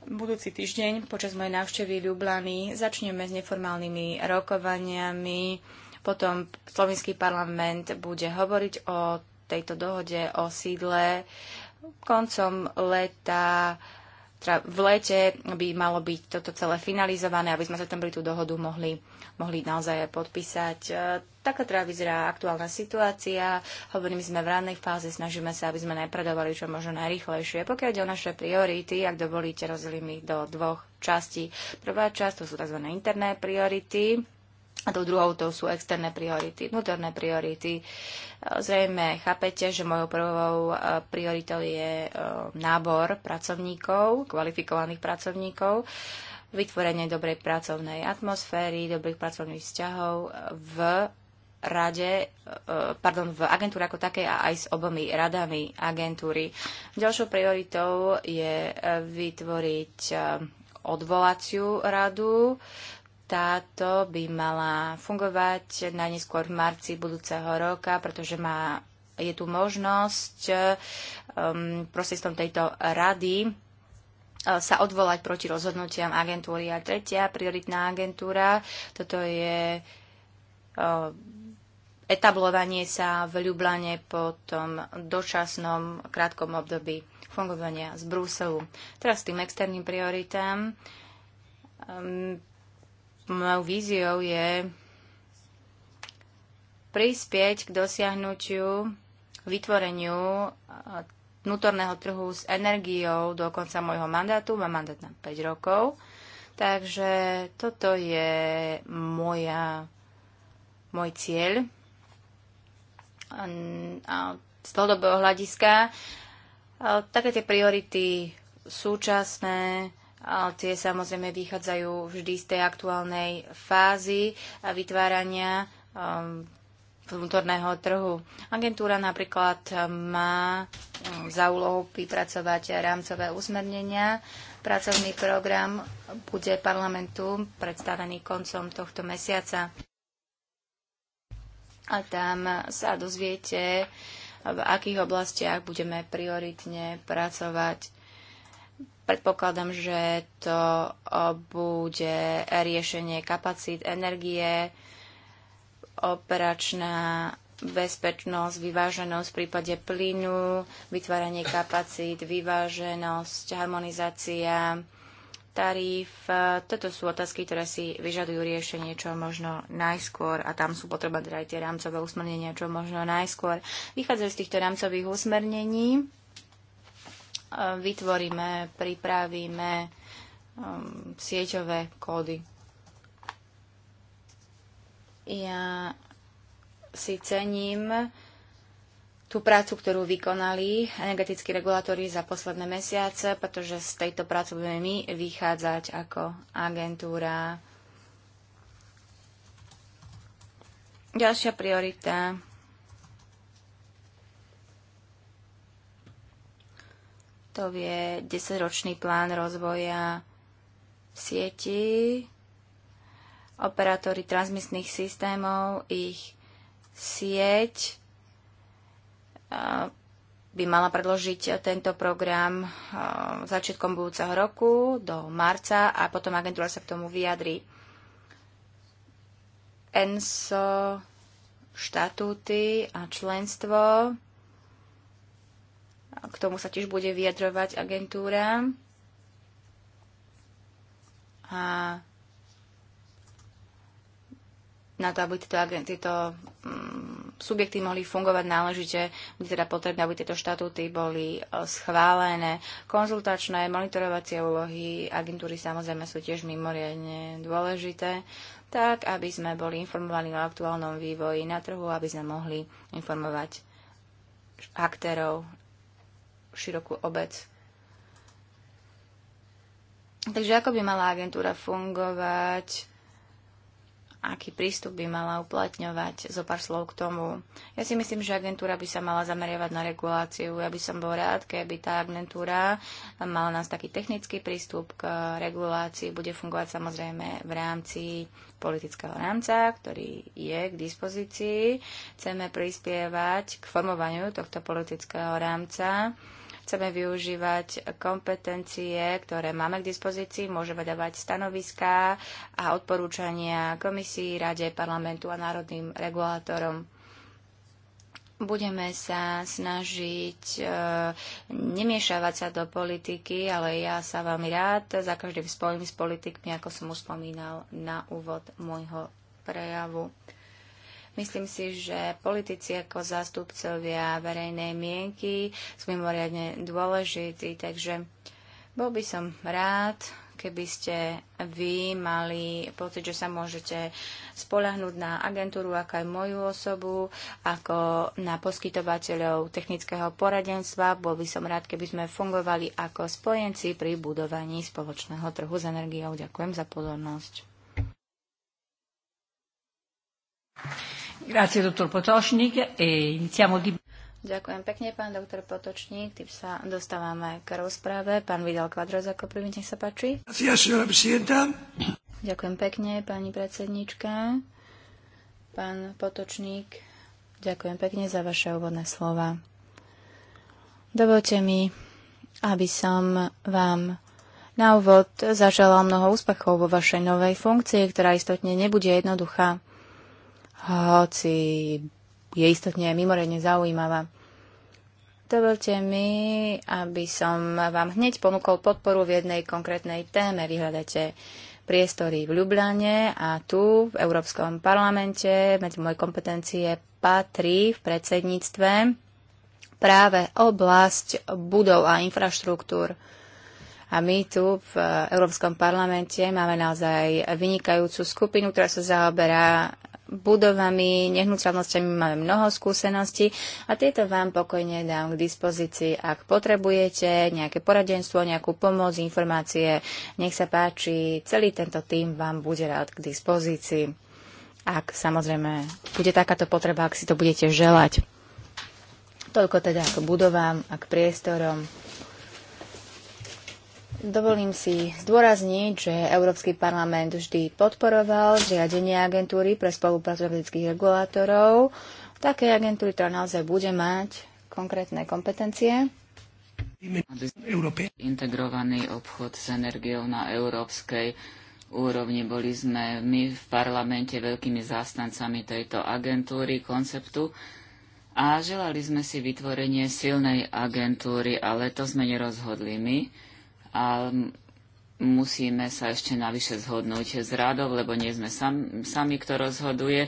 Budúci týždeň počas mojej návštevy Ljubljany začneme s neformálnymi rokovaniami. Potom slovenský parlament bude hovoriť o tejto dohode o sídle. Koncom leta, teda v lete by malo byť toto celé finalizované, aby sme pri tú dohodu mohli mohli naozaj podpísať. E, Taká teda vyzerá aktuálna situácia. Hovorím, sme v rannej fáze, snažíme sa, aby sme najpredovali čo možno najrychlejšie. Pokiaľ ide o naše priority, ak dovolíte, rozdelím ich do dvoch častí. Prvá časť to sú tzv. interné priority, a tou druhou to sú externé priority, vnútorné priority. E, Zrejme chápete, že mojou prvou e, prioritou je nábor pracovníkov, kvalifikovaných pracovníkov vytvorenie dobrej pracovnej atmosféry, dobrých pracovných vzťahov v rade, e, pardon, v agentúre ako také a aj s obomi radami agentúry. Ďalšou prioritou je e, vytvoriť e, odvolaciu radu. Táto by mala fungovať najneskôr v marci budúceho roka, pretože má, je tu možnosť um, prostredstvom tejto rady Eh, sa odvolať proti rozhodnutiam agentúry. A tretia prioritná agentúra, toto je eh, etablovanie sa v Ljubljane po tom dočasnom krátkom období fungovania z Bruselu. Teraz tým externým prioritám. Ehm, mojou víziou je prispieť k dosiahnutiu vytvoreniu eh, vnútorného trhu s energiou do konca môjho mandátu. Mám mandát na 5 rokov. Takže toto je moja, môj cieľ. A z dlhodobého hľadiska také tie priority súčasné, tie samozrejme vychádzajú vždy z tej aktuálnej fázy vytvárania vnútorného trhu. Agentúra napríklad má mm, za úlohu vypracovať rámcové usmernenia. Pracovný program bude parlamentu predstavený koncom tohto mesiaca. A tam sa dozviete, v akých oblastiach budeme prioritne pracovať. Predpokladám, že to bude riešenie kapacít energie, operačná bezpečnosť, vyváženosť v prípade plynu, vytváranie kapacít, vyváženosť, harmonizácia, tarif. Toto sú otázky, ktoré si vyžadujú riešenie čo možno najskôr a tam sú potreba teda aj tie rámcové usmernenia čo možno najskôr. Vychádzajú z týchto rámcových usmernení vytvoríme, pripravíme um, sieťové kódy ja si cením tú prácu, ktorú vykonali energetickí regulátori za posledné mesiace, pretože z tejto práce budeme my vychádzať ako agentúra. Ďalšia priorita to je 10-ročný plán rozvoja sieti operátori transmisných systémov, ich sieť e, by mala predložiť tento program e, začiatkom budúceho roku do marca a potom agentúra sa k tomu vyjadri ENSO, štatúty a členstvo. K tomu sa tiež bude vyjadrovať agentúra. A na to, aby tieto, tieto um, subjekty mohli fungovať náležite, bude teda potrebné, aby tieto štatúty boli uh, schválené. Konzultačné, monitorovacie úlohy agentúry samozrejme sú tiež mimoriadne dôležité, tak aby sme boli informovaní o aktuálnom vývoji na trhu, aby sme mohli informovať aktérov, širokú obec. Takže ako by mala agentúra fungovať? aký prístup by mala uplatňovať zo pár slov k tomu. Ja si myslím, že agentúra by sa mala zameriavať na reguláciu. Ja by som bol rád, keby tá agentúra mala nás taký technický prístup k regulácii. Bude fungovať samozrejme v rámci politického rámca, ktorý je k dispozícii. Chceme prispievať k formovaniu tohto politického rámca Chceme využívať kompetencie, ktoré máme k dispozícii, môžeme dávať stanoviská a odporúčania komisii, rade, parlamentu a národným regulátorom budeme sa snažiť e, nemiešavať sa do politiky, ale ja sa vám rád za každým spojím s politikmi, ako som už spomínal na úvod môjho prejavu. Myslím si, že politici ako zástupcovia verejnej mienky sú mimoriadne dôležití, takže bol by som rád, keby ste vy mali pocit, že sa môžete spolahnúť na agentúru, ako aj moju osobu, ako na poskytovateľov technického poradenstva. Bol by som rád, keby sme fungovali ako spojenci pri budovaní spoločného trhu s energiou. Ďakujem za pozornosť. Grazie, dottor Potočník. E iniziamo di... Ďakujem pekne, pán doktor Potočník. Tým sa dostávame k rozprave. Pán Vidal Kvadros ako prvý, nech sa páči. Ďakujem pekne, pani predsednička. Pán Potočník, ďakujem pekne za vaše úvodné slova. Dovolte mi, aby som vám na úvod zaželal mnoho úspechov vo vašej novej funkcii, ktorá istotne nebude jednoduchá hoci je istotne mimoriadne zaujímavá. Dovolte mi, aby som vám hneď ponúkol podporu v jednej konkrétnej téme. Vyhľadáte priestory v Ljubljane a tu v Európskom parlamente medzi moje kompetencie patrí v predsedníctve práve oblasť budov a infraštruktúr. A my tu v Európskom parlamente máme naozaj vynikajúcu skupinu, ktorá sa zaoberá budovami, nehnuteľnosťami máme mnoho skúseností a tieto vám pokojne dám k dispozícii, ak potrebujete nejaké poradenstvo, nejakú pomoc, informácie. Nech sa páči, celý tento tým vám bude rád k dispozícii. Ak samozrejme bude takáto potreba, ak si to budete želať. Toľko teda k budovám a k priestorom. Dovolím si zdôrazniť, že Európsky parlament vždy podporoval zriadenie agentúry pre spoluprácu európskych regulátorov, také agentúry, ktorá naozaj bude mať konkrétne kompetencie. Integrovaný obchod s energiou na európskej úrovni boli sme my v parlamente veľkými zástancami tejto agentúry, konceptu a želali sme si vytvorenie silnej agentúry, ale to sme nerozhodli my a musíme sa ešte navyše zhodnúť s radou, lebo nie sme sam, sami, kto rozhoduje.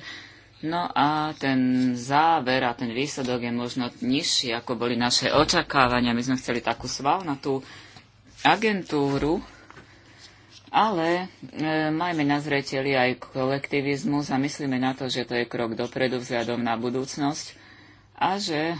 No a ten záver a ten výsledok je možno nižší, ako boli naše očakávania. My sme chceli takú tú agentúru, ale e, majme na zreteli aj kolektivizmus a myslíme na to, že to je krok dopredu vzhľadom na budúcnosť a že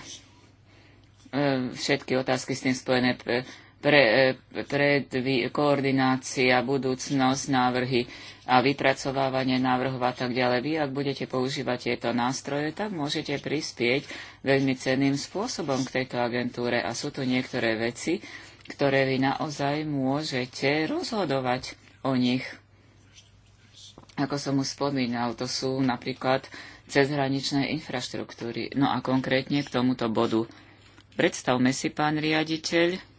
e, všetky otázky s tým spojené. Pre, pre, e, pred koordinácia, budúcnosť, návrhy a vypracovávanie návrhov a tak ďalej. Vy, ak budete používať tieto nástroje, tak môžete prispieť veľmi cenným spôsobom k tejto agentúre. A sú tu niektoré veci, ktoré vy naozaj môžete rozhodovať o nich. Ako som už spomínal, to sú napríklad cezhraničné infraštruktúry. No a konkrétne k tomuto bodu. Predstavme si, pán riaditeľ,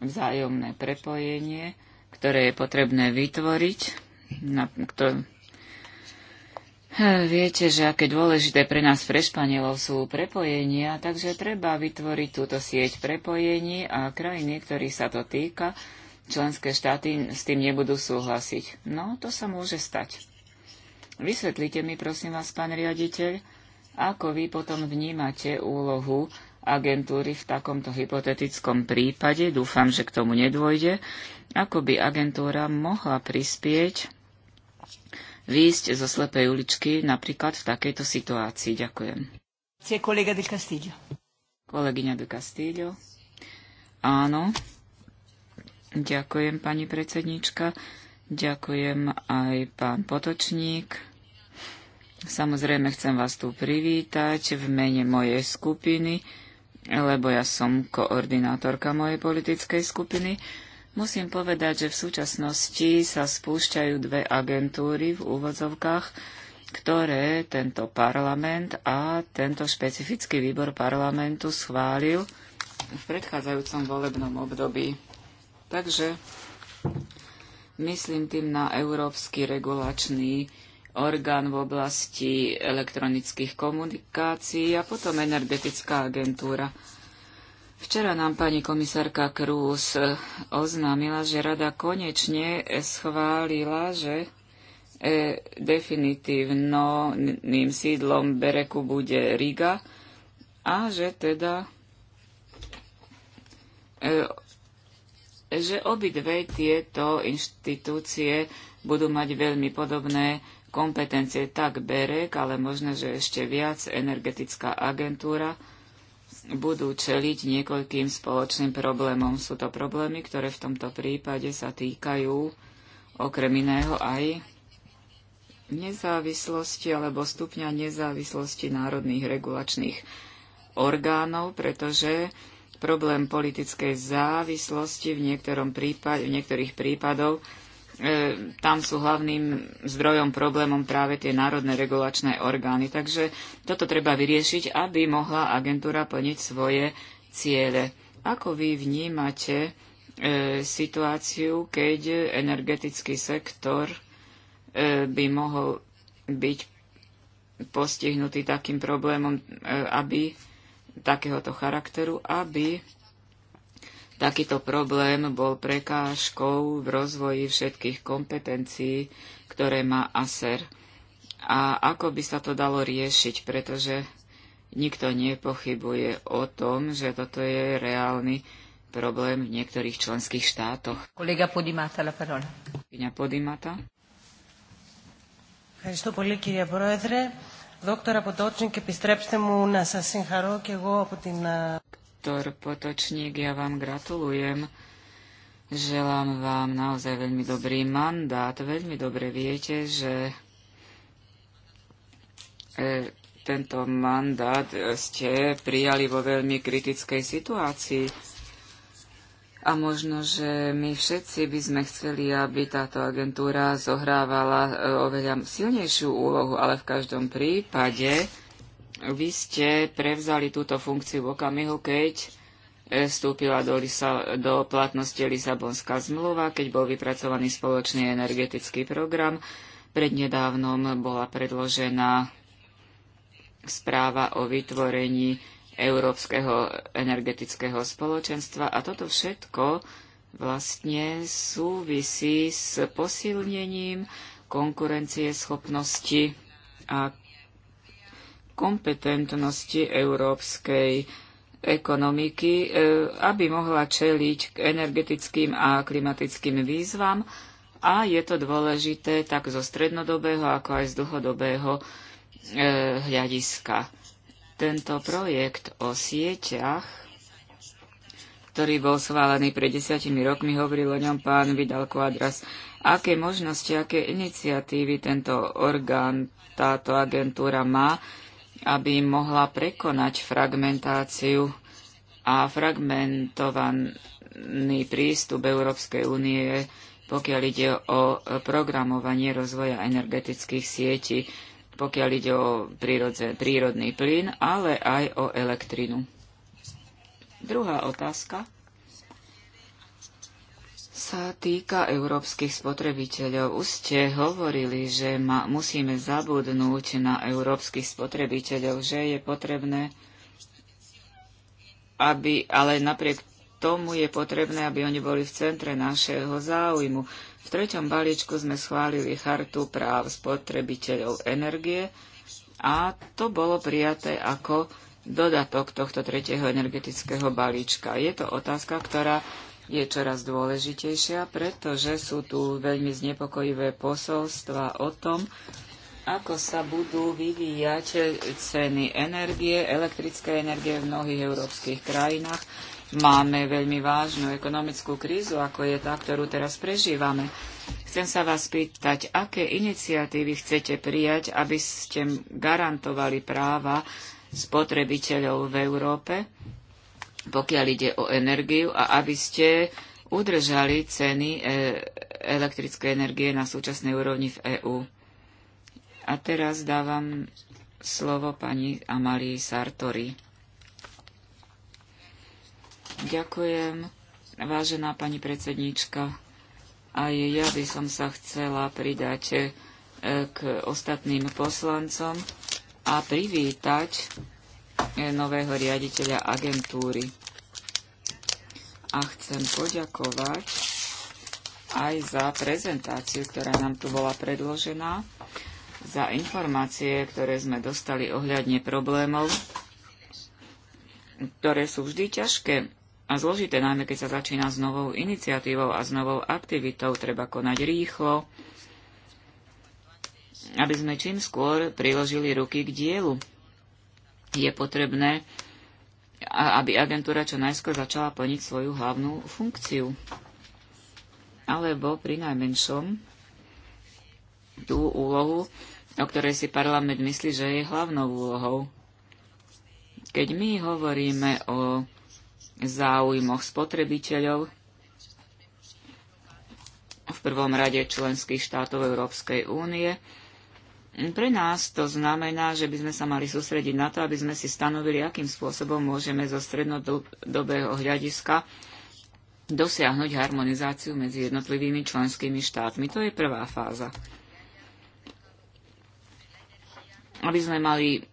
vzájomné prepojenie, ktoré je potrebné vytvoriť. Na, kto, viete, že aké dôležité pre nás, pre Španielov, sú prepojenia, takže treba vytvoriť túto sieť prepojení a krajiny, ktorých sa to týka, členské štáty s tým nebudú súhlasiť. No, to sa môže stať. Vysvetlite mi, prosím vás, pán riaditeľ, ako vy potom vnímate úlohu agentúry v takomto hypotetickom prípade, dúfam, že k tomu nedôjde, ako by agentúra mohla prispieť výjsť zo slepej uličky napríklad v takejto situácii. Ďakujem. Kolega de Castillo. Kolegyňa de Castillo. Áno. Ďakujem, pani predsednička. Ďakujem aj pán Potočník. Samozrejme chcem vás tu privítať v mene mojej skupiny lebo ja som koordinátorka mojej politickej skupiny, musím povedať, že v súčasnosti sa spúšťajú dve agentúry v úvodzovkách, ktoré tento parlament a tento špecifický výbor parlamentu schválil v predchádzajúcom volebnom období. Takže myslím tým na Európsky regulačný orgán v oblasti elektronických komunikácií a potom energetická agentúra. Včera nám pani komisárka Krús eh, oznámila, že rada konečne schválila, že eh, definitívnym sídlom Bereku bude Riga a že teda eh, že obidve tieto inštitúcie budú mať veľmi podobné kompetencie tak BEREK, ale možno, že ešte viac energetická agentúra budú čeliť niekoľkým spoločným problémom. Sú to problémy, ktoré v tomto prípade sa týkajú okrem iného aj nezávislosti alebo stupňa nezávislosti národných regulačných orgánov, pretože problém politickej závislosti v, niektorom prípade, v niektorých prípadoch E, tam sú hlavným zdrojom problémom práve tie národné regulačné orgány. Takže toto treba vyriešiť, aby mohla agentúra plniť svoje ciele. Ako vy vnímate e, situáciu, keď energetický sektor e, by mohol byť postihnutý takým problémom, e, aby takéhoto charakteru, aby Takýto problém bol prekážkou v rozvoji všetkých kompetencií, ktoré má ASER. A ako by sa to dalo riešiť, pretože nikto nepochybuje o tom, že toto je reálny problém v niektorých členských štátoch. Kolega Podimata, la parola. Kňa Podimata. Ευχαριστώ πολύ κύριε Πρόεδρε. Δόκτωρα Ποτότσιν και επιστρέψτε μου να σας συγχαρώ και εγώ από την... Doktor Potočník, ja vám gratulujem. Želám vám naozaj veľmi dobrý mandát. Veľmi dobre viete, že e, tento mandát ste prijali vo veľmi kritickej situácii. A možno, že my všetci by sme chceli, aby táto agentúra zohrávala e, oveľa silnejšiu úlohu, ale v každom prípade vy ste prevzali túto funkciu v okamihu, keď e, vstúpila do, Lisa, do platnosti Lisabonská zmluva, keď bol vypracovaný spoločný energetický program. Prednedávnom bola predložená správa o vytvorení Európskeho energetického spoločenstva a toto všetko vlastne súvisí s posilnením konkurencie schopnosti a kompetentnosti európskej ekonomiky, e, aby mohla čeliť k energetickým a klimatickým výzvam a je to dôležité tak zo strednodobého, ako aj z dlhodobého e, hľadiska. Tento projekt o sieťach, ktorý bol schválený pred desiatimi rokmi, hovoril o ňom pán Vidal Quadras. Aké možnosti, aké iniciatívy tento orgán, táto agentúra má, aby mohla prekonať fragmentáciu a fragmentovaný prístup Európskej únie, pokiaľ ide o programovanie rozvoja energetických sietí, pokiaľ ide o prírodze, prírodný plyn, ale aj o elektrinu. Druhá otázka sa týka európskych spotrebiteľov, už ste hovorili, že ma, musíme zabudnúť na európskych spotrebiteľov, že je potrebné, aby, ale napriek tomu je potrebné, aby oni boli v centre našeho záujmu. V treťom balíčku sme schválili chartu práv spotrebiteľov energie a to bolo prijaté ako dodatok tohto tretieho energetického balíčka. Je to otázka, ktorá je čoraz dôležitejšia, pretože sú tu veľmi znepokojivé posolstva o tom, ako sa budú vyvíjať ceny energie, elektrické energie v mnohých európskych krajinách. Máme veľmi vážnu ekonomickú krízu, ako je tá, ktorú teraz prežívame. Chcem sa vás pýtať, aké iniciatívy chcete prijať, aby ste garantovali práva spotrebiteľov v Európe pokiaľ ide o energiu a aby ste udržali ceny e, elektrickej energie na súčasnej úrovni v EÚ. A teraz dávam slovo pani Amalii Sartori. Ďakujem, vážená pani predsedníčka. Aj ja by som sa chcela pridať e, k ostatným poslancom a privítať E, nového riaditeľa agentúry. A chcem poďakovať aj za prezentáciu, ktorá nám tu bola predložená, za informácie, ktoré sme dostali ohľadne problémov, ktoré sú vždy ťažké a zložité, najmä keď sa začína s novou iniciatívou a s novou aktivitou. Treba konať rýchlo, aby sme čím skôr priložili ruky k dielu je potrebné, aby agentúra čo najskôr začala plniť svoju hlavnú funkciu. Alebo pri najmenšom tú úlohu, o ktorej si parlament myslí, že je hlavnou úlohou. Keď my hovoríme o záujmoch spotrebiteľov, v prvom rade členských štátov Európskej únie, pre nás to znamená, že by sme sa mali sústrediť na to, aby sme si stanovili, akým spôsobom môžeme zo strednodobého hľadiska dosiahnuť harmonizáciu medzi jednotlivými členskými štátmi. To je prvá fáza. Aby sme mali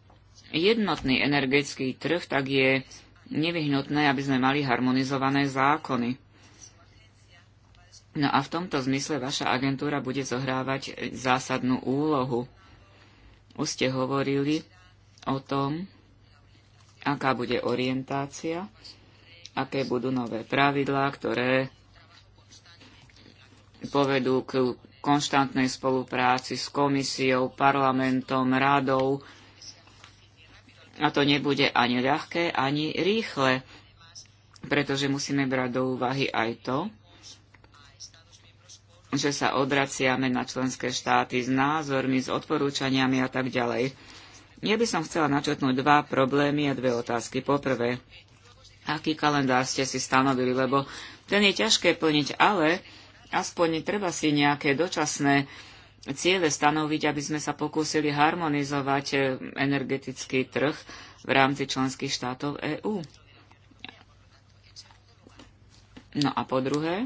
jednotný energetický trh, tak je nevyhnutné, aby sme mali harmonizované zákony. No a v tomto zmysle vaša agentúra bude zohrávať zásadnú úlohu. Už ste hovorili o tom, aká bude orientácia, aké budú nové pravidlá, ktoré povedú k konštantnej spolupráci s komisiou, parlamentom, radou. A to nebude ani ľahké, ani rýchle, pretože musíme brať do úvahy aj to, že sa odraciame na členské štáty s názormi, s odporúčaniami a tak ďalej. Ja by som chcela načetnúť dva problémy a dve otázky. Poprvé, aký kalendár ste si stanovili, lebo ten je ťažké plniť, ale aspoň treba si nejaké dočasné ciele stanoviť, aby sme sa pokúsili harmonizovať eh, energetický trh v rámci členských štátov EÚ. No a po druhé,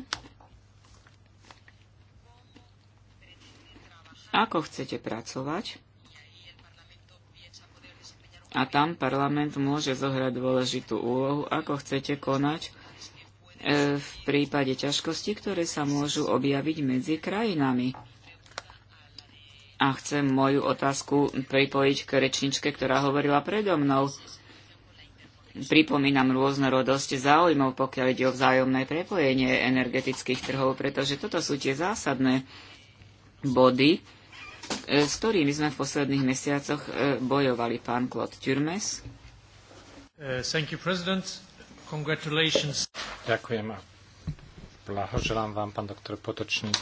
ako chcete pracovať. A tam parlament môže zohrať dôležitú úlohu, ako chcete konať e, v prípade ťažkosti, ktoré sa môžu objaviť medzi krajinami. A chcem moju otázku pripojiť k rečničke, ktorá hovorila predo mnou. Pripomínam rôznorodosť záujmov, pokiaľ ide o vzájomné prepojenie energetických trhov, pretože toto sú tie zásadné body, s ktorými sme v posledných mesiacoch e, bojovali pán Claude Turmes. E, Ďakujem a blahoželám vám, pán doktor Potočník,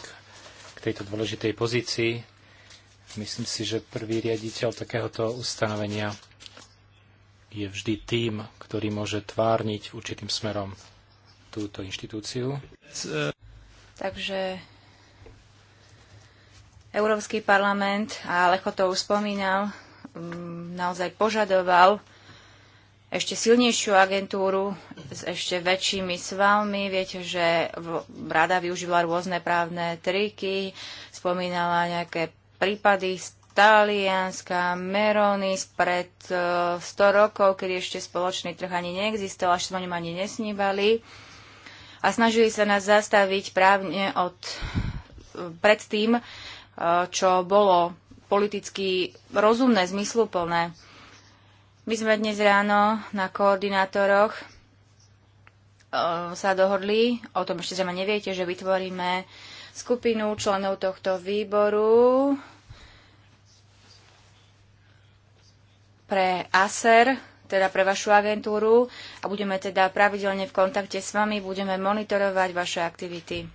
k tejto dôležitej pozícii. Myslím si, že prvý riaditeľ takéhoto ustanovenia je vždy tým, ktorý môže tvárniť určitým smerom túto inštitúciu. E, Takže Európsky parlament, a Lecho to už spomínal, mm, naozaj požadoval ešte silnejšiu agentúru s ešte väčšími svalmi. Viete, že rada využívala rôzne právne triky, spomínala nejaké prípady z Talianska, Meronis pred 100 e, rokov, kedy ešte spoločný trh ani neexistoval, až sme o ňom ani nesnívali. A snažili sa nás zastaviť právne od e, predtým, tým, čo bolo politicky rozumné, zmysluplné. My sme dnes ráno na koordinátoroch e, sa dohodli, o tom ešte zrejme neviete, že vytvoríme skupinu členov tohto výboru pre ASER, teda pre vašu agentúru a budeme teda pravidelne v kontakte s vami, budeme monitorovať vaše aktivity.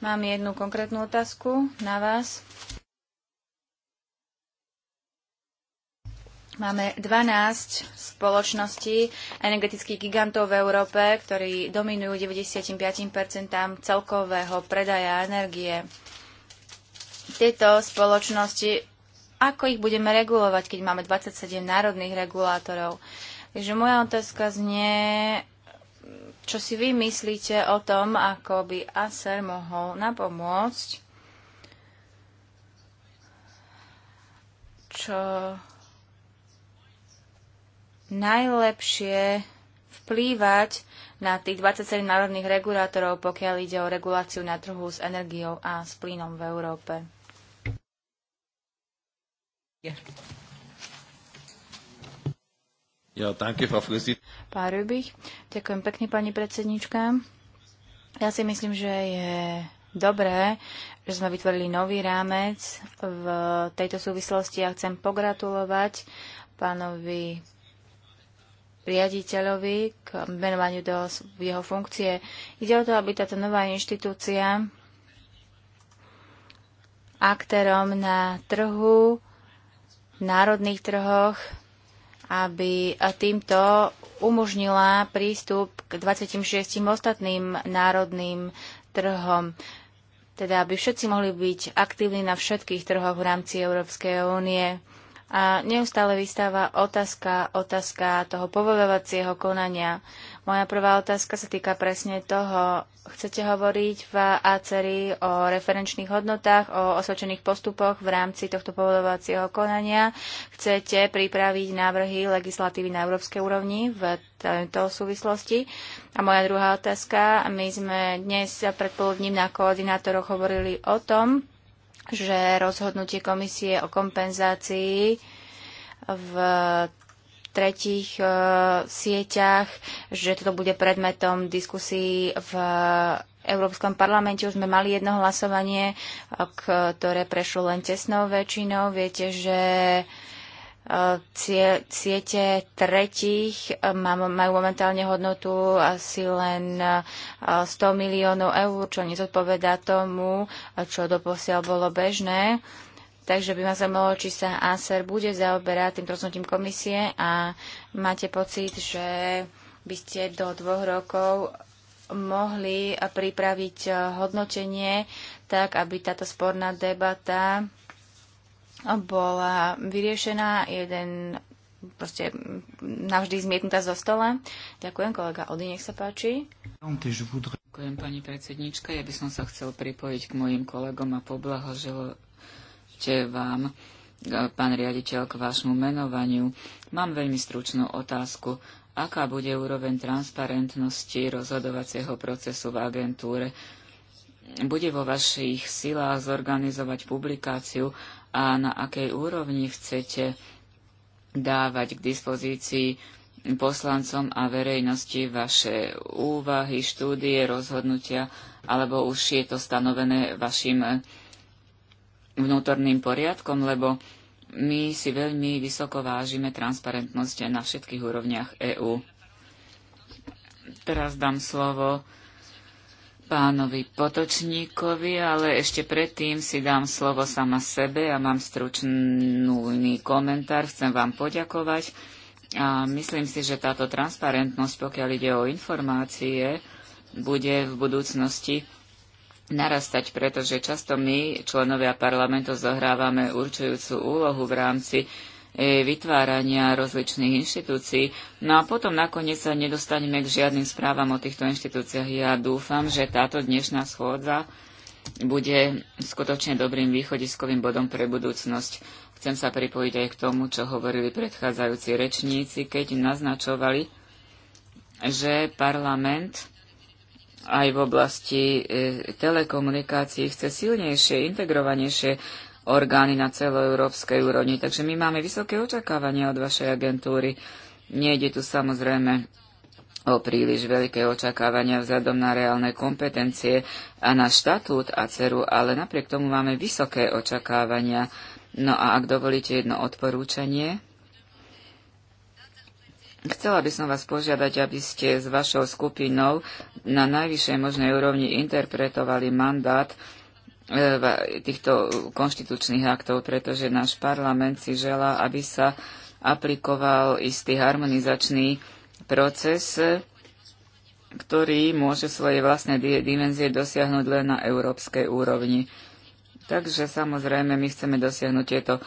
Mám jednu konkrétnu otázku na vás. Máme 12 spoločností energetických gigantov v Európe, ktorí dominujú 95% celkového predaja energie. Tieto spoločnosti, ako ich budeme regulovať, keď máme 27 národných regulátorov? Takže moja otázka znie, čo si vy myslíte o tom, ako by ASER mohol napomôcť, čo najlepšie vplývať na tých 27 národných regulátorov, pokiaľ ide o reguláciu na trhu s energiou a s plynom v Európe. Ja, danke, Frau pán Rybich. Ďakujem pekne, pani predsednička. Ja si myslím, že je dobré, že sme vytvorili nový rámec v tejto súvislosti a ja chcem pogratulovať pánovi riaditeľovi k menovaniu do jeho funkcie. Ide o to, aby táto nová inštitúcia aktérom na trhu, národných trhoch aby týmto umožnila prístup k 26 ostatným národným trhom teda aby všetci mohli byť aktívni na všetkých trhoch v rámci Európskej únie. A neustále vystáva otázka, otázka toho povolovacieho konania. Moja prvá otázka sa týka presne toho, chcete hovoriť v ACERI o referenčných hodnotách, o osvedčených postupoch v rámci tohto povodovacieho konania. Chcete pripraviť návrhy legislatívy na európskej úrovni v tejto súvislosti. A moja druhá otázka, my sme dnes predpoludním na koordinátoroch hovorili o tom, že rozhodnutie komisie o kompenzácii v tretích e, sieťach, že toto bude predmetom diskusí v Európskom parlamente. Už sme mali jedno hlasovanie, ktoré prešlo len tesnou väčšinou. Viete, že e, siete tretích e, majú momentálne hodnotu asi len 100 miliónov eur, čo nezodpovedá tomu, čo doposiaľ bolo bežné. Takže by ma zaujímalo, či sa ASER bude zaoberať tým rozhodnutím komisie a máte pocit, že by ste do dvoch rokov mohli pripraviť eh, hodnotenie tak, aby táto sporná debata bola vyriešená, jeden proste navždy zmietnutá zo stola. Ďakujem, kolega Ody, nech sa páči. Ďakujem, pani predsednička. Ja by som sa chcel pripojiť k mojim kolegom a poblahoželať ešte vám, e, pán riaditeľ, k vášmu menovaniu. Mám veľmi stručnú otázku. Aká bude úroveň transparentnosti rozhodovacieho procesu v agentúre? Bude vo vašich silách zorganizovať publikáciu a na akej úrovni chcete dávať k dispozícii poslancom a verejnosti vaše úvahy, štúdie, rozhodnutia, alebo už je to stanovené vašim vnútorným poriadkom, lebo my si veľmi vysoko vážime transparentnosť na všetkých úrovniach EÚ. Teraz dám slovo pánovi Potočníkovi, ale ešte predtým si dám slovo sama sebe a mám stručný komentár. Chcem vám poďakovať a myslím si, že táto transparentnosť, pokiaľ ide o informácie, bude v budúcnosti narastať, pretože často my, členovia parlamentu, zohrávame určujúcu úlohu v rámci e, vytvárania rozličných inštitúcií. No a potom nakoniec sa nedostaneme k žiadnym správam o týchto inštitúciách. Ja dúfam, že táto dnešná schôdza bude skutočne dobrým východiskovým bodom pre budúcnosť. Chcem sa pripojiť aj k tomu, čo hovorili predchádzajúci rečníci, keď naznačovali, že parlament aj v oblasti e, telekomunikácií chce silnejšie, integrovanejšie orgány na celoeurópskej úrovni. Takže my máme vysoké očakávania od vašej agentúry. Nejde tu samozrejme o príliš veľké očakávania vzhľadom na reálne kompetencie a na štatút a ceru, ale napriek tomu máme vysoké očakávania. No a ak dovolíte jedno odporúčanie, Chcela by som vás požiadať, aby ste s vašou skupinou na najvyššej možnej úrovni interpretovali mandát e, týchto konštitučných aktov, pretože náš parlament si želá, aby sa aplikoval istý harmonizačný proces, ktorý môže svoje vlastné dimenzie dosiahnuť len na európskej úrovni. Takže samozrejme my chceme dosiahnuť tieto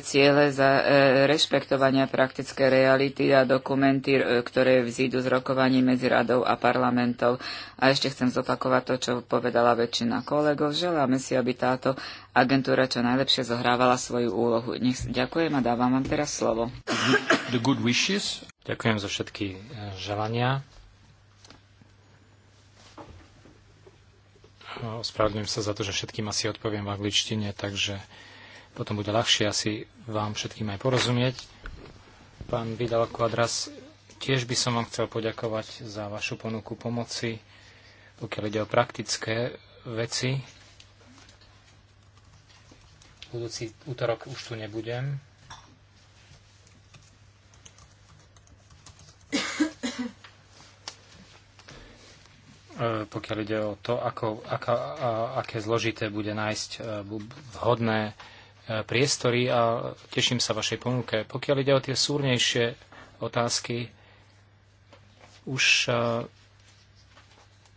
ciele za e, rešpektovania praktické reality a dokumenty, e, ktoré vzídu z rokovaní medzi radou a parlamentov. A ešte chcem zopakovať to, čo povedala väčšina kolegov. Želáme si, aby táto agentúra čo najlepšie zohrávala svoju úlohu. Nech, ďakujem a dávam vám teraz slovo. The good wishes. Ďakujem za všetky e, želania. Ospravedlňujem sa za to, že všetkým asi odpoviem v angličtine, takže potom bude ľahšie asi vám všetkým aj porozumieť. Pán Vidal Quadras, tiež by som vám chcel poďakovať za vašu ponuku pomoci, pokiaľ ide o praktické veci. Budúci útorok už tu nebudem. E, pokiaľ ide o to, ako, ako, aké zložité bude nájsť e, vhodné priestory a teším sa vašej ponuke. Pokiaľ ide o tie súrnejšie otázky, už e,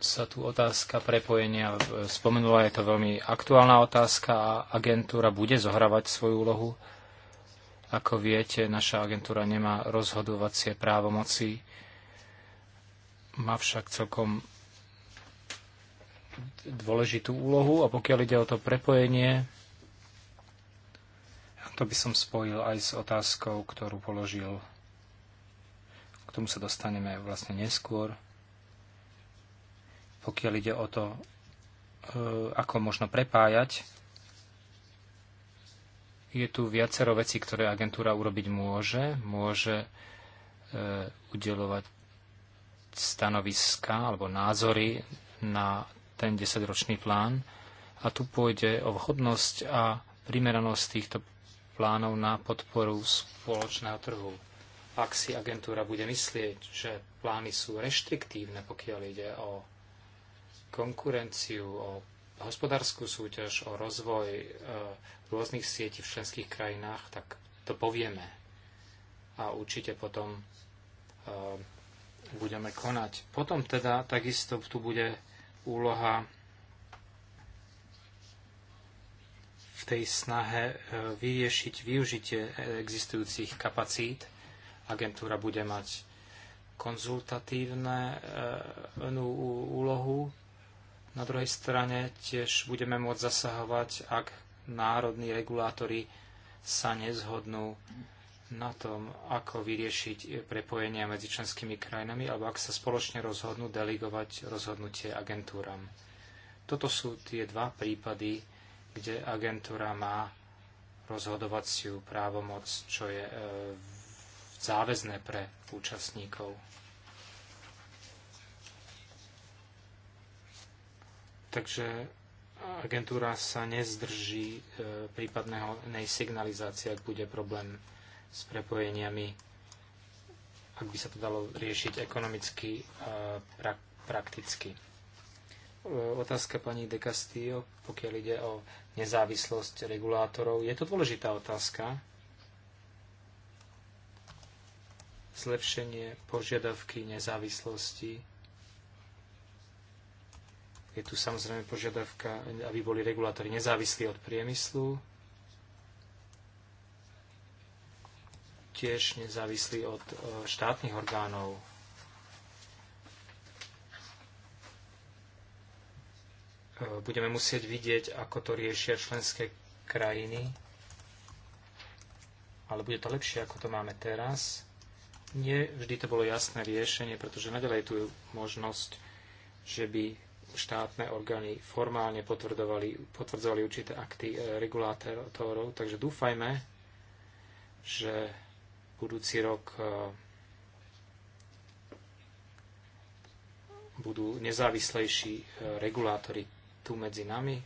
sa tu otázka prepojenia e, spomenula, je to veľmi aktuálna otázka a agentúra bude zohrávať svoju úlohu. Ako viete, naša agentúra nemá rozhodovacie právomoci, má však celkom dôležitú úlohu a pokiaľ ide o to prepojenie, to by som spojil aj s otázkou, ktorú položil. K tomu sa dostaneme vlastne neskôr. Pokiaľ ide o to, e, ako možno prepájať, je tu viacero vecí, ktoré agentúra urobiť môže. Môže e, udelovať stanoviska alebo názory na ten 10ročný plán. A tu pôjde o vhodnosť a primeranosť týchto plánov na podporu spoločného trhu. Ak si agentúra bude myslieť, že plány sú reštriktívne, pokiaľ ide o konkurenciu, o hospodárskú súťaž, o rozvoj e, rôznych sietí v členských krajinách, tak to povieme. A určite potom e, budeme konať. Potom teda takisto tu bude úloha tej snahe e, vyriešiť využitie e, existujúcich kapacít. Agentúra bude mať konzultatívnu e, úlohu. Na druhej strane tiež budeme môcť zasahovať, ak národní regulátori sa nezhodnú na tom, ako vyriešiť prepojenia medzi členskými krajinami, alebo ak sa spoločne rozhodnú delegovať rozhodnutie agentúram. Toto sú tie dva prípady, kde agentúra má rozhodovaciu právomoc, čo je e, záväzné pre účastníkov. Takže agentúra sa nezdrží e, prípadného nej signalizácie, ak bude problém s prepojeniami, ak by sa to dalo riešiť ekonomicky a prakticky otázka pani De Castillo, pokiaľ ide o nezávislosť regulátorov. Je to dôležitá otázka. Zlepšenie požiadavky nezávislosti. Je tu samozrejme požiadavka, aby boli regulátori nezávislí od priemyslu. Tiež nezávislí od e, štátnych orgánov budeme musieť vidieť, ako to riešia členské krajiny. Ale bude to lepšie, ako to máme teraz. Nie vždy to bolo jasné riešenie, pretože nadalej tu je možnosť, že by štátne orgány formálne potvrdzovali určité akty e, regulátorov. Takže dúfajme, že budúci rok e, budú nezávislejší e, regulátory tu medzi nami.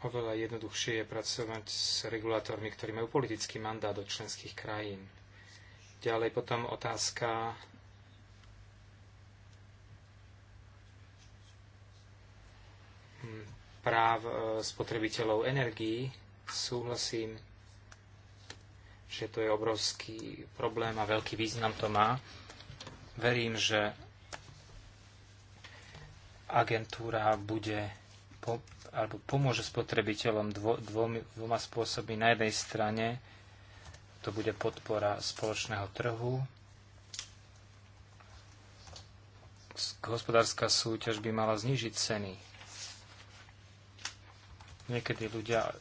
Oveľa jednoduchšie je pracovať s regulátormi, ktorí majú politický mandát od členských krajín. Ďalej potom otázka hm, práv e, spotrebiteľov energií. Súhlasím, že to je obrovský problém a veľký význam to má. Verím, že agentúra bude po, alebo pomôže spotrebiteľom dvo, dvom, dvoma spôsobmi. Na jednej strane to bude podpora spoločného trhu, hospodárska súťaž by mala znižiť ceny. Niekedy ľudia e,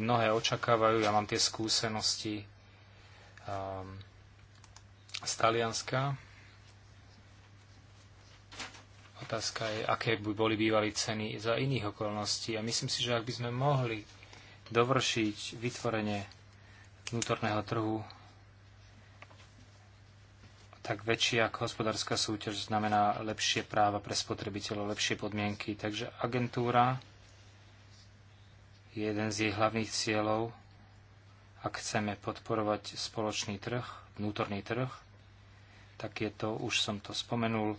mnohé očakávajú, ja mám tie skúsenosti, um, z Talianska. Otázka je, aké by boli bývali ceny za iných okolností. A myslím si, že ak by sme mohli dovršiť vytvorenie vnútorného trhu, tak väčšia hospodárska súťaž znamená lepšie práva pre spotrebiteľov, lepšie podmienky. Takže agentúra je jeden z jej hlavných cieľov, ak chceme podporovať spoločný trh, vnútorný trh, tak je to, už som to spomenul, e,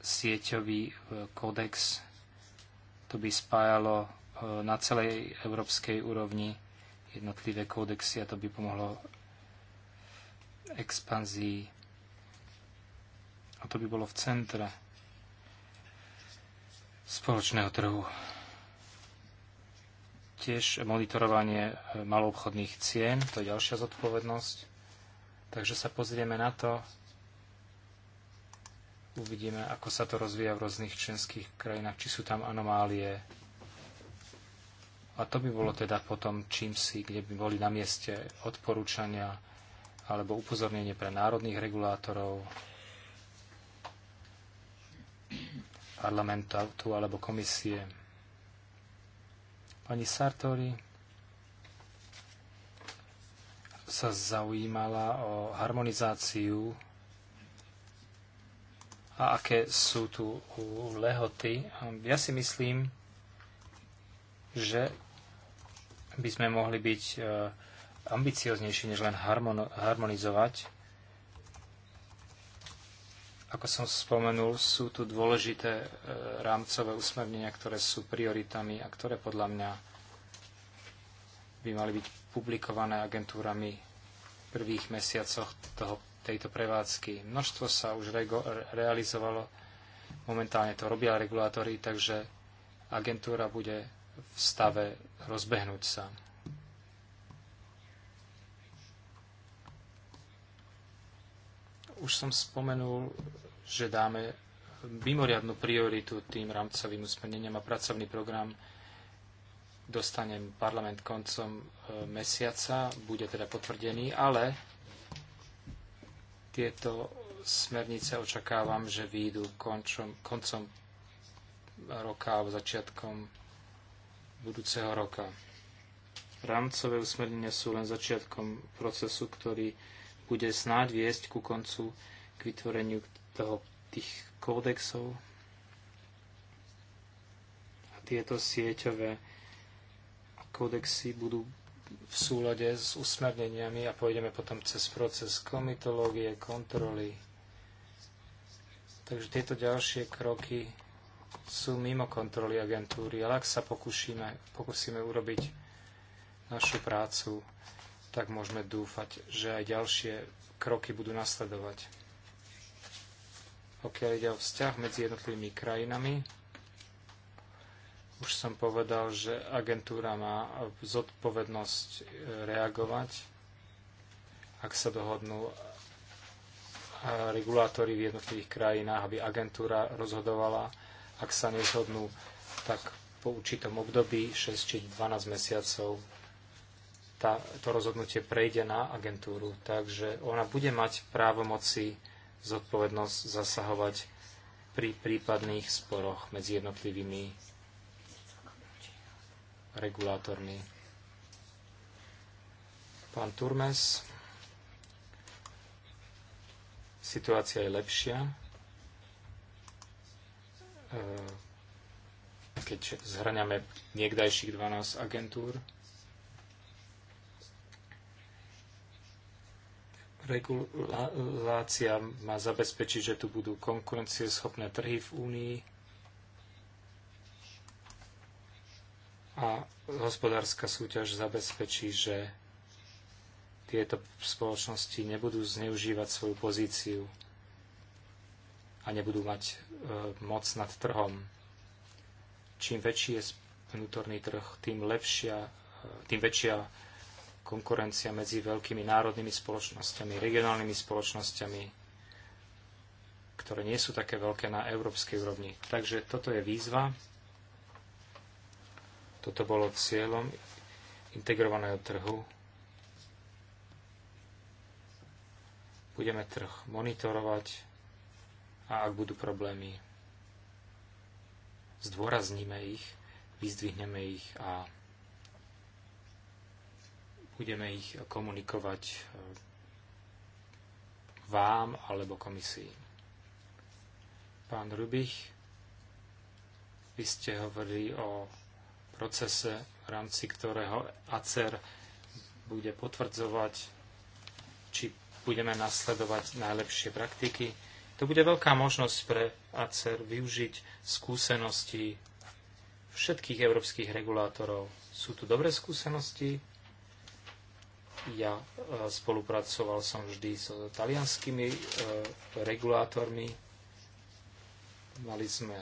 sieťový e, kódex. To by spájalo e, na celej európskej úrovni jednotlivé kódexy a to by pomohlo expanzii. A to by bolo v centre spoločného trhu. Tiež monitorovanie maloobchodných cien, to je ďalšia zodpovednosť. Takže sa pozrieme na to, uvidíme, ako sa to rozvíja v rôznych členských krajinách, či sú tam anomálie. A to by bolo teda potom čím si, kde by boli na mieste odporúčania alebo upozornenie pre národných regulátorov, parlamentu alebo komisie. Pani Sartori, sa zaujímala o harmonizáciu a aké sú tu lehoty. Ja si myslím, že by sme mohli byť e, ambicioznejší, než len harmonizovať. Ako som spomenul, sú tu dôležité e, rámcové usmernenia, ktoré sú prioritami a ktoré podľa mňa by mali byť publikované agentúrami v prvých mesiacoch toho, tejto prevádzky. Množstvo sa už rego, realizovalo, momentálne to robia regulátory, takže agentúra bude v stave rozbehnúť sa. Už som spomenul, že dáme mimoriadnu prioritu tým rámcovým usmerneniam a pracovný program dostane parlament koncom e, mesiaca, bude teda potvrdený, ale tieto smernice očakávam, že výjdu končom, koncom roka alebo začiatkom budúceho roka. Rámcové usmernenia sú len začiatkom procesu, ktorý bude snáď viesť ku koncu k vytvoreniu toho, tých kódexov a tieto sieťové kódexy budú v súlade s usmerneniami a pôjdeme potom cez proces komitológie, kontroly. Takže tieto ďalšie kroky sú mimo kontroly agentúry, ale ak sa pokúšime, pokúsime urobiť našu prácu, tak môžeme dúfať, že aj ďalšie kroky budú nasledovať. Pokiaľ ide o vzťah medzi jednotlivými krajinami, už som povedal, že agentúra má zodpovednosť e, reagovať, ak sa dohodnú e, regulátory v jednotlivých krajinách, aby agentúra rozhodovala. Ak sa nezhodnú, tak po určitom období 6 či 12 mesiacov tá, to rozhodnutie prejde na agentúru, takže ona bude mať právomoci zodpovednosť zasahovať pri prípadných sporoch medzi jednotlivými regulátormi. Pán Turmes, situácia je lepšia, eh, keď zhrňame niekdajších 12 agentúr. regulácia má zabezpečiť, že tu budú konkurencieschopné trhy v Únii a hospodárska súťaž zabezpečí, že tieto spoločnosti nebudú zneužívať svoju pozíciu a nebudú mať e, moc nad trhom. Čím väčší je vnútorný trh, tým, lepšia, e, tým väčšia konkurencia medzi veľkými národnými spoločnosťami, regionálnymi spoločnosťami, ktoré nie sú také veľké na európskej úrovni. Takže toto je výzva, toto bolo cieľom integrovaného trhu. Budeme trh monitorovať a ak budú problémy, zdôrazníme ich, vyzdvihneme ich a budeme ich komunikovať eh, vám alebo komisii. Pán Rubich, vy ste hovorili o procese, v rámci ktorého ACER bude potvrdzovať, či budeme nasledovať najlepšie praktiky. To bude veľká možnosť pre ACER využiť skúsenosti všetkých európskych regulátorov. Sú tu dobré skúsenosti, ja e, spolupracoval som vždy s so talianskými e, regulátormi. Mali sme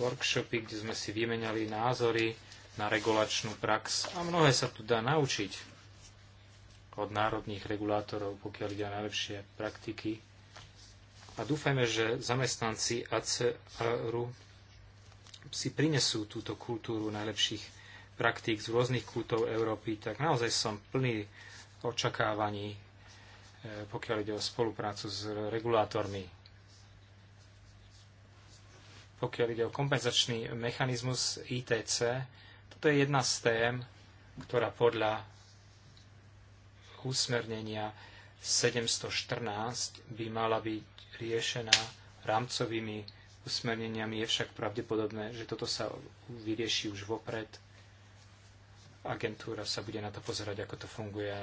workshopy, kde sme si vymenali názory na regulačnú prax a mnohé sa tu dá naučiť od národných regulátorov, pokiaľ ide o najlepšie praktiky. A dúfajme, že zamestnanci ACRU si prinesú túto kultúru najlepších praktík z rôznych kútov Európy, tak naozaj som plný očakávaní, e, pokiaľ ide o spoluprácu s regulátormi. Pokiaľ ide o kompenzačný mechanizmus ITC, to je jedna z tém, ktorá podľa usmernenia 714 by mala byť riešená rámcovými usmerneniami. Je však pravdepodobné, že toto sa vyrieši už vopred. Agentúra sa bude na to pozerať, ako to funguje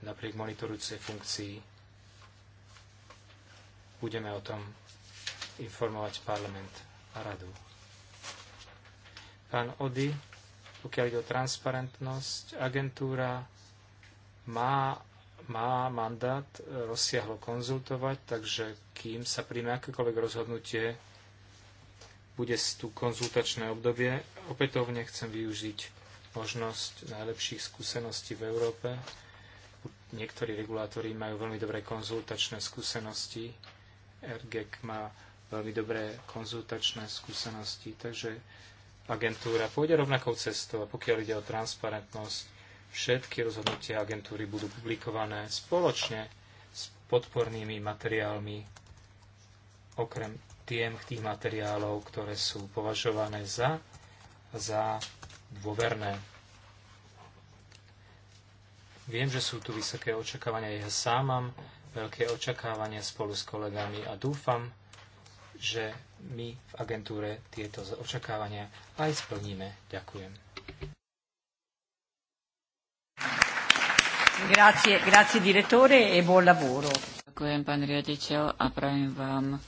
napriek monitorujúcej funkcii. Budeme o tom informovať parlament a radu. Pán Ody, pokiaľ ide o transparentnosť, agentúra má, má mandát e, rozsiahlo konzultovať, takže kým sa príjme akékoľvek rozhodnutie, bude tu konzultačné obdobie. Opätovne chcem využiť možnosť najlepších skúseností v Európe. Niektorí regulátori majú veľmi dobré konzultačné skúsenosti. RGEC má veľmi dobré konzultačné skúsenosti, takže agentúra pôjde rovnakou cestou, a pokiaľ ide o transparentnosť. Všetky rozhodnutia agentúry budú publikované spoločne s podpornými materiálmi, okrem tiem tých materiálov, ktoré sú považované za, za dôverné. Viem, že sú tu vysoké očakávania. Ja sám mám veľké očakávania spolu s kolegami a dúfam, že my v agentúre tieto očakávania aj splníme. Ďakujem. Grazie, grazie direttore e buon lavoro. Ďakujem, pán riaditeľ, a prajem vám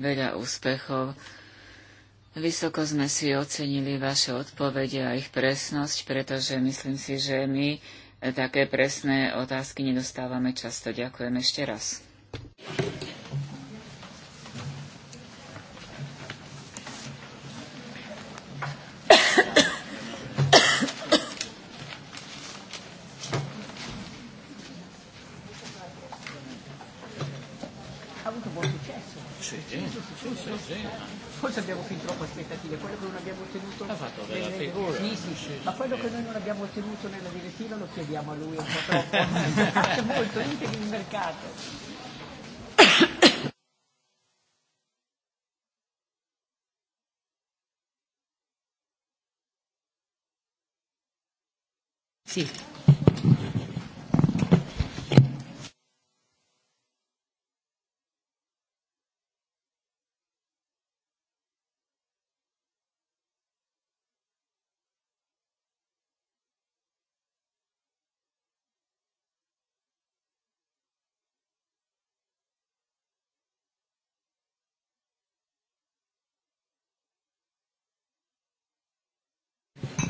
veľa úspechov. Vysoko sme si ocenili vaše odpovede a ich presnosť, pretože myslím si, že my také presné otázky nedostávame často. Ďakujem ešte raz. tenuto nella direttiva lo chiediamo a lui un po' troppo, molto integri il mercato. Sì.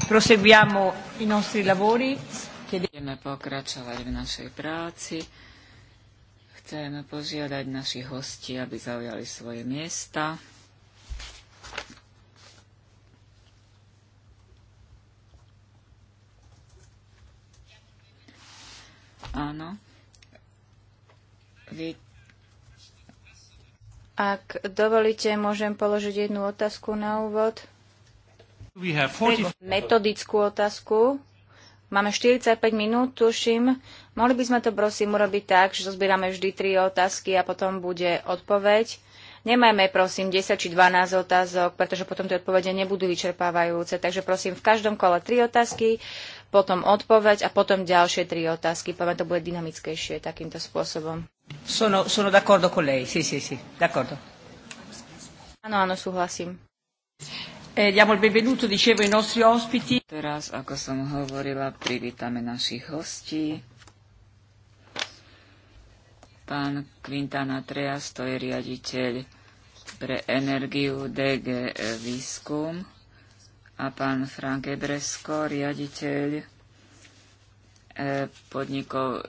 Proseguiamo i nostri lavori. Budeme pokračovať v našej práci. Chceme požiadať našich hostí, aby zaujali svoje miesta. Áno. Vy... Ak dovolíte, môžem položiť jednu otázku na úvod. Metodickú otázku. Máme 45 minút, tuším. Mohli by sme to prosím urobiť tak, že zozbierame vždy tri otázky a potom bude odpoveď. Nemajme prosím 10 či 12 otázok, pretože potom tie odpovede nebudú vyčerpávajúce. Takže prosím v každom kole tri otázky, potom odpoveď a potom ďalšie tri otázky. Poviem, to bude dynamickejšie takýmto spôsobom. Sono, sono d'accordo con lei, sì, sì, sì, d'accordo. Áno, áno, súhlasím. Eh, Teraz, ako som hovorila, privítame našich hostí. Pán Quintana Treas, to je riaditeľ pre energiu DG Výskum a pán Frank Ebresko, riaditeľ eh, podnikov,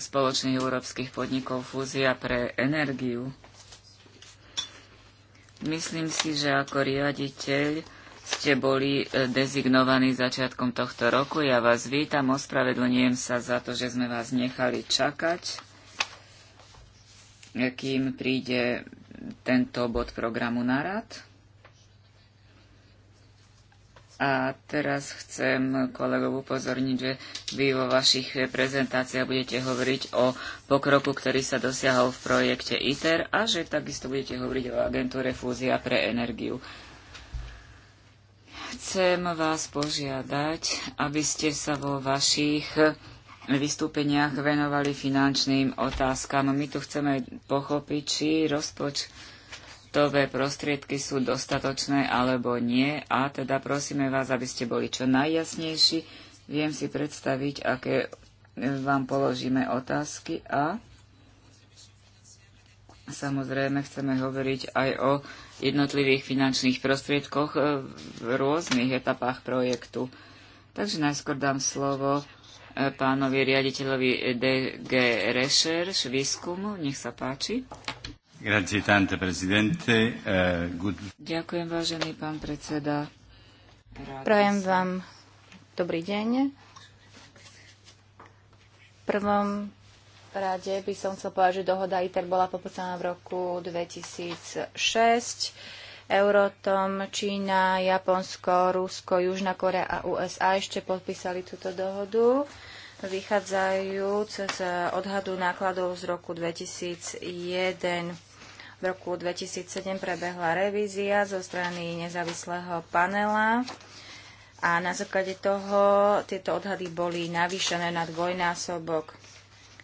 spoločných európskych podnikov Fúzia pre energiu. Myslím si, že ako riaditeľ ste boli e, dezignovaní začiatkom tohto roku. Ja vás vítam, ospravedlňujem sa za to, že sme vás nechali čakať, kým príde tento bod programu na rad. A teraz chcem kolegov upozorniť, že vy vo vašich prezentáciách budete hovoriť o pokroku, ktorý sa dosiahol v projekte ITER a že takisto budete hovoriť o agentúre Fúzia pre energiu. Chcem vás požiadať, aby ste sa vo vašich vystúpeniach venovali finančným otázkam. My tu chceme pochopiť, či rozpočet rozpočtové prostriedky sú dostatočné alebo nie a teda prosíme vás, aby ste boli čo najjasnejší. Viem si predstaviť, aké e, vám položíme otázky a samozrejme chceme hovoriť aj o jednotlivých finančných prostriedkoch e, v rôznych etapách projektu. Takže najskôr dám slovo e, pánovi riaditeľovi DG Rešerš výskumu. Nech sa páči. Eh, Ďakujem, vážený pán predseda. Prajem vám dobrý deň. V prvom rade by som chcel povedať, že dohoda ITER bola podpísaná v roku 2006. Eurotom, Čína, Japonsko, Rusko, Južná Korea a USA ešte podpísali túto dohodu vychádzajúc z odhadu nákladov z roku 2001. V roku 2007 prebehla revízia zo strany nezávislého panela a na základe toho tieto odhady boli navýšené na dvojnásobok.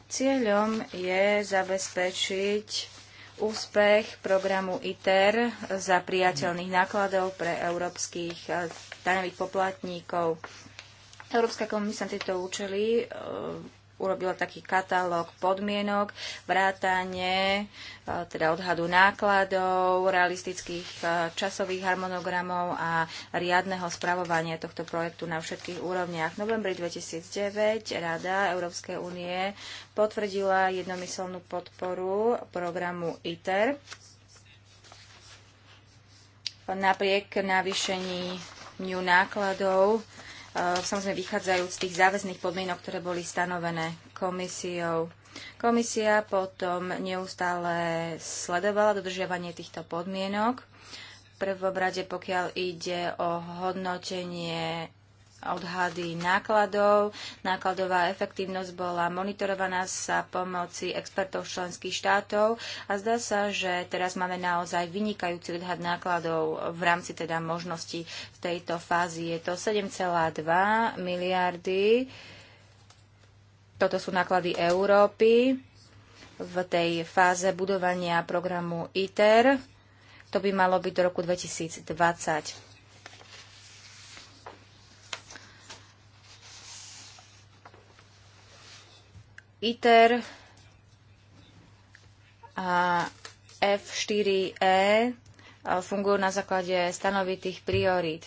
Cieľom je zabezpečiť úspech programu ITER za priateľných nákladov pre európskych eh, daňových poplatníkov. Európska komisia tieto účely eh, urobila taký katalóg podmienok, vrátanie, e, teda odhadu nákladov, realistických e, časových harmonogramov a riadneho spravovania tohto projektu na všetkých úrovniach. V novembri 2009 Rada Európskej únie potvrdila jednomyselnú podporu programu ITER napriek navýšení nákladov Eh, samozrejme vychádzajú z tých záväzných podmienok, ktoré boli stanovené komisiou. Komisia potom neustále sledovala dodržiavanie týchto podmienok. V prvom rade, pokiaľ ide o hodnotenie odhady nákladov. Nákladová efektívnosť bola monitorovaná sa pomoci expertov členských štátov a zdá sa, že teraz máme naozaj vynikajúci odhad nákladov v rámci teda možností v tejto fázi. Je to 7,2 miliardy. Toto sú náklady Európy v tej fáze budovania programu ITER. To by malo byť do roku 2020. ITER a F4E fungujú na základe stanovitých priorít.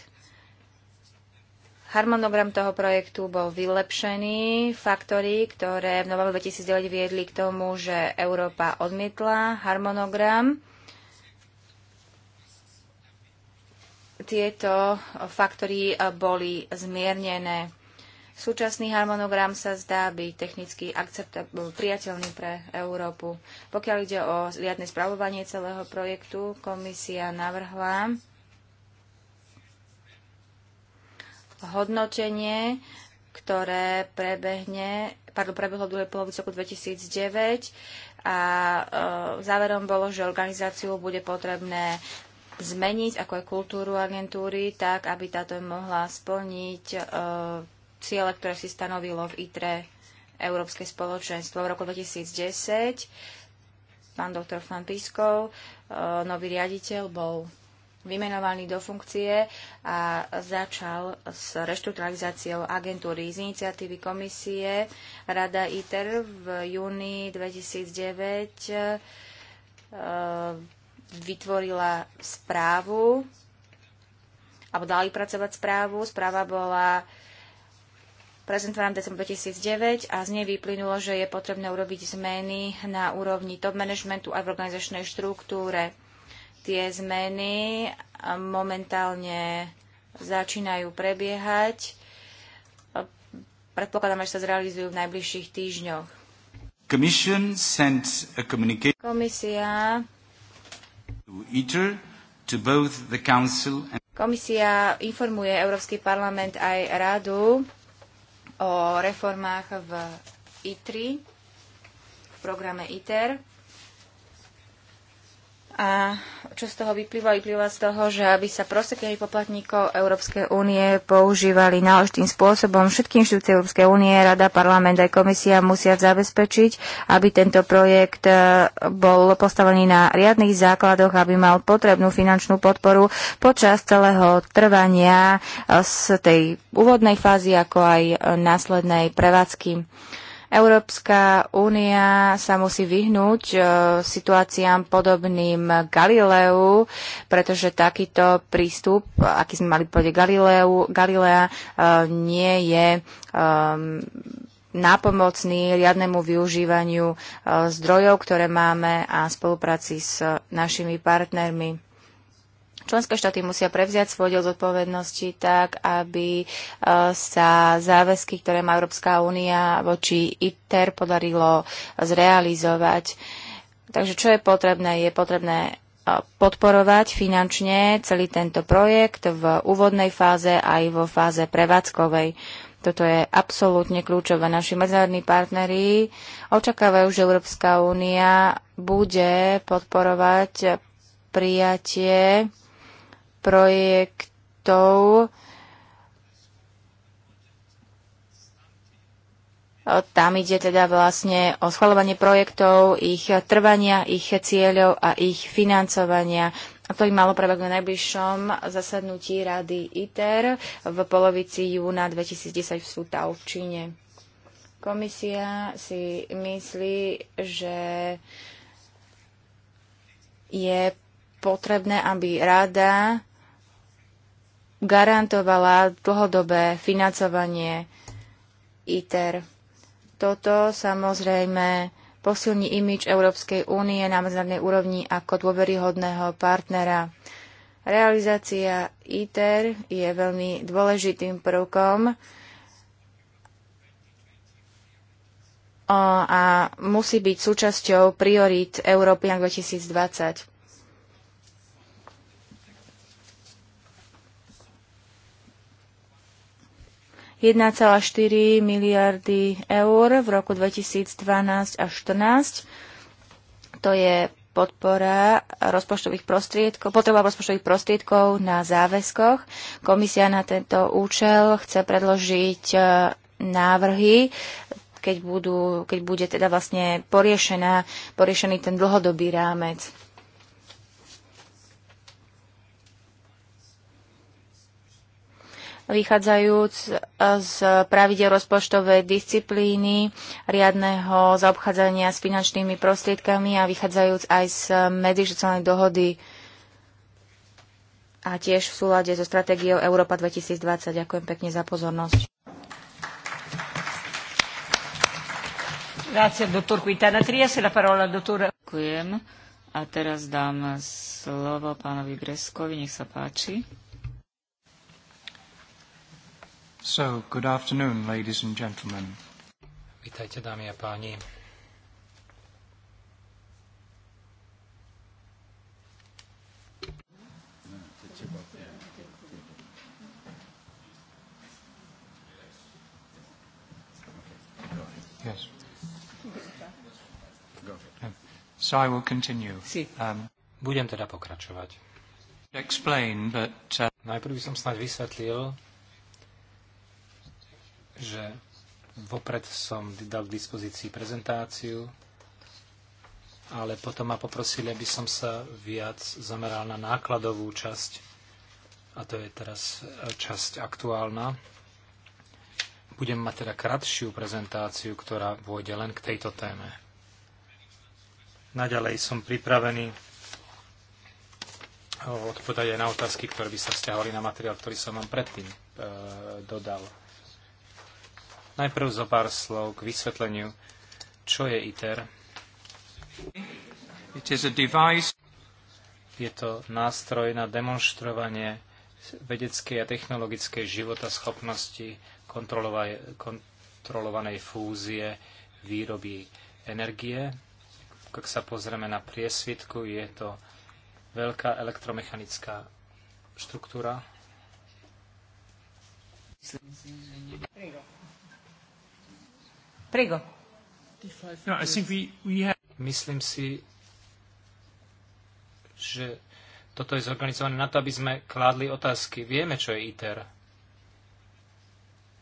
Harmonogram toho projektu bol vylepšený. Faktory, ktoré v novembri 2009 viedli k tomu, že Európa odmietla harmonogram, tieto faktory boli zmiernené. Súčasný harmonogram sa zdá byť technicky priateľný pre Európu. Pokiaľ ide o riadne spravovanie celého projektu, komisia navrhla hodnotenie, ktoré prebehne, pardon, prebehlo v druhej polovici roku 2009 a e, záverom bolo, že organizáciu bude potrebné zmeniť, ako aj kultúru agentúry, tak aby táto mohla splniť e, ciele, ktoré si stanovilo v ITRE Európske spoločenstvo v roku 2010. Pán doktor Fan Piskov, e, nový riaditeľ, bol vymenovaný do funkcie a začal s reštrukturalizáciou agentúry z iniciatívy komisie Rada ITER v júni 2009 e, vytvorila správu alebo dali pracovať správu. Správa bola prezentovaná v decembri 2009 a z nej vyplynulo, že je potrebné urobiť zmeny na úrovni top managementu a v organizačnej štruktúre. Tie zmeny eh, momentálne začínajú prebiehať. Predpokladám, že sa zrealizujú v najbližších týždňoch. Komisia Komisia informuje Európsky parlament aj Radu o reformách v ITRI, v programe ITER. A čo z toho vyplýva? Vyplýva z toho, že aby sa prostriedky poplatníkov Európskej únie používali náležitým spôsobom, všetky inštitúcie Európskej únie, Rada, Parlament aj Komisia musia zabezpečiť, aby tento projekt e, bol postavený na riadnych základoch, aby mal potrebnú finančnú podporu počas celého trvania e, z tej úvodnej fázy, ako aj e, následnej prevádzky. Európska únia sa musí vyhnúť e, situáciám podobným Galileu, pretože takýto prístup, aký sme mali povedať Galileu, Galilea, e, nie je e, nápomocný riadnemu využívaniu e, zdrojov, ktoré máme a spolupráci s našimi partnermi. Členské štáty musia prevziať svoj diel zodpovednosti tak, aby e, sa záväzky, ktoré má Európska únia voči ITER podarilo zrealizovať. Takže čo je potrebné? Je potrebné e, podporovať finančne celý tento projekt v úvodnej fáze aj vo fáze prevádzkovej. Toto je absolútne kľúčové. Naši medzinárodní partneri očakávajú, že Európska únia bude podporovať prijatie projektov. Tam ide teda vlastne o schvalovanie projektov, ich trvania, ich cieľov a ich financovania. A to by malo prebehnúť na najbližšom zasadnutí Rady ITER v polovici júna 2010 v Sútau v Číne. Komisia si myslí, že je potrebné, aby Rada garantovala dlhodobé financovanie ITER. Toto samozrejme posilní imič Európskej únie na medzinárodnej úrovni ako dôveryhodného partnera. Realizácia ITER je veľmi dôležitým prvkom a musí byť súčasťou priorít Európy na 2020. 1,4 miliardy eur v roku 2012 až 2014. To je podpora rozpočtových prostriedkov, potreba rozpočtových prostriedkov na záväzkoch. Komisia na tento účel chce predložiť e, návrhy, keď, budú, keď bude teda vlastne poriešená, poriešený ten dlhodobý rámec. vychádzajúc e, z pravidel rozpočtovej disciplíny, riadného zaobchádzania s finančnými prostriedkami a vychádzajúc aj z medzižiteľnej dohody a tiež v súlade so stratégiou Európa 2020. Ďakujem pekne za pozornosť. E Ďakujem. A teraz dám slovo pánovi Breskovi. Nech sa páči. So, good afternoon, ladies and gentlemen. Vítajte, dámy a páni. Yes. So I will continue. Um, Budem teda pokračovať. Explain, but, uh... Najprv by som snáď vysvetlil, že vopred som dal k dispozícii prezentáciu, ale potom ma poprosili, aby som sa viac zameral na nákladovú časť, a to je teraz e, časť aktuálna. Budem mať teda kratšiu prezentáciu, ktorá pôjde len k tejto téme. Naďalej som pripravený e, odpovedať aj na otázky, ktoré by sa vzťahovali na materiál, ktorý som vám predtým e, dodal. Najprv zo pár slov k vysvetleniu, čo je ITER. It is a device. Je to nástroj na demonstrovanie vedeckej a technologickej schopnosti kontrolovanej fúzie výroby energie. Ak sa pozrieme na priesvitku, je to veľká elektromechanická štruktúra. Myslím si, že nie. Prego. No, I think we, we have... Myslím si, že toto je zorganizované na to, aby sme kládli otázky. Vieme, čo je ITER.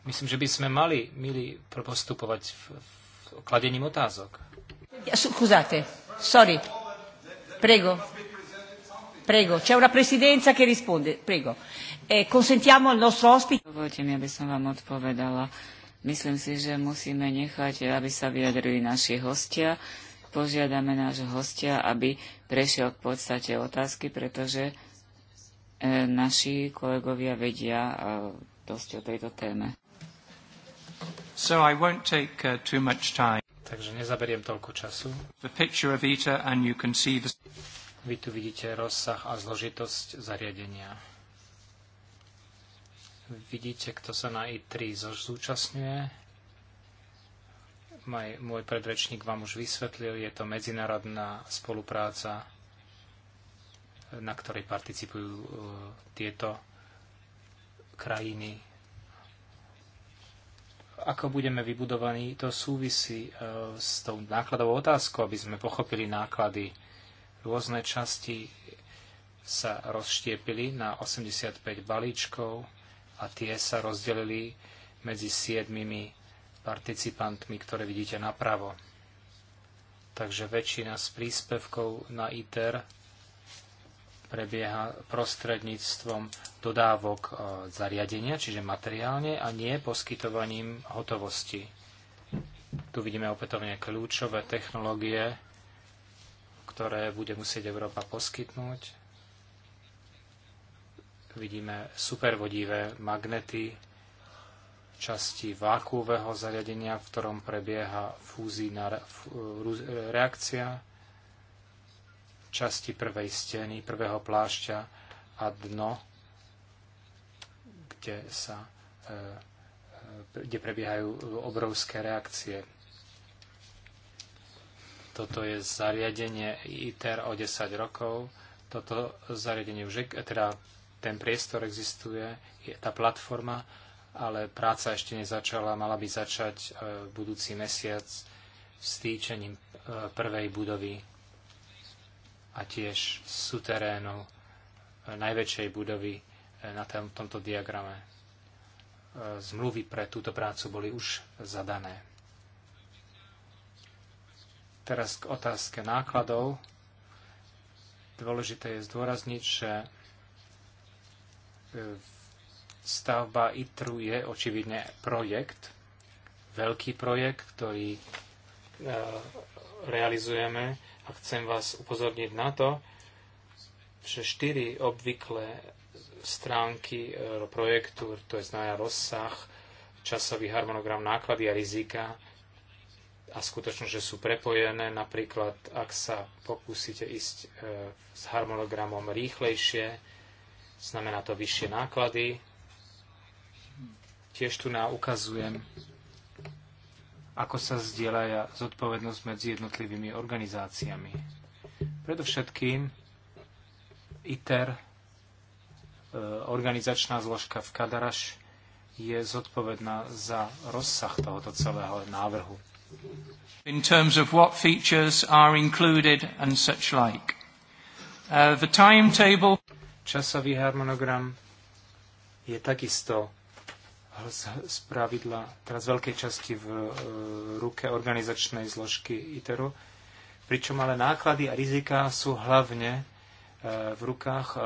Myslím, že by sme mali, mili postupovať v, v kladením otázok. Scusate, sorry. Prego. Prego, c'è una presidenza che risponde. Prego. Eh, consentiamo al nostro ospite. Dovolte mi, aby som vám odpovedala Myslím si, že musíme nechať, aby sa vyjadrili naši hostia. Požiadame nášho hostia, aby prešiel k podstate otázky, pretože e, naši kolegovia vedia e, dosť o tejto téme. So I won't take uh, too much time. Takže nezaberiem toľko času. The picture of ITER and you can see the... Vy tu vidíte rozsah a zložitosť zariadenia. Vidíte, kto sa na I3 zúčastňuje. Maj, môj predrečník vám už vysvetlil, je to medzinárodná spolupráca, na ktorej participujú uh, tieto krajiny. Ako budeme vybudovaní, to súvisí uh, s tou nákladovou otázkou, aby sme pochopili náklady. Rôzne časti sa rozštiepili na 85 balíčkov, a tie sa rozdelili medzi siedmimi participantmi, ktoré vidíte napravo. Takže väčšina z príspevkov na ITER prebieha prostredníctvom dodávok e, zariadenia, čiže materiálne, a nie poskytovaním hotovosti. Tu vidíme opätovne kľúčové technológie, ktoré bude musieť Európa poskytnúť Vidíme supervodivé magnety časti vákuového zariadenia, v ktorom prebieha fúzijná reakcia, časti prvej steny, prvého plášťa a dno, kde, sa, e, e, kde prebiehajú obrovské reakcie. Toto je zariadenie ITER o 10 rokov. Toto zariadenie už, teda ten priestor existuje, je tá platforma, ale práca ešte nezačala, mala by začať e, budúci mesiac s týčením e, prvej budovy a tiež sú terénu e, najväčšej budovy na tomto diagrame. Zmluvy pre túto prácu boli už zadané. Teraz k otázke nákladov. Dôležité je zdôrazniť, že Stavba ITRU je očividne projekt, veľký projekt, ktorý e, realizujeme a chcem vás upozorniť na to, že štyri obvyklé stránky e, projektu, to je znamená rozsah, časový harmonogram náklady a rizika a skutočnosť, že sú prepojené. Napríklad, ak sa pokúsite ísť e, s harmonogramom rýchlejšie, Znamená to vyššie náklady. Tiež tu nám ukazujem, ako sa zdieľa zodpovednosť medzi jednotlivými organizáciami. Predovšetkým ITER, e, organizačná zložka v Kadaraš, je zodpovedná za rozsah tohoto celého návrhu. In terms of what features are included and such like. Uh, the timetable Časový harmonogram je takisto z, z pravidla, teraz veľkej časti v e, ruke organizačnej zložky ITERu, pričom ale náklady a rizika sú hlavne e, v rukách e,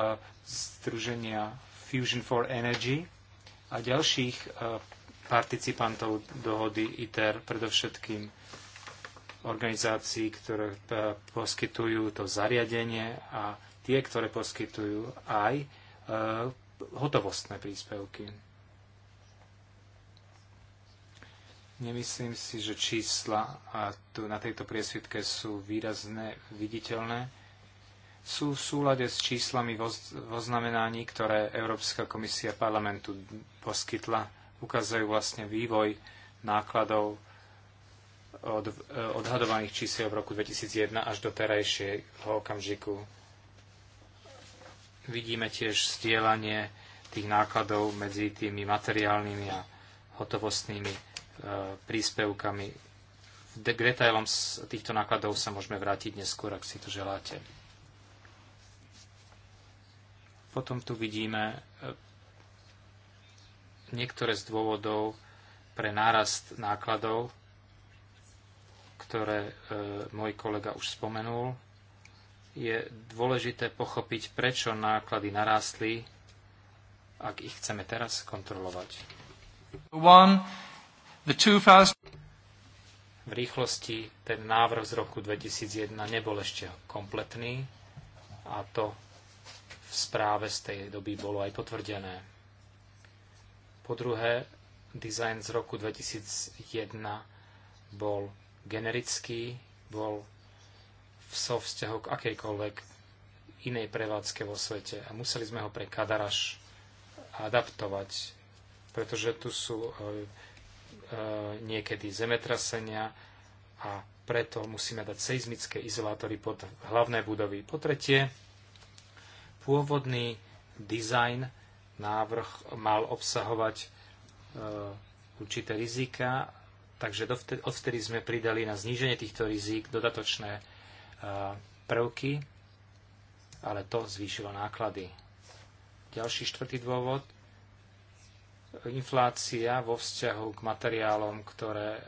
združenia Fusion for Energy a ďalších e, participantov dohody ITER, predovšetkým organizácií, ktoré e, poskytujú to zariadenie a tie, ktoré poskytujú aj e, hotovostné príspevky. Nemyslím si, že čísla a tu na tejto priesvitke sú výrazné, viditeľné. Sú v súlade s číslami vo, vo znamenaní, ktoré Európska komisia parlamentu poskytla. Ukazujú vlastne vývoj nákladov od e, odhadovaných čísiel v roku 2001 až do terajšieho okamžiku Vidíme tiež stielanie tých nákladov medzi tými materiálnymi a hotovostnými eh, príspevkami. K detailom z týchto nákladov sa môžeme vrátiť neskôr, ak si to želáte. Potom tu vidíme eh, niektoré z dôvodov pre nárast nákladov, ktoré e, môj kolega už spomenul je dôležité pochopiť, prečo náklady narástli, ak ich chceme teraz kontrolovať. One, fast... V rýchlosti ten návrh z roku 2001 nebol ešte kompletný a to v správe z tej doby bolo aj potvrdené. Po druhé, dizajn z roku 2001 bol generický, bol v so vzťahu k akejkoľvek inej prevádzke vo svete. A museli sme ho pre Kadaraš adaptovať, pretože tu sú e, e, niekedy zemetrasenia a preto musíme dať seizmické izolátory pod hlavné budovy. Po tretie, pôvodný dizajn návrh mal obsahovať e, určité rizika, takže dovtedy, odvtedy sme pridali na zníženie týchto rizík dodatočné prvky, ale to zvýšilo náklady. Ďalší štvrtý dôvod. Inflácia vo vzťahu k materiálom, ktoré, e,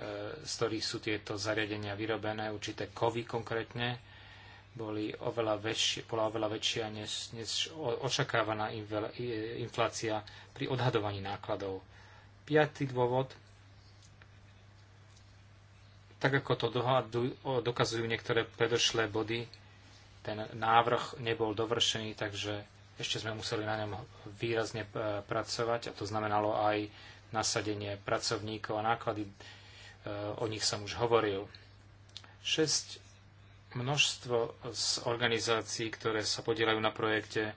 z ktorých sú tieto zariadenia vyrobené, určité kovy konkrétne, boli oveľa väčšie, bola oveľa väčšia než, než očakávaná inflácia pri odhadovaní nákladov. Piatý dôvod tak ako to dokazujú niektoré predošlé body, ten návrh nebol dovršený, takže ešte sme museli na ňom výrazne e, pracovať a to znamenalo aj nasadenie pracovníkov a náklady. E, o nich som už hovoril. 6 množstvo z organizácií, ktoré sa podielajú na projekte, e,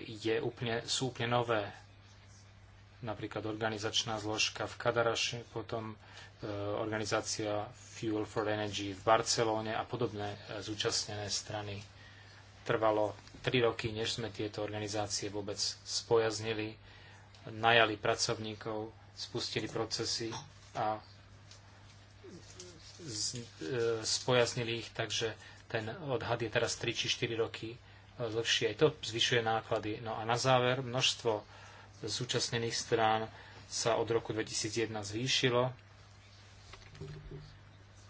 je úplne, sú úplne nové. Napríklad organizačná zložka v Kadaraši, potom E, organizácia Fuel for Energy v Barcelóne a podobné e, zúčastnené strany. Trvalo tri roky, než sme tieto organizácie vôbec spojaznili, najali pracovníkov, spustili procesy a e, spojaznili ich, takže ten odhad je teraz 3 či 4 roky dlhší. Aj to zvyšuje náklady. No a na záver množstvo zúčastnených strán sa od roku 2001 zvýšilo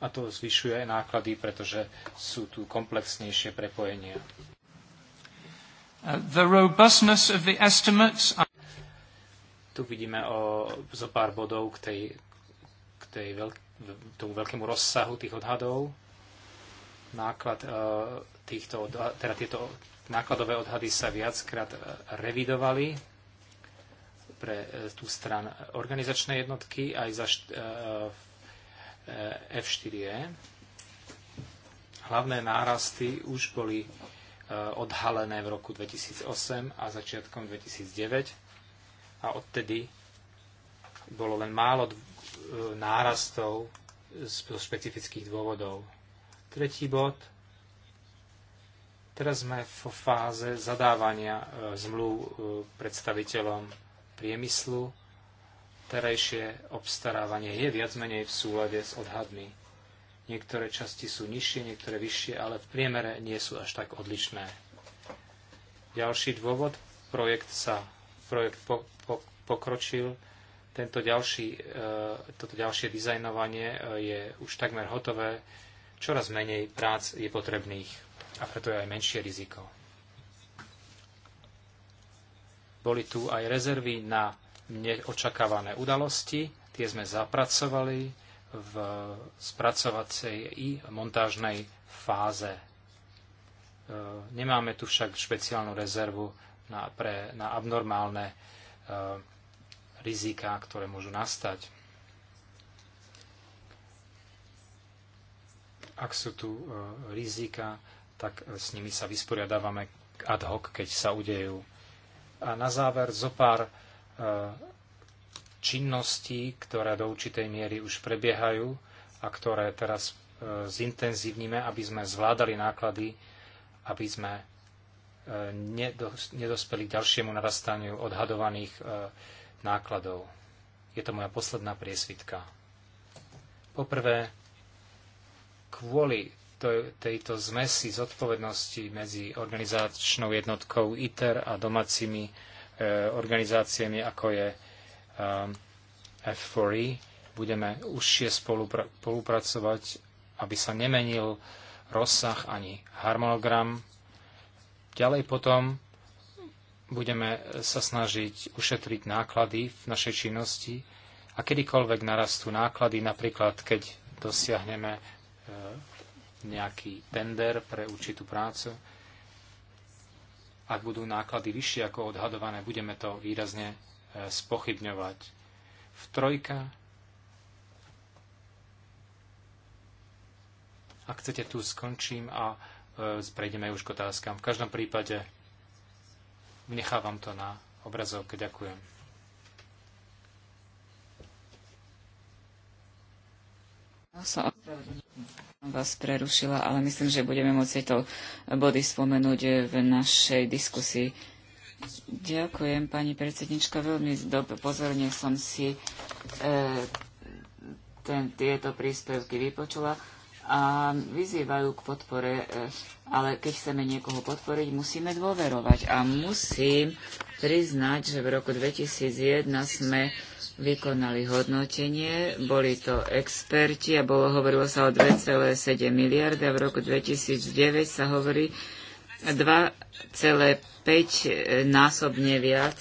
a to zvyšuje aj náklady, pretože sú tu komplexnejšie prepojenia. Uh, the robustness of the estimates are... Tu vidíme o, zo pár bodov k, tej, k tej veľk, tomu veľkému rozsahu tých odhadov. Náklad uh, týchto, teda tieto nákladové odhady sa viackrát uh, revidovali pre uh, tú stran organizačnej jednotky aj za, št- uh, F4E. E. Hlavné nárasty už boli e, odhalené v roku 2008 a začiatkom 2009 a odtedy bolo len málo e, nárastov z špecifických dôvodov. Tretí bod. Teraz sme v fáze zadávania zmluv predstaviteľom priemyslu terajšie obstarávanie je viac menej v súlade s odhadmi. Niektoré časti sú nižšie, niektoré vyššie, ale v priemere nie sú až tak odlišné. Ďalší dôvod, projekt sa projekt po, po, pokročil. Tento ďalší, e, toto ďalšie dizajnovanie e, je už takmer hotové. Čoraz menej prác je potrebných a preto je aj menšie riziko. Boli tu aj rezervy na neočakávané udalosti. Tie sme zapracovali v spracovacej i montážnej fáze. E, nemáme tu však špeciálnu rezervu na, pre, na abnormálne e, riziká, ktoré môžu nastať. Ak sú tu e, rizika, tak s nimi sa vysporiadávame ad hoc, keď sa udejú. A na záver zo pár E, činností, ktoré do určitej miery už prebiehajú a ktoré teraz e, zintenzívnime, aby sme zvládali náklady, aby sme e, nedospeli k ďalšiemu narastaniu odhadovaných nákladov. Je to moja posledná priesvitka. Poprvé, kvôli tejto zmesi zodpovednosti medzi organizačnou jednotkou ITER a domácimi Eh, organizáciami, ako je ehm, F4E. Budeme užšie spolupracovať, aby sa nemenil rozsah ani harmonogram. Ďalej potom budeme sa snažiť ušetriť náklady v našej činnosti a kedykoľvek narastú náklady, napríklad keď dosiahneme eh, nejaký tender pre určitú prácu, ak budú náklady vyššie ako odhadované, budeme to výrazne e, spochybňovať. V trojka Ak chcete, tu skončím a e, prejdeme už k otázkam. V každom prípade nechávam to na obrazovke. Ďakujem vás prerušila, ale myslím, že budeme môcť tieto body spomenúť v našej diskusii. Ďakujem, pani predsednička. Veľmi dobre pozorne som si e, ten, tieto príspevky vypočula a vyzývajú k podpore, eh, ale keď chceme niekoho podporiť, musíme dôverovať. A musím priznať, že v roku 2001 sme vykonali hodnotenie, boli to experti a bolo, hovorilo sa o 2,7 miliardy a v roku 2009 sa hovorí 2,5 násobne viac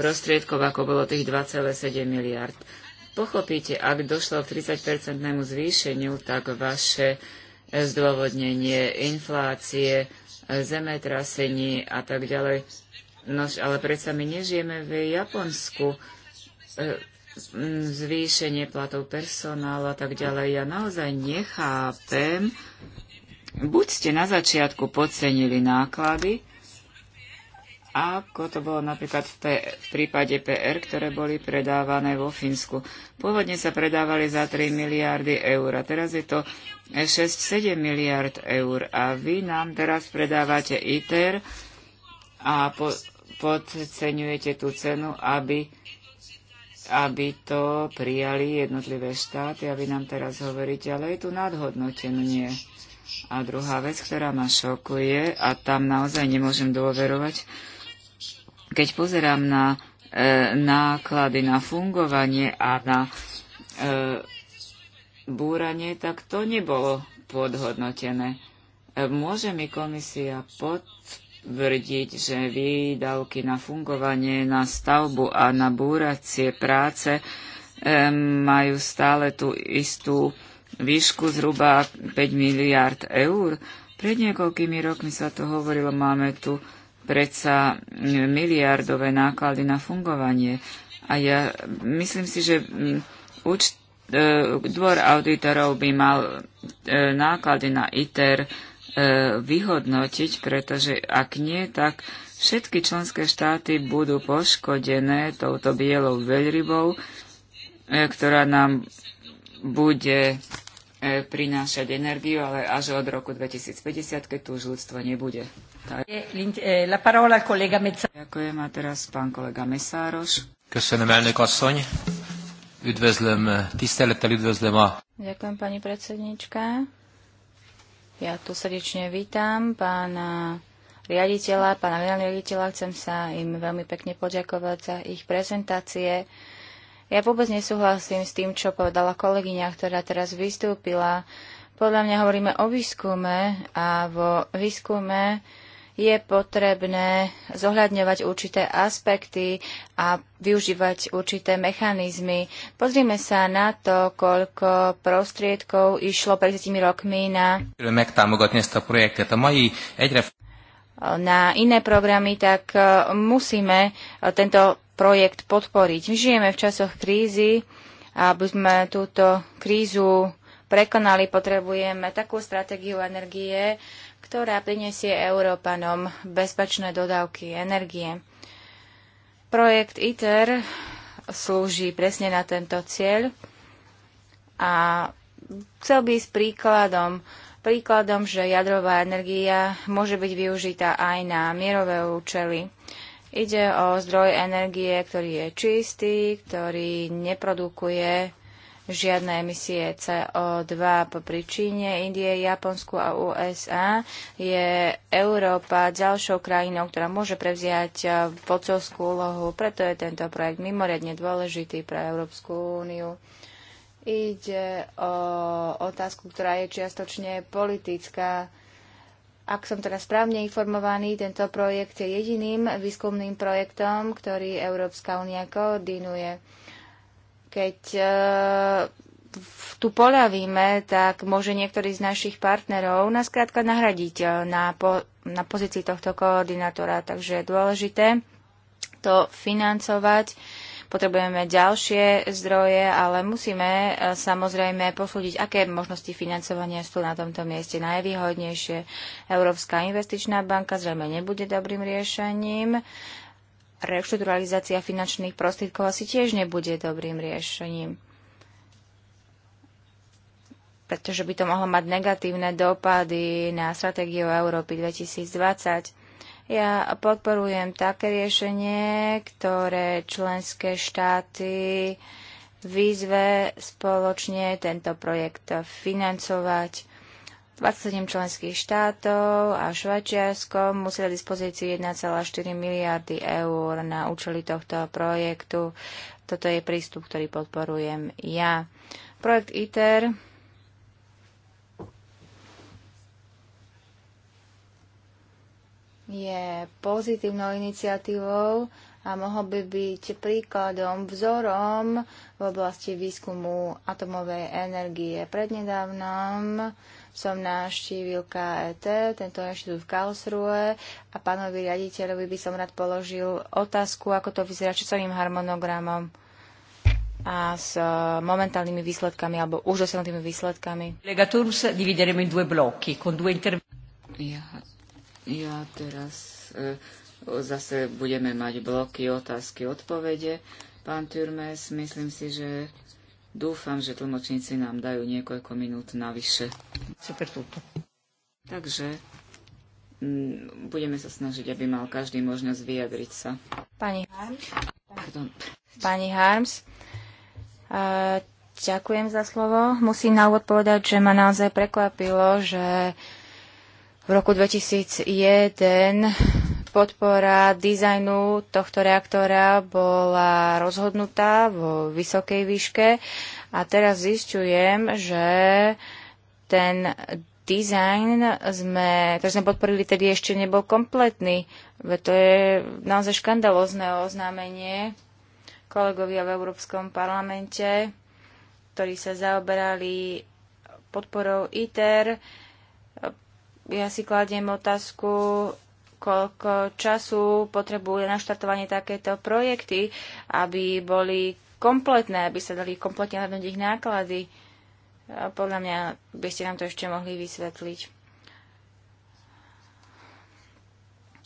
prostriedkov, ako bolo tých 2,7 miliard. Pochopíte, ak došlo k 30-percentnému zvýšeniu, tak vaše zdôvodnenie inflácie, zemetrasení a tak ďalej. No, ale predsa my nežijeme v Japonsku. E, zvýšenie platov personálu a tak ďalej. Ja naozaj nechápem. Buď ste na začiatku podcenili náklady, ako to bolo napríklad v, P- v prípade PR, ktoré boli predávané vo Fínsku. Pôvodne sa predávali za 3 miliardy eur a teraz je to 6-7 e, miliard eur a vy nám teraz predávate ITER a po- podceňujete tú cenu, aby, aby to prijali jednotlivé štáty a vy nám teraz hovoríte, ale je tu nadhodnotenie. A druhá vec, ktorá ma šokuje a tam naozaj nemôžem dôverovať, keď pozerám na e, náklady na fungovanie a na e, búranie, tak to nebolo podhodnotené. E, môže mi komisia potvrdiť, že výdavky na fungovanie, na stavbu a na búracie práce e, majú stále tú istú výšku zhruba 5 miliard eur. Pred niekoľkými rokmi sa to hovorilo, máme tu predsa miliardové náklady na fungovanie. A ja myslím si, že mm, e, dvor auditorov by mal e, náklady na ITER e, vyhodnotiť, pretože ak nie, tak všetky členské štáty budú poškodené touto bielou veľrybou, ktorá nám bude E, prinášať energiu, ale až od roku 2050, keď tu už ľudstvo nebude. Tak... E, e, la parola Ďakujem a teraz pán kolega Mesároš. Köszönöm, elnök asszony. Üdvözlöm, tisztelettel üdvözlöm a... Ďakujem, pani predsednička. Ja tu srdečne vítam pána riaditeľa, pána generálneho riaditeľa. Chcem sa im veľmi pekne poďakovať za ich prezentácie ja vôbec nesúhlasím s tým, čo povedala kolegyňa, ktorá teraz vystúpila. Podľa mňa hovoríme o výskume a vo výskume je potrebné zohľadňovať určité aspekty a využívať určité mechanizmy. Pozrime sa na to, koľko prostriedkov išlo pred tými rokmi na na iné programy, tak e, musíme e, tento projekt podporiť. My Žijeme v časoch krízy a aby sme túto krízu prekonali, potrebujeme takú stratégiu energie, ktorá prinesie Európanom bezpečné dodávky energie. Projekt ITER slúži presne na tento cieľ a chcel by s príkladom, príkladom, že jadrová energia môže byť využitá aj na mierové účely. Ide o zdroj energie, ktorý je čistý, ktorý neprodukuje žiadne emisie CO2 po príčine Indie, Japonsku a USA. Je Európa ďalšou krajinou, ktorá môže prevziať e, vodcovskú úlohu, preto je tento projekt mimoriadne dôležitý pre Európsku úniu. Ide o otázku, ktorá je čiastočne politická. Ak som teraz správne informovaný, tento projekt je jediným výskumným projektom, ktorý Európska únia koordinuje. Keď e, tu poľavíme, tak môže niektorý z našich partnerov nás krátka nahradiť e, na, po, na pozícii tohto koordinátora. Takže je dôležité to financovať Potrebujeme ďalšie zdroje, ale musíme e, samozrejme posúdiť, aké možnosti financovania sú na tomto mieste najvýhodnejšie. Európska investičná banka zrejme nebude dobrým riešením reštrukturalizácia finančných prostriedkov asi tiež nebude dobrým riešením. Pretože by to mohlo mať negatívne dopady na stratégiu Európy 2020. Ja podporujem také riešenie, ktoré členské štáty výzve spoločne tento projekt financovať. 27 členských štátov a Švajčiarsko musia v dispozícii 1,4 miliardy eur na účely tohto projektu. Toto je prístup, ktorý podporujem ja. Projekt ITER je pozitívnou iniciatívou a mohol by byť príkladom, vzorom v oblasti výskumu atomovej energie. Prednedávnom som navštívil KET, tento inštitút v Karlsruhe a pánovi riaditeľovi by som rád položil otázku, ako to vyzerá časovým harmonogramom a s e, momentálnymi výsledkami alebo už dosiahnutými výsledkami. Ja ja teraz e, zase budeme mať bloky otázky, odpovede. Pán Turmes, myslím si, že dúfam, že tlmočníci nám dajú niekoľko minút navyše. Super, tuto. Takže m, budeme sa snažiť, aby mal každý možnosť vyjadriť sa. Pani Harms. Pardon. Pani Harms. Uh, ďakujem za slovo. Musím na úvod povedať, že ma naozaj prekvapilo, že uh, v roku 2001 podpora dizajnu tohto reaktora bola rozhodnutá vo vysokej výške a teraz zistujem, že ten dizajn sme, ktorý sme podporili, tedy ešte nebol kompletný. to je naozaj škandalozné oznámenie kolegovia v Európskom parlamente, ktorí sa zaoberali podporou ITER ja si kladiem otázku, koľko času potrebuje naštartovanie takéto projekty, aby boli kompletné, aby sa dali kompletne hľadnúť ich náklady. A podľa mňa by ste nám to ešte mohli vysvetliť.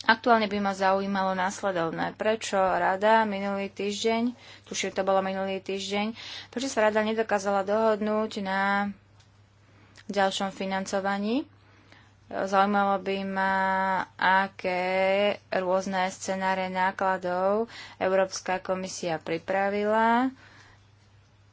Aktuálne by ma zaujímalo následovné. Prečo rada minulý týždeň, tuším, to bolo minulý týždeň, prečo sa rada nedokázala dohodnúť na ďalšom financovaní Zaujímalo by ma, aké rôzne scenáre nákladov Európska komisia pripravila,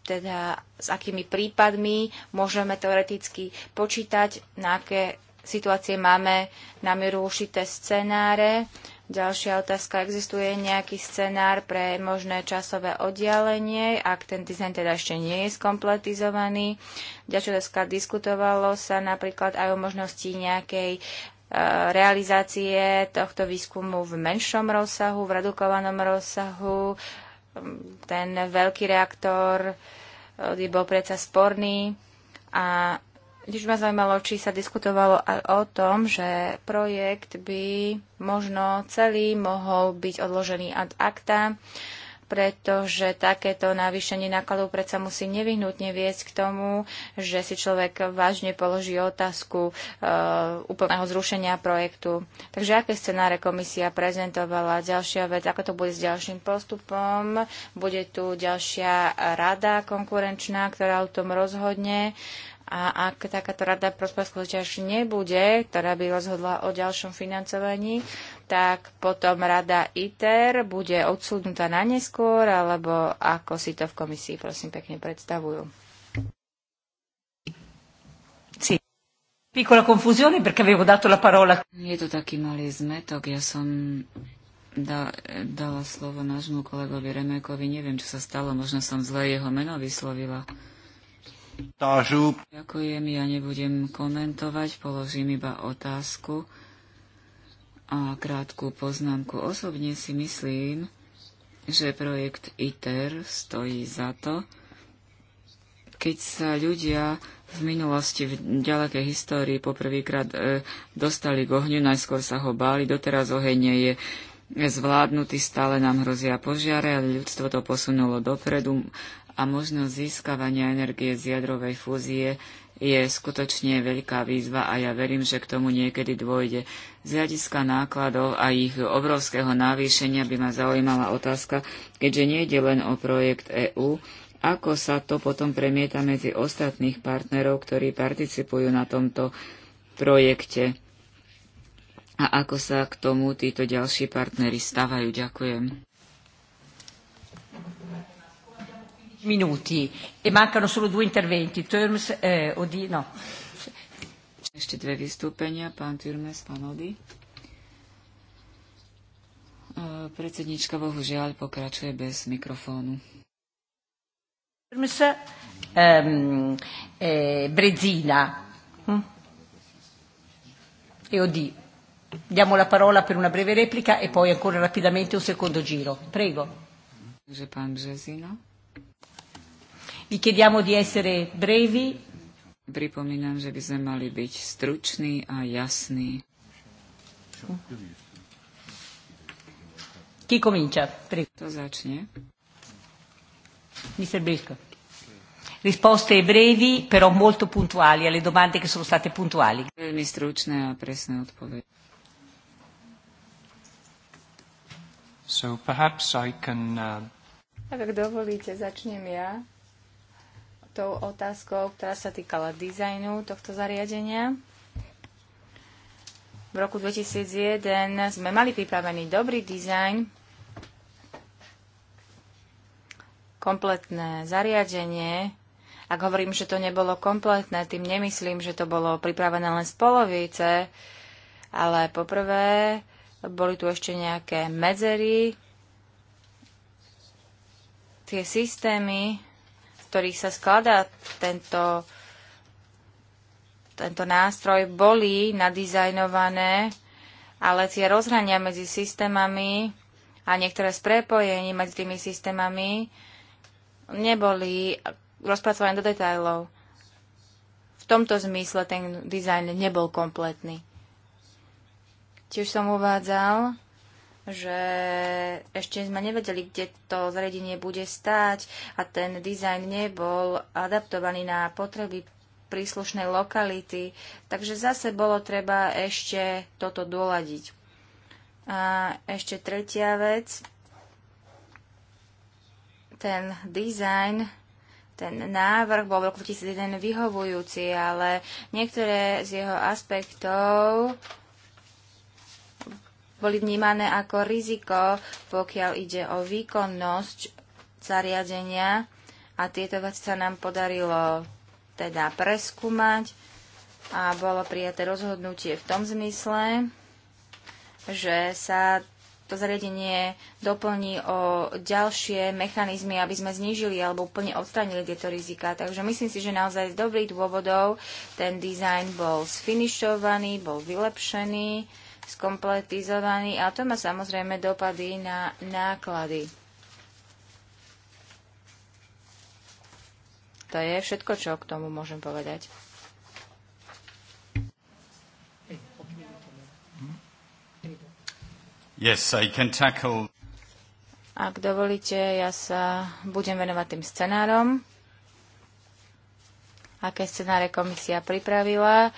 teda s akými prípadmi môžeme teoreticky počítať, na aké situácie máme na mieru ušité scenáre Ďalšia otázka, existuje nejaký scenár pre možné časové oddialenie, ak ten dizajn teda ešte nie je skompletizovaný? Ďalšia otázka, diskutovalo sa napríklad aj o možnosti nejakej e, realizácie tohto výskumu v menšom rozsahu, v redukovanom rozsahu. Ten veľký reaktor e, bol predsa sporný a Tiež ma zaujímalo, či sa diskutovalo aj o tom, že projekt by možno celý mohol byť odložený ad acta, pretože takéto navýšenie nákladov predsa musí nevyhnutne viesť k tomu, že si človek vážne položí otázku e, úplného zrušenia projektu. Takže aké scenáre komisia prezentovala? Ďalšia vec, ako to bude s ďalším postupom? Bude tu ďalšia rada konkurenčná, ktorá o tom rozhodne. E, a ak takáto rada prospodárskú súťaž nebude, ktorá by rozhodla o ďalšom financovaní, tak potom rada ITER bude odsúdnutá na neskôr, alebo ako si to v komisii prosím pekne predstavujú. Piccola confusione perché avevo dato la parola. Je to taký malý zmetok. Ja som da, dala slovo nášmu kolegovi Remekovi. Neviem, čo sa stalo. Možno som zle jeho meno vyslovila. Ďakujem, ja nebudem komentovať, položím iba otázku a krátku poznámku. Osobne si myslím, že projekt ITER stojí za to, keď sa ľudia v minulosti, v ďalekej histórii poprvýkrát e, dostali k ohňu, najskôr sa ho báli, doteraz oheň nie je zvládnutý, stále nám hrozia požiare, ale ľudstvo to posunulo dopredu, a možnosť získavania energie z jadrovej fúzie je skutočne veľká výzva a ja verím, že k tomu niekedy dôjde. Z hľadiska nákladov a ich obrovského navýšenia by ma zaujímala otázka, keďže je len o projekt EÚ, ako sa to potom premieta medzi ostatných partnerov, ktorí participujú na tomto projekte a ako sa k tomu títo ďalší partnery stavajú. Ďakujem. minuti e mancano solo due interventi. Terms, eh, Odi, no. Ešte dve vystúpenia, pán Turmes, pán Odi. E, predsednička bohužiaľ pokračuje bez mikrofónu. Turmes, eh, Brezina hm? e Odi. Diamo la parola per una breve replica e poi ancora rapidamente un secondo giro. Prego. Že pán Březina. Vi chiediamo di essere brevi. Pripominam, že by sme mali byť struční a jasní. Chi comincia? To začne. Mr. Brisco. Risposte brevi, però molto puntuali alle domande che sono state puntuali. Veľmi stručné a presné odpovede. So perhaps I can... Uh... Ak dovolíte, začnem ja tou otázkou, ktorá sa týkala dizajnu tohto zariadenia. V roku 2001 sme mali pripravený dobrý dizajn, kompletné zariadenie. Ak hovorím, že to nebolo kompletné, tým nemyslím, že to bolo pripravené len z polovice, ale poprvé boli tu ešte nejaké medzery, tie systémy, ktorých sa skladá tento, tento nástroj, boli nadizajnované, ale tie rozhrania medzi systémami a niektoré sprepojenie medzi tými systémami neboli rozpracované do detajlov. V tomto zmysle ten dizajn nebol kompletný. Tiež som uvádzal, že ešte sme nevedeli, kde to zariadenie bude stáť a ten dizajn nebol adaptovaný na potreby príslušnej lokality, takže zase bolo treba ešte toto doladiť. A ešte tretia vec, ten dizajn, ten návrh bol v roku 2001 vyhovujúci, ale niektoré z jeho aspektov boli vnímané ako riziko, pokiaľ ide o výkonnosť zariadenia a tieto veci sa nám podarilo teda preskúmať a bolo prijaté rozhodnutie v tom zmysle, že sa to zariadenie doplní o ďalšie mechanizmy, aby sme znížili alebo úplne odstranili tieto rizika. Takže myslím si, že naozaj z dobrých dôvodov ten dizajn bol sfinišovaný, bol vylepšený skompletizovaný a to má samozrejme dopady na náklady. To je všetko, čo k tomu môžem povedať. Yes, I can tackle... Ak dovolíte, ja sa budem venovať tým scenárom, aké scenáre komisia pripravila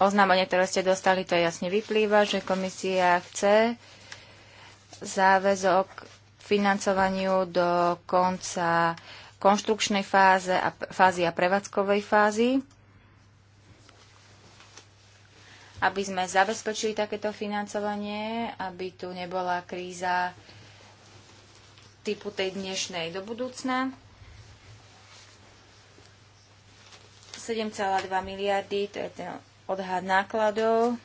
oznámenie, ktoré ste dostali, to jasne vyplýva, že komisia chce záväzok financovaniu do konca konštrukčnej fáze a, fázy a prevádzkovej fázy, aby sme zabezpečili takéto financovanie, aby tu nebola kríza typu tej dnešnej do budúcna. 7,2 miliardy, to je ten odhad nákladov.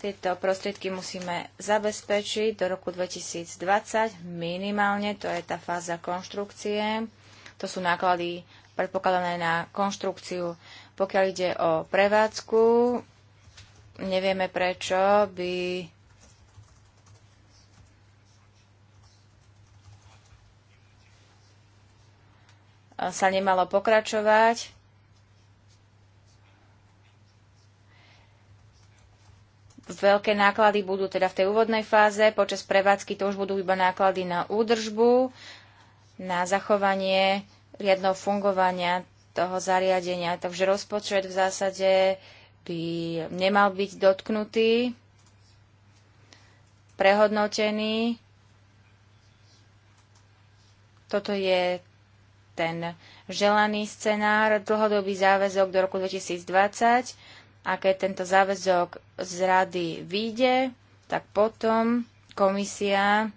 Tieto prostriedky musíme zabezpečiť do roku 2020 minimálne, to je tá fáza konštrukcie. To sú náklady predpokladané na konštrukciu. Pokiaľ ide o prevádzku, nevieme prečo by sa nemalo pokračovať Veľké náklady budú teda v tej úvodnej fáze, počas prevádzky to už budú iba náklady na údržbu, na zachovanie riadného fungovania toho zariadenia. Takže rozpočet v zásade by nemal byť dotknutý, prehodnotený. Toto je ten želaný scenár, dlhodobý záväzok do roku 2020 a keď tento záväzok z rady vyjde, tak potom komisia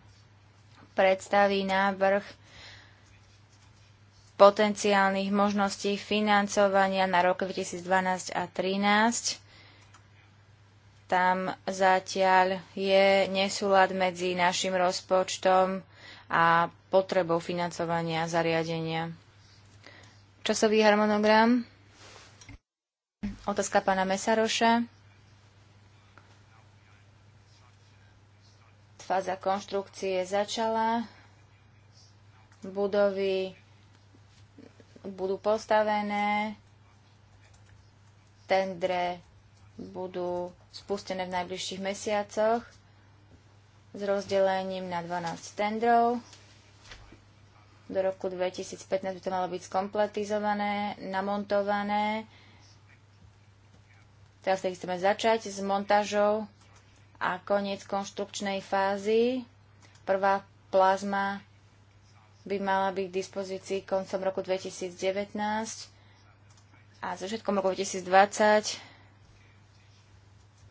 predstaví návrh potenciálnych možností financovania na rok 2012 a 2013. Tam zatiaľ je nesúlad medzi našim rozpočtom a potrebou financovania zariadenia. Časový harmonogram Otázka pána Mesaroša. Fáza konštrukcie začala. Budovy budú postavené. Tendre budú spustené v najbližších mesiacoch s rozdelením na 12 tendrov. Do roku 2015 by to malo byť skompletizované, namontované Teraz sa chceme začať s montážou a koniec konštrukčnej fázy. Prvá plazma by mala byť k dispozícii koncom roku 2019 a za všetkom roku 2020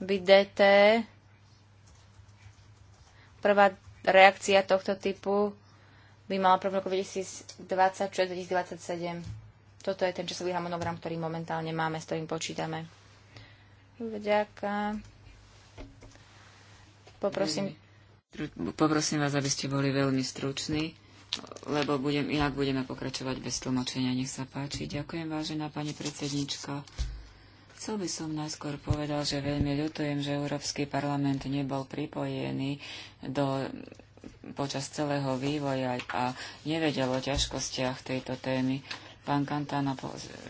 by DT prvá reakcia tohto typu by mala prvom roku 2026-2027. Toto je ten časový harmonogram, ktorý momentálne máme, s ktorým počítame. Vďaka. Poprosím. Poprosím vás, aby ste boli veľmi struční, lebo budem, inak budeme pokračovať bez tlmočenia. Nech sa páči. Ďakujem, vážená pani predsednička. Chcel by som najskôr povedal, že veľmi ľutujem, že Európsky parlament nebol pripojený do počas celého vývoja a nevedel o ťažkostiach tejto témy. Pán Kantána,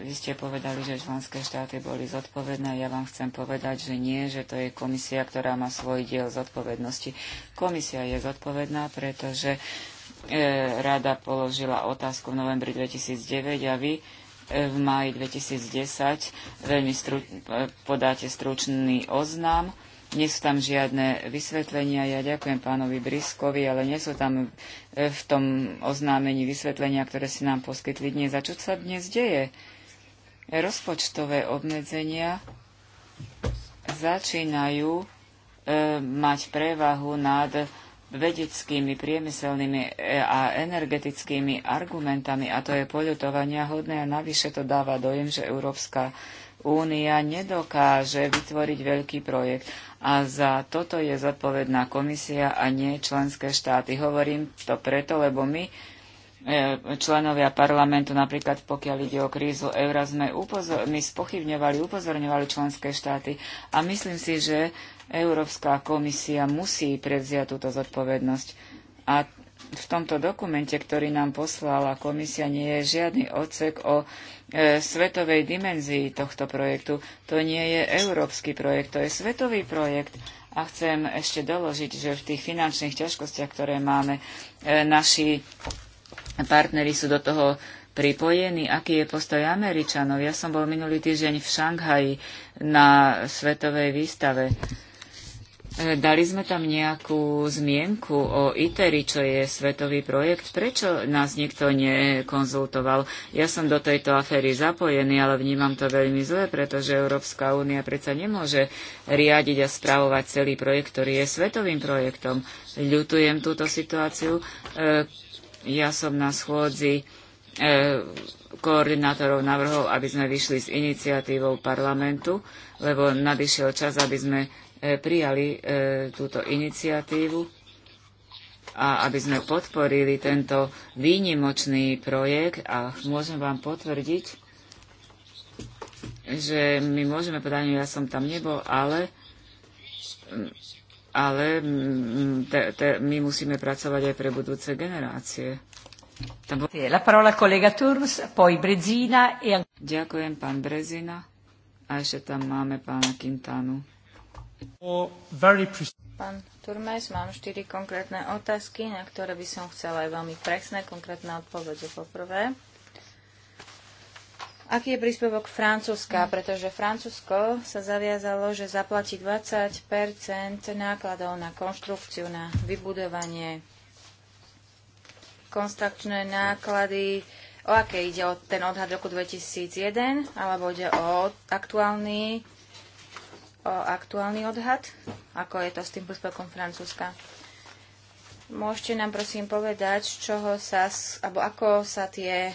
vy ste povedali, že členské štáty boli zodpovedné. Ja vám chcem povedať, že nie, že to je komisia, ktorá má svoj diel zodpovednosti. Komisia je zodpovedná, pretože e, rada položila otázku v novembri 2009 a vy e, v máji 2010 veľmi stru, e, podáte stručný oznám nie sú tam žiadne vysvetlenia. Ja ďakujem pánovi Briskovi, ale nie sú tam e, v tom oznámení vysvetlenia, ktoré si nám poskytli dnes. A čo sa dnes deje? Rozpočtové obmedzenia začínajú e, mať prevahu nad vedeckými, priemyselnými e, a energetickými argumentami a to je poľutovania hodné a navyše to dáva dojem, že Európska únia nedokáže vytvoriť veľký projekt. A za toto je zodpovedná komisia a nie členské štáty. Hovorím to preto, lebo my e, členovia parlamentu, napríklad pokiaľ ide o krízu eura, sme, upozor- my spochybňovali, upozorňovali členské štáty a myslím si, že Európska komisia musí prevziať túto zodpovednosť. A v tomto dokumente, ktorý nám poslala komisia, nie je žiadny odsek o e, svetovej dimenzii tohto projektu. To nie je európsky projekt, to je svetový projekt. A chcem ešte doložiť, že v tých finančných ťažkostiach, ktoré máme, e, naši partneri sú do toho pripojení. Aký je postoj Američanov? Ja som bol minulý týždeň v Šanghaji na svetovej výstave E, dali sme tam nejakú zmienku o ITERI, e čo je svetový projekt. Prečo nás nikto nekonzultoval? Ja som do tejto aféry zapojený, ale vnímam to veľmi zle, pretože Európska únia predsa nemôže riadiť a správovať celý projekt, ktorý je svetovým projektom. Ľutujem túto situáciu. E, ja som na schôdzi koordinátorov navrhol, aby sme vyšli s iniciatívou parlamentu, lebo nadišiel čas, aby sme E, prijali e, túto iniciatívu a aby sme podporili tento výnimočný projekt a môžem vám potvrdiť, že my môžeme povedať, no ja som tam nebol, ale, ale mm, te, te, my musíme pracovať aj pre budúce generácie. La parola kolega poi Brezina. E Ďakujem, pán Brezina. A ešte tam máme pána Quintanu. Pán Turmes, mám štyri konkrétne otázky, na ktoré by som chcela aj veľmi presné, konkrétne odpovede. Poprvé, Aký je príspevok Francúzska? Pretože Francúzsko sa zaviazalo, že zaplatí 20 nákladov na konštrukciu, na vybudovanie. Konstrukčné náklady, o aké ide o ten odhad roku 2001, alebo ide o aktuálny o aktuálny odhad, ako je to s tým príspevkom Francúzska. Môžete nám prosím povedať, z čoho sa, alebo ako sa tie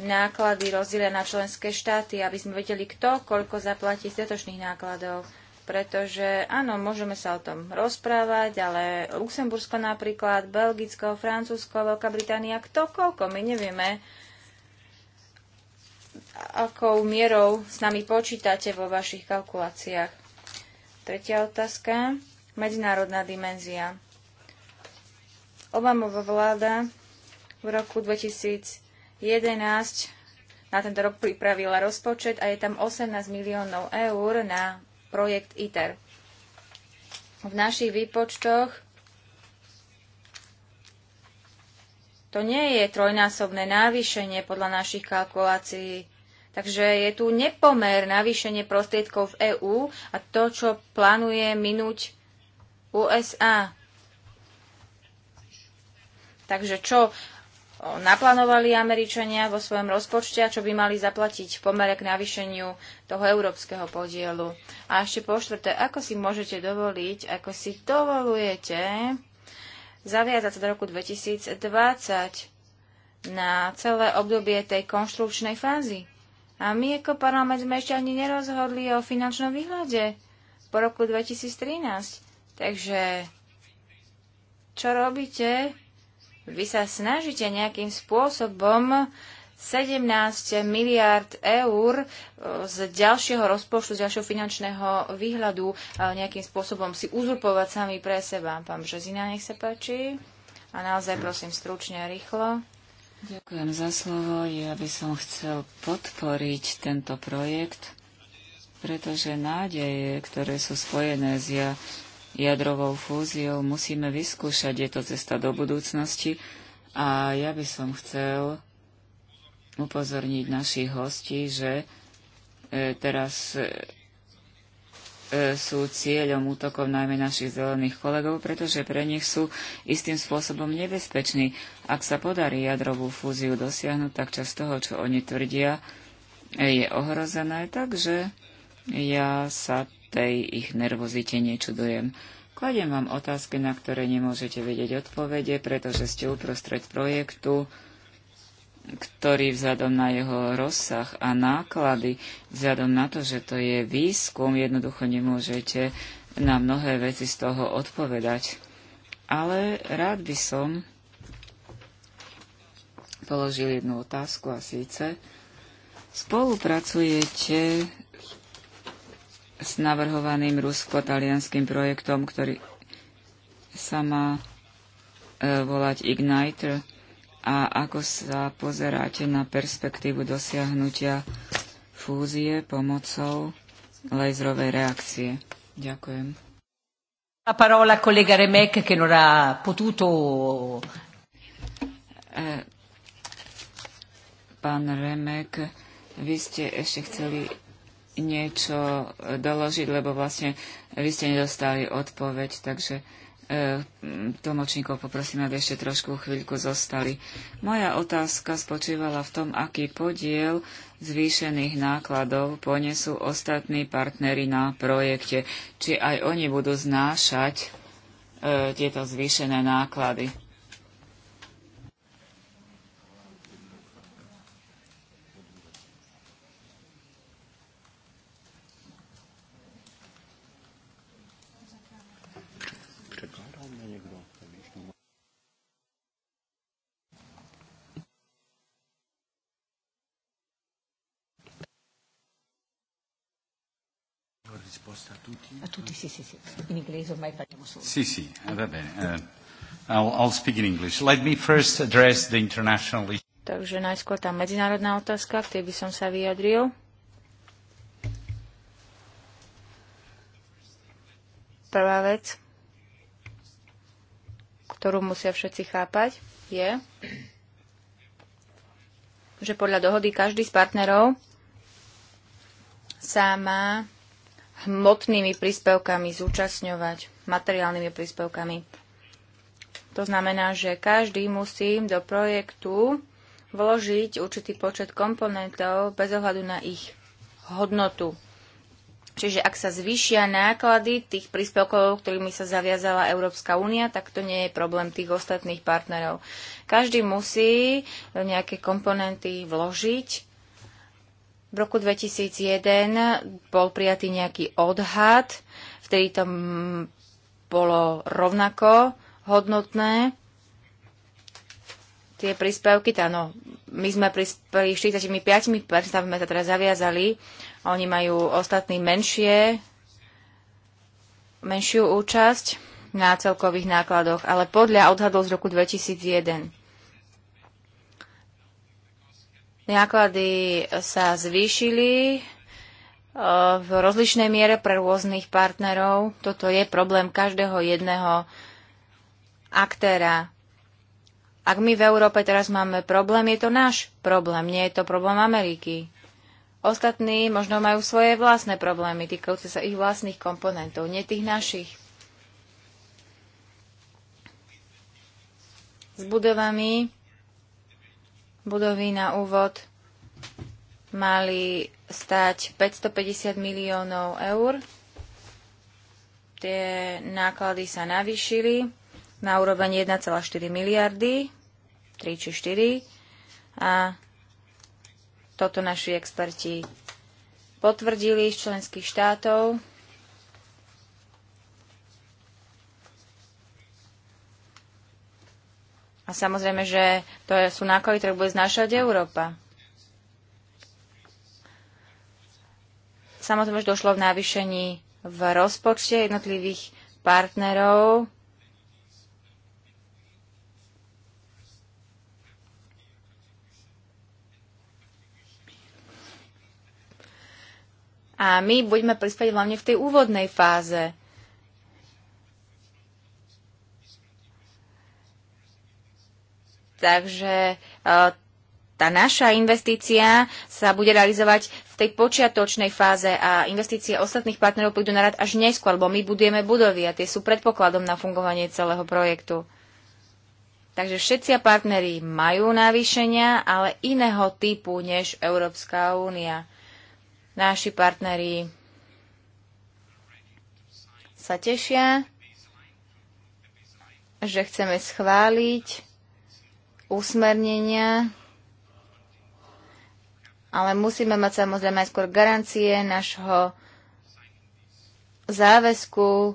náklady rozdielia na členské štáty, aby sme vedeli, kto koľko zaplatí z detočných nákladov. Pretože áno, môžeme sa o tom rozprávať, ale Luxembursko napríklad, Belgicko, Francúzsko, Veľká Británia, kto koľko, my nevieme, akou mierou s nami počítate vo vašich kalkuláciách. Tretia otázka. Medzinárodná dimenzia. Obamová vláda v roku 2011 na tento rok pripravila rozpočet a je tam 18 miliónov eur na projekt ITER. V našich výpočtoch to nie je trojnásobné návyšenie podľa našich kalkulácií. Takže je tu nepomer navýšenie prostriedkov v EÚ a to, čo plánuje minúť USA. Takže čo naplánovali Američania vo svojom rozpočte a čo by mali zaplatiť v pomere k navýšeniu toho európskeho podielu. A ešte po štvrté, ako si môžete dovoliť, ako si dovolujete zaviazať sa do roku 2020 na celé obdobie tej konštrukčnej fázy. A my ako parlament sme ešte ani nerozhodli o finančnom výhľade po roku 2013. Takže čo robíte? Vy sa snažíte nejakým spôsobom 17 miliard eur e, z ďalšieho rozpočtu, z ďalšieho finančného výhľadu e, nejakým spôsobom si uzurpovať sami pre seba. Pán Březina, nech sa páči. A naozaj prosím stručne a rýchlo. Ďakujem za slovo. Ja by som chcel podporiť tento projekt, pretože nádeje, ktoré sú spojené s jadrovou fúziou, musíme vyskúšať. Je to cesta do budúcnosti a ja by som chcel upozorniť našich hostí, že e, teraz e, E, sú cieľom útokov najmä našich zelených kolegov, pretože pre nich sú istým spôsobom nebezpeční. Ak sa podarí jadrovú fúziu dosiahnuť, tak časť toho, čo oni tvrdia, je ohrozené, takže ja sa tej ich nervozite nečudujem. Kladiem vám otázky, na ktoré nemôžete vedieť odpovede, pretože ste uprostred projektu, ktorý vzhľadom na jeho rozsah a náklady, vzhľadom na to, že to je výskum, jednoducho nemôžete na mnohé veci z toho odpovedať. Ale rád by som položil jednu otázku a síce spolupracujete s navrhovaným rusko-talianským projektom, ktorý sa má e, volať Igniter a ako sa pozeráte na perspektívu dosiahnutia fúzie pomocou lajzrovej reakcie. Ďakujem. La parola kolega Remek, che non ha potuto... E, pán Remek, vy ste ešte chceli niečo doložiť, lebo vlastne vy ste nedostali odpoveď, takže E, tlmočníkov poprosím, aby ešte trošku chvíľku zostali. Moja otázka spočívala v tom, aký podiel zvýšených nákladov ponesú ostatní partnery na projekte. Či aj oni budú znášať e, tieto zvýšené náklady. risposta a tutti? A tutti, sì, sì, sì. In inglese ormai parliamo solo. Sì, sì, ah, va bene. Uh, I'll, I'll speak in English. Let me first address the international issue. Takže najskôr tá medzinárodná otázka, v tej by som sa vyjadril. Prvá vec, ktorú musia všetci chápať, je, že podľa dohody každý z partnerov sa má hmotnými príspevkami zúčastňovať, materiálnymi príspevkami. To znamená, že každý musí do projektu vložiť určitý počet komponentov bez ohľadu na ich hodnotu. Čiže ak sa zvýšia náklady tých príspevkov, ktorými sa zaviazala Európska únia, tak to nie je problém tých ostatných partnerov. Každý musí nejaké komponenty vložiť v roku 2001 bol prijatý nejaký odhad, vtedy to bolo rovnako hodnotné tie príspevky, tá, no, my sme prispeli 45 sme sa teraz zaviazali, oni majú ostatní menšie, menšiu účasť na celkových nákladoch, ale podľa odhadov z roku 2001. Náklady sa zvýšili eh, v rozličnej miere pre rôznych partnerov. Toto je problém každého jedného aktéra. Ak my v Európe teraz máme problém, je to náš problém, nie je to problém Ameriky. Ostatní možno majú svoje vlastné problémy, týkajúce sa ich vlastných komponentov, nie tých našich. S budovami budovy na úvod mali stať 550 miliónov eur. Tie náklady sa navýšili na úroveň 1,4 miliardy, 3 či 4. A toto naši experti potvrdili z členských štátov. A samozrejme, že to sú náklady, ktoré bude znášať Európa. Samozrejme, že došlo v návyšení v rozpočte jednotlivých partnerov. A my budeme prispieť hlavne v tej úvodnej fáze. Takže e, tá naša investícia sa bude realizovať v tej počiatočnej fáze a investície ostatných partnerov pôjdu na rad až neskôr, lebo my budujeme budovy a tie sú predpokladom na fungovanie celého projektu. Takže všetci partneri majú navýšenia, ale iného typu než Európska únia. Naši partneri sa tešia, že chceme schváliť usmernenia, ale musíme mať samozrejme aj skôr garancie našho záväzku.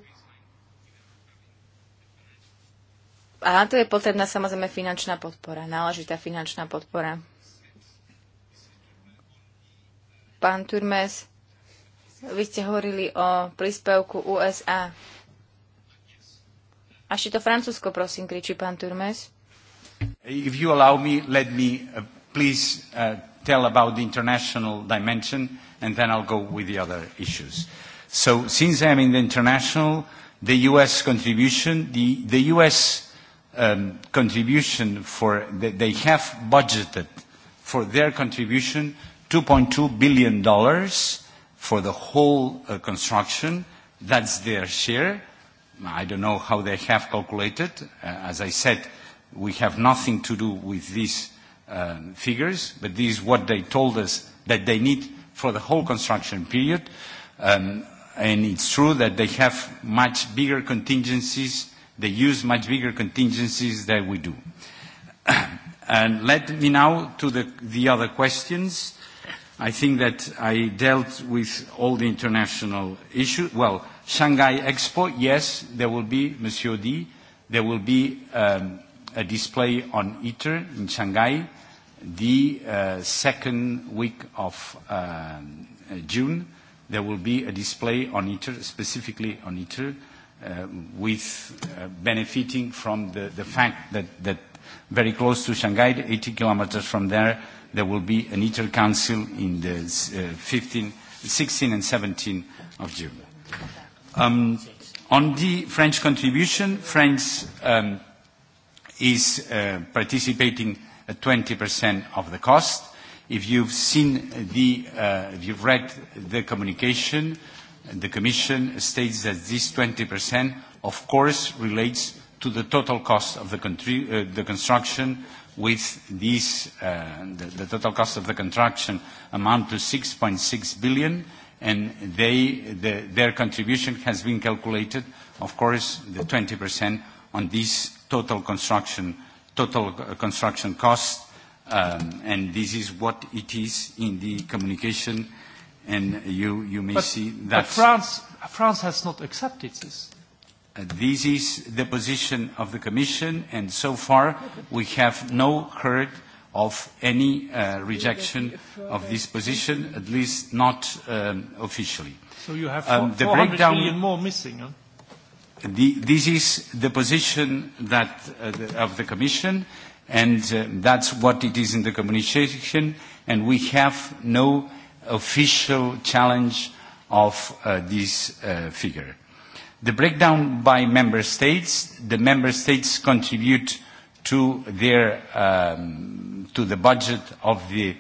A tu to je potrebná samozrejme finančná podpora, náležitá finančná podpora. Pán Turmes, vy ste hovorili o príspevku USA. A to Francúzsko, prosím, kričí pán Turmes. If you allow me, let me uh, please uh, tell about the international dimension, and then I'll go with the other issues. So since I'm in the international, the U.S. contribution, the, the U.S. Um, contribution for, the, they have budgeted for their contribution $2.2 billion for the whole uh, construction. That's their share. I don't know how they have calculated. Uh, as I said, We have nothing to do with these um, figures, but this is what they told us that they need for the whole construction period. Um, and it's true that they have much bigger contingencies, they use much bigger contingencies than we do. and let me now to the, the other questions. I think that I dealt with all the international issues. Well, Shanghai Expo, yes, there will be Monsieur Di, there will be um, a display on ITER in Shanghai the uh, second week of uh, June. There will be a display on ITER, specifically on ITER, uh, with benefiting from the, the fact that, that very close to Shanghai, 80 kilometers from there, there will be an ITER Council in the uh, th 16 and 17 of June. Um, on the French contribution, France um, is uh, participating at 20% of the cost. If you've seen the, uh, if you've read the communication, the Commission states that this 20%, of course, relates to the total cost of the, country, uh, the construction with this uh, the, the total cost of the construction amount to 6.6 billion, and they, the, their contribution has been calculated, of course, the 20% on this total construction, total uh, construction cost, um, and this is what it is in the communication, and you, you may but, see that... But France, France has not accepted this. Uh, this is the position of the Commission, and so far we have no heard of any uh, rejection of this position, at least not um, officially. So you have um, the 400 breakdown, million more missing, huh? The, this is the position that, uh, the, of the Commission, and uh, that's what it is in the communication, and we have no official challenge of uh, this uh, figure. The breakdown by member states, the member states contribute to, their, um, to the budget of the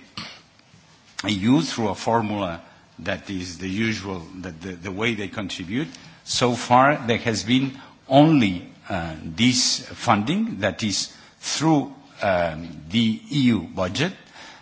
EU through a formula that is the usual, that the, the way they contribute so far, there has been only uh, this funding that is through um, the EU budget.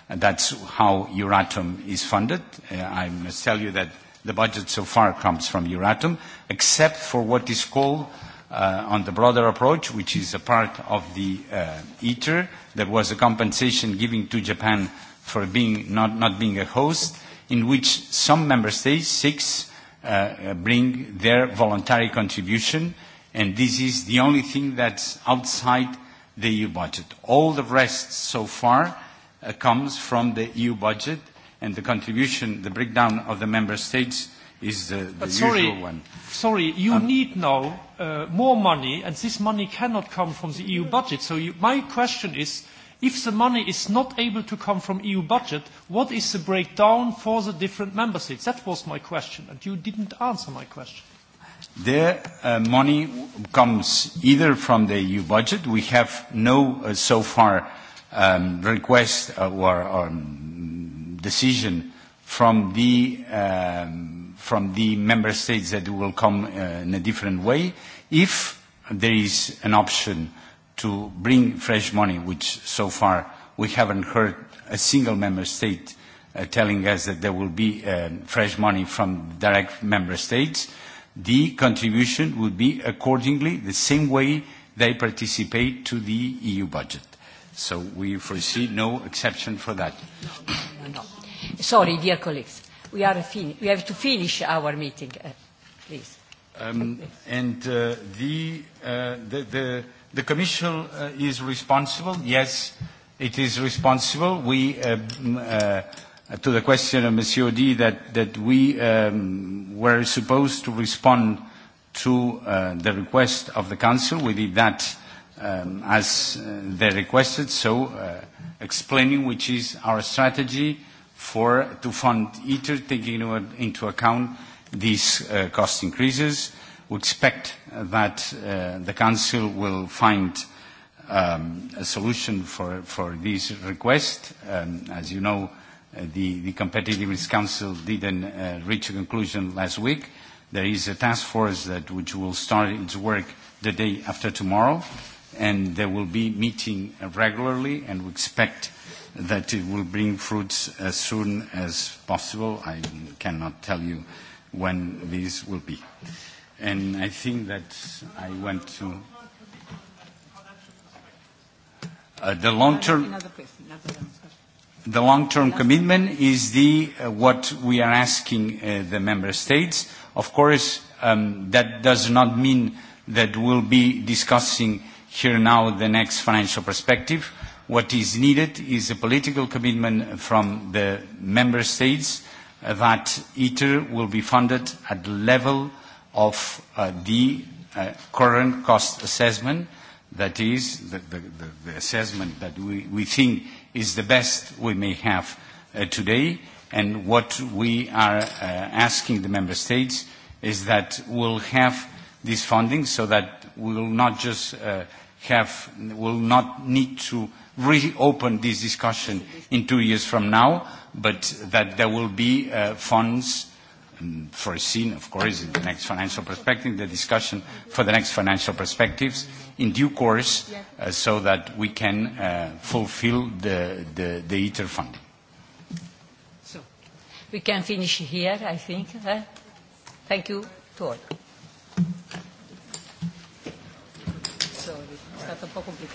And that's how Euratom is funded. Uh, I must tell you that the budget so far comes from Euratom, except for what is called uh, on the broader approach, which is a part of the uh, ITER. that was a compensation given to Japan for being not, not being a host, in which some member states, six, Uh, uh, bring their voluntary contribution, and this is the only thing that's outside the EU budget. All the rest so far uh, comes from the EU budget, and the contribution, the breakdown of the member states is the, the sorry, usual one. Sorry, you um, need now uh, more money, and this money cannot come from the EU budget. So you, my question is, If the money is not able to come from EU budget, what is the breakdown for the different member states? That was my question, and you didn't answer my question. The uh, money comes either from the EU budget. We have no, uh, so far, um, request uh, or, or um, decision from the, um, from the member states that will come uh, in a different way. If there is an option to bring fresh money, which so far we haven't heard a single member state uh, telling us that there will be uh, fresh money from direct member states, the contribution would be accordingly the same way they participate to the EU budget. So we foresee no exception for that. No, no, no. Sorry, dear colleagues, we, are fin we have to finish our meeting, uh, please. Um, and uh, the, uh, the, the The Commission uh, is responsible. Yes, it is responsible. We, uh, uh, to the question of Monsieur D, that, that we um, were supposed to respond to uh, the request of the Council. We did that um, as uh, they requested, so uh, explaining which is our strategy for to fund ITER, taking into account these uh, cost increases. We expect that uh, the Council will find um, a solution for, for this request. Um, as you know, uh, the, the Competitiveness Council didn't uh, reach a conclusion last week. There is a task force that, which will start its work the day after tomorrow, and they will be meeting regularly, and we expect that it will bring fruits as soon as possible. I cannot tell you when these will be. And I think that I want to. Uh, the long term. The long term commitment is the uh, what we are asking uh, the member states. Of course, um, that does not mean that we'll be discussing here now the next financial perspective. What is needed is a political commitment from the member states that ITER will be funded at the level of uh, the uh, current cost assessment, that is, the, the, the, the assessment that we, we think is the best we may have uh, today, and what we are uh, asking the Member States is that we'll have this funding so that we will not just uh, have, we'll not need to reopen this discussion in two years from now, but that there will be uh, funds foreseen, of course, in the next financial perspective, the discussion for the next financial perspectives in due course uh, so that we can uh, fulfill the, the, the ITER funding. So, we can finish here, I think. Thank you to all. Sorry,